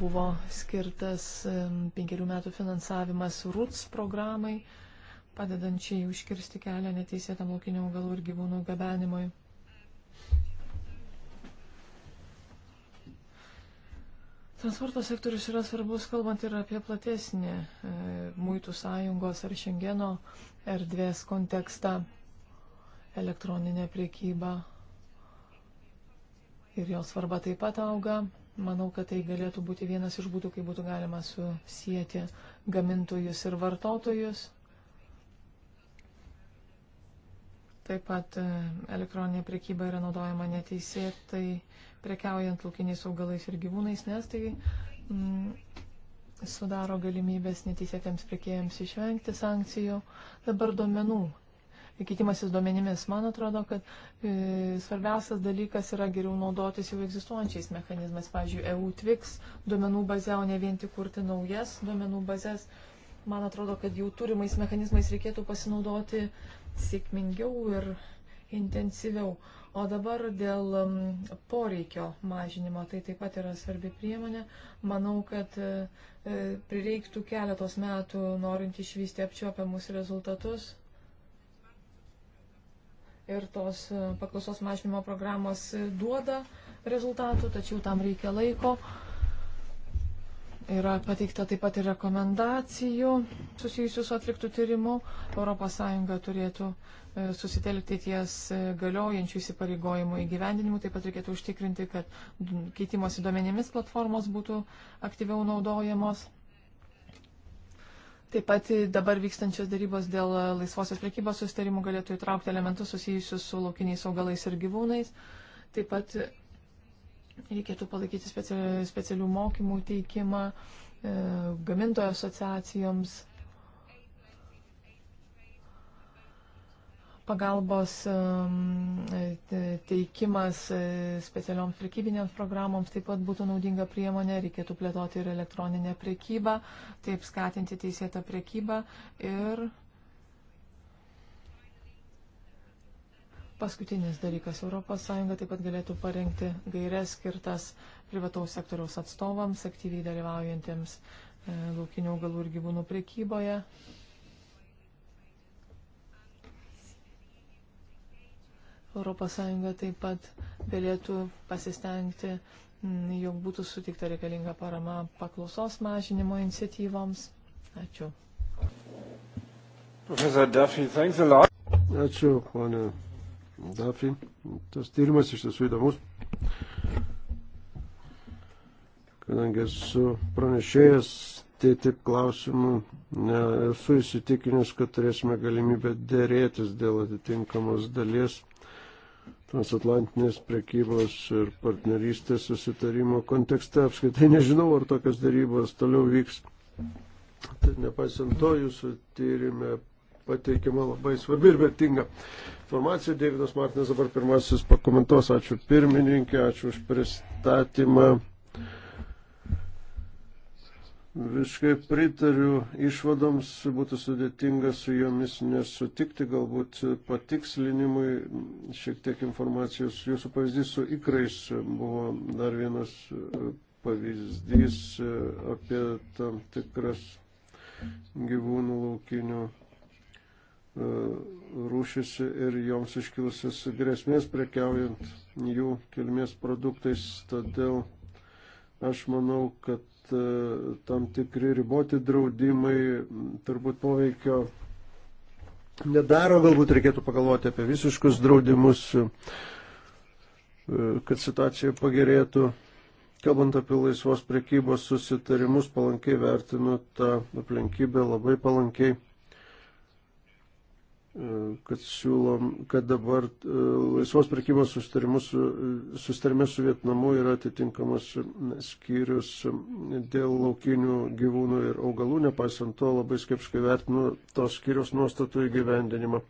buvo skirtas penkerių metų finansavimas RUTS programai, padedančiai užkirsti kelią neteisėtam laukinių augalų ir gyvūnų gabenimui. Transporto sektorius yra svarbus, kalbant ir apie platesnį e, muitų sąjungos ar šengeno erdvės kontekstą, elektroninę priekybą. Ir jos svarba taip pat auga. Manau, kad tai galėtų būti vienas iš būdų, kaip būtų galima susijęti gamintojus ir vartotojus. Taip pat e, elektroninė priekyba yra naudojama neteisėtai prekiaujant laukiniais augalais ir gyvūnais, nes tai mm, sudaro galimybės neteisėtiems priekėjams išvengti sankcijų. Dabar duomenų. Keitimasis duomenimis, man atrodo, kad e, svarbiausias dalykas yra geriau naudotis jau egzistuojančiais mechanizmais. Pavyzdžiui, EU TVIX duomenų bazę, o ne vien tik kurti naujas duomenų bazės. Man atrodo, kad jau turimais mechanizmais reikėtų pasinaudoti sėkmingiau ir intensyviau. O dabar dėl um, poreikio mažinimo, tai taip pat yra svarbi priemonė. Manau, kad e, e, prireiktų keletos metų, norint išvysti apčiopiamus rezultatus. Ir tos e, paklausos mažinimo programos duoda rezultatų, tačiau tam reikia laiko. Uh, Yra pateikta taip pat ir rekomendacijų susijusių su atliktų tyrimų. ES turėtų e, susitelkti ties e, galiojančių įsipareigojimų įgyvendinimu. Taip pat reikėtų užtikrinti, kad keitimosi duomenimis platformos būtų aktyviau naudojamos. Taip pat dabar vykstančios darybos dėl e, laisvosios prekybos sustarimų galėtų įtraukti elementus susijusius su laukiniais augalais ir gyvūnais. Taip pat Reikėtų palaikyti specialių, specialių mokymų teikimą e, gamintojų asociacijoms, pagalbos teikimas e, specialioms prekybinėms programoms taip pat būtų naudinga priemonė, reikėtų plėtoti ir elektroninę prekybą, taip skatinti teisėtą prekybą ir Paskutinis dalykas. ES taip pat galėtų parengti gairias skirtas privataus sektoriaus atstovams, aktyviai dalyvaujantiems e, laukinio augalų ir gyvūnų prekyboje. ES taip pat galėtų pasistengti, jog būtų sutikta reikalinga parama paklausos mažinimo iniciatyvoms. Ačiū. Profesor Duffy, thanks a lot. Ačiū, ponė Dafi. Tas tyrimas iš tiesų įdomus, kadangi esu pranešėjęs TTIP tai klausimų, ne, esu įsitikinęs, kad turėsime galimybę dėrėtis dėl atitinkamos dalies transatlantinės prekybos ir partnerystės susitarimo kontekste. Apskaitai nežinau, ar tokios darybos toliau vyks. Tai nepaisant to, jūsų tyrimė pateikiama labai svarbi ir vertinga informacija. Deividas Martinas dabar pirmasis pakomentuos. Ačiū pirmininkė, ačiū už pristatymą. Viškai pritariu išvadoms, būtų sudėtinga su jomis nesutikti, galbūt patikslinimui šiek tiek informacijos. Jūsų pavyzdys su ikrais buvo dar vienas pavyzdys apie tam tikras gyvūnų laukinių E, rūšis ir joms iškilusias grėsmės prekiaujant jų kilmės produktais. Todėl aš manau, kad e, tam tikri riboti draudimai turbūt poveikio nedaro, galbūt reikėtų pagalvoti apie visiškus draudimus, e, kad situacija pagerėtų. Kalbant apie laisvos prekybos susitarimus, palankiai vertinu tą aplinkybę labai palankiai E, kad siūlom, kad dabar e, laisvos prekybos sustarime su Vietnamu yra atitinkamas skyrius dėl laukinių gyvūnų ir augalų, nepaisant to labai skepškai vertinu tos skyrius nuostatų įgyvendinimą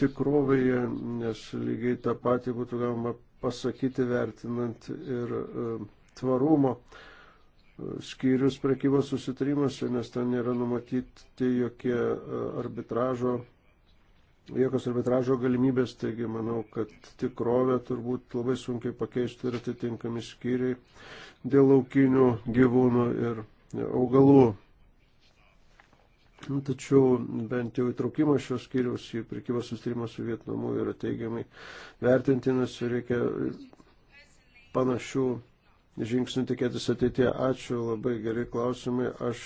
tikrovėje, nes lygiai tą patį būtų galima pasakyti vertinant ir e, tvarumo skyrius prekybos susitarimuose, nes ten nėra numatyti jokie arbitražo jokios arbitražo galimybės, taigi manau, kad tikrovę turbūt labai sunkiai pakeisti ir atitinkami skyriai dėl laukinių gyvūnų ir augalų. Tačiau bent jau įtraukimas šios skyriaus į prekybos sustarimą su Vietnamu yra teigiamai vertintinas ir reikia panašių žingsnių tikėtis ateitie. Ačiū, labai geri klausimai. Aš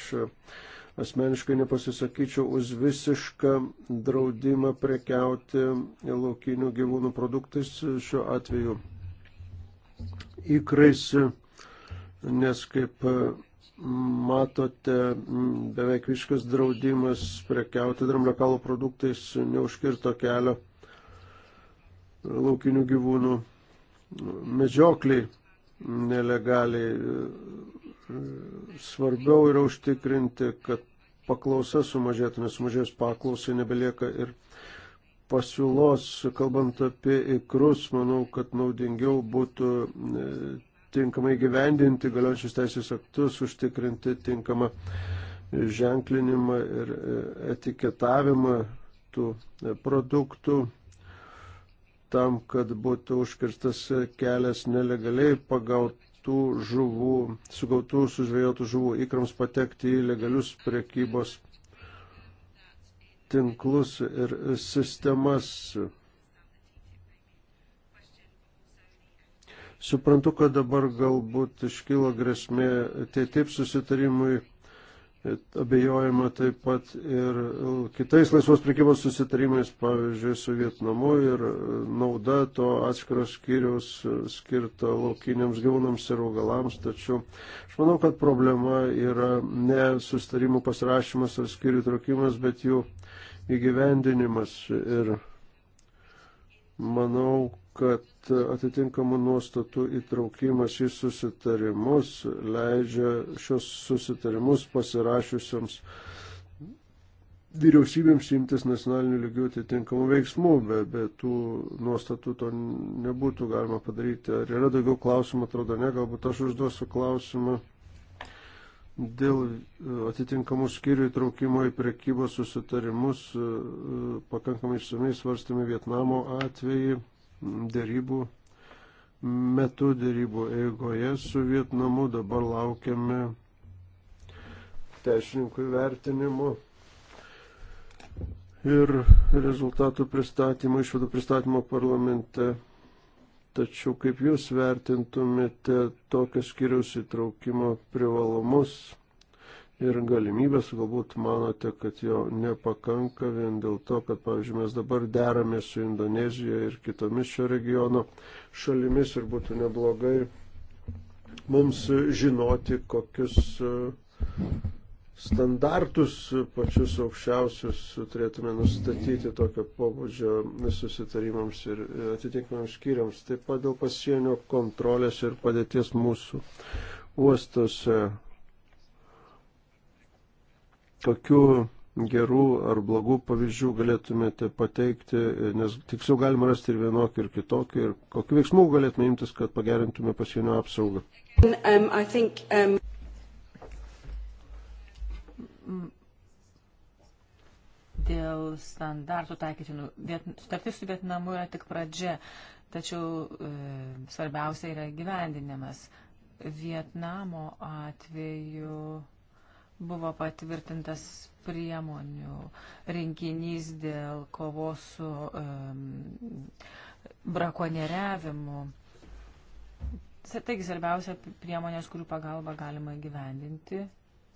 asmeniškai nepasisakyčiau už visišką draudimą prekiauti laukinių gyvūnų produktais šiuo atveju įkrais, nes kaip matote, beveik viskas draudimas prekiauti dramblio kalo produktais neužkirto kelio laukinių gyvūnų medžiokliai nelegaliai svarbiau yra užtikrinti, kad paklausa sumažėtų, nes sumažėjus paklausai nebelieka ir pasiūlos, kalbant apie ikrus, manau, kad naudingiau būtų e, tinkamai gyvendinti galiojančius teisės aktus, užtikrinti tinkamą ženklinimą ir e, etiketavimą tų e, produktų tam, kad būtų užkirstas kelias nelegaliai pagaut, tų žuvų, sugautų, sužvėjotų žuvų įkrams patekti į legalius priekybos tinklus ir sistemas. Suprantu, kad dabar galbūt iškilo grėsmė tie taip susitarimui Abejojama taip pat ir kitais laisvos prekybos susitarimais, pavyzdžiui, su Vietnamu ir e, nauda to atskiros skyriaus e, skirta laukiniams gyvūnams ir augalams. Tačiau aš manau, kad problema yra ne susitarimų pasirašymas ar skyrių traukimas, bet jų įgyvendinimas. Ir Manau, kad atitinkamų nuostatų įtraukimas į susitarimus leidžia šios susitarimus pasirašiusiams vyriausybėms imtis nacionalinių lygių atitinkamų veiksmų, bet be tų nuostatų to nebūtų galima padaryti. Ar yra daugiau klausimų, atrodo ne, galbūt aš užduosiu klausimą dėl e, atitinkamų skyrių įtraukimo į prekybos susitarimus e, pakankamai išsamei svarstėme Vietnamo atvejį dėrybų metu, dėrybų eigoje su Vietnamu. Dabar laukiame teisininkų įvertinimo ir rezultatų pristatymo, išvadų pristatymo parlamente Tačiau kaip Jūs vertintumėte tokio skiriaus įtraukimo privalumus ir galimybės, galbūt manote, kad jo nepakanka vien dėl to, kad, pavyzdžiui, mes dabar deramės su Indonezija ir kitomis šio regiono šalimis ir būtų neblogai mums žinoti, kokius standartus pačius aukščiausius turėtume nustatyti tokio pobūdžio susitarimams ir atitinkamams skyriams. Taip pat dėl pasienio kontrolės ir padėties mūsų uostose. Tokių gerų ar blogų pavyzdžių galėtumėte pateikti, nes tiksliau galima rasti ir vienokį, ir kitokį, ir kokiu veiksmu galėtume imtis, kad pagerintume pasienio apsaugą. Um, think, um... Mm. dėl standartų taikytinų. Sutartis su Vietnamu yra tik pradžia, tačiau e, svarbiausia yra gyvendinimas. Vietnamo atveju buvo patvirtintas priemonių rinkinys dėl kovos su um, brakonieriavimu. Taigi svarbiausia priemonės, kurių pagalba galima gyvendinti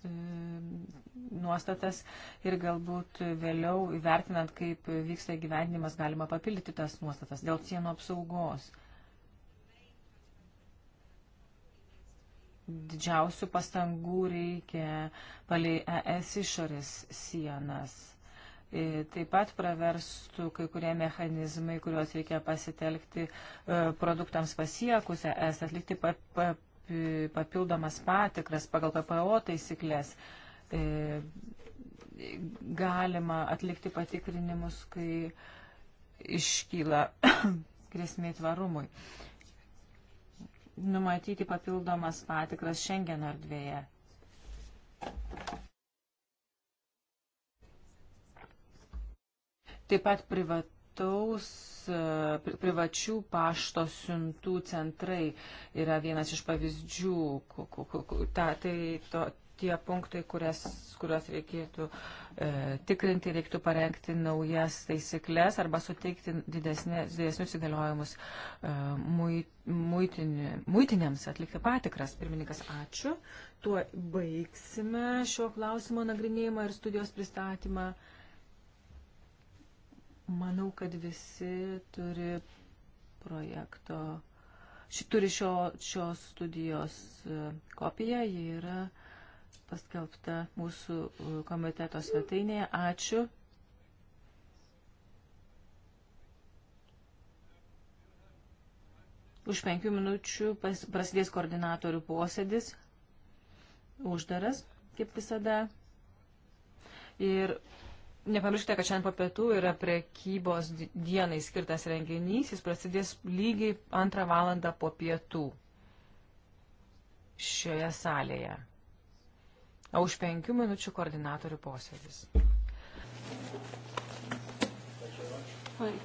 E, nuostatas ir galbūt vėliau įvertinant, kaip vyksta gyvenimas, galima papildyti tas nuostatas dėl sienų apsaugos. Didžiausių pastangų reikia palei ES išorės sienas. E, taip pat praverstų kai kurie mechanizmai, kuriuos reikia pasitelkti e, produktams pasiekus ES, atlikti pa, pa, papildomas patikras pagal PPO taisyklės. E, galima atlikti patikrinimus, kai iškyla grėsmė tvarumui. Numatyti papildomas patikras Šengeno erdvėje. Taip pat privat, privataus privačių pašto siuntų centrai yra vienas iš pavyzdžių, ta, tai to, tie punktai, kurias, kuriuos reikėtų e, tikrinti, reiktų parengti naujas taisyklės arba suteikti didesnė, didesnius įgaliojimus e, muitinė, muitinėms atlikti patikras. Pirmininkas, ačiū. Tuo baigsime šio klausimo nagrinėjimą ir studijos pristatymą. Manau, kad visi turi projekto, ši, turi šio, šios studijos e, kopiją, ji yra paskelbta mūsų e, komiteto svetainėje. Ačiū. Už penkių minučių prasidės koordinatorių posėdis, uždaras, kaip visada. Ir Nepamirškite, kad šiandien po pietų yra prekybos dienai skirtas renginys, jis prasidės lygiai antrą valandą po pietų šioje salėje. O už penkių minučių koordinatorių posėdis. Oi.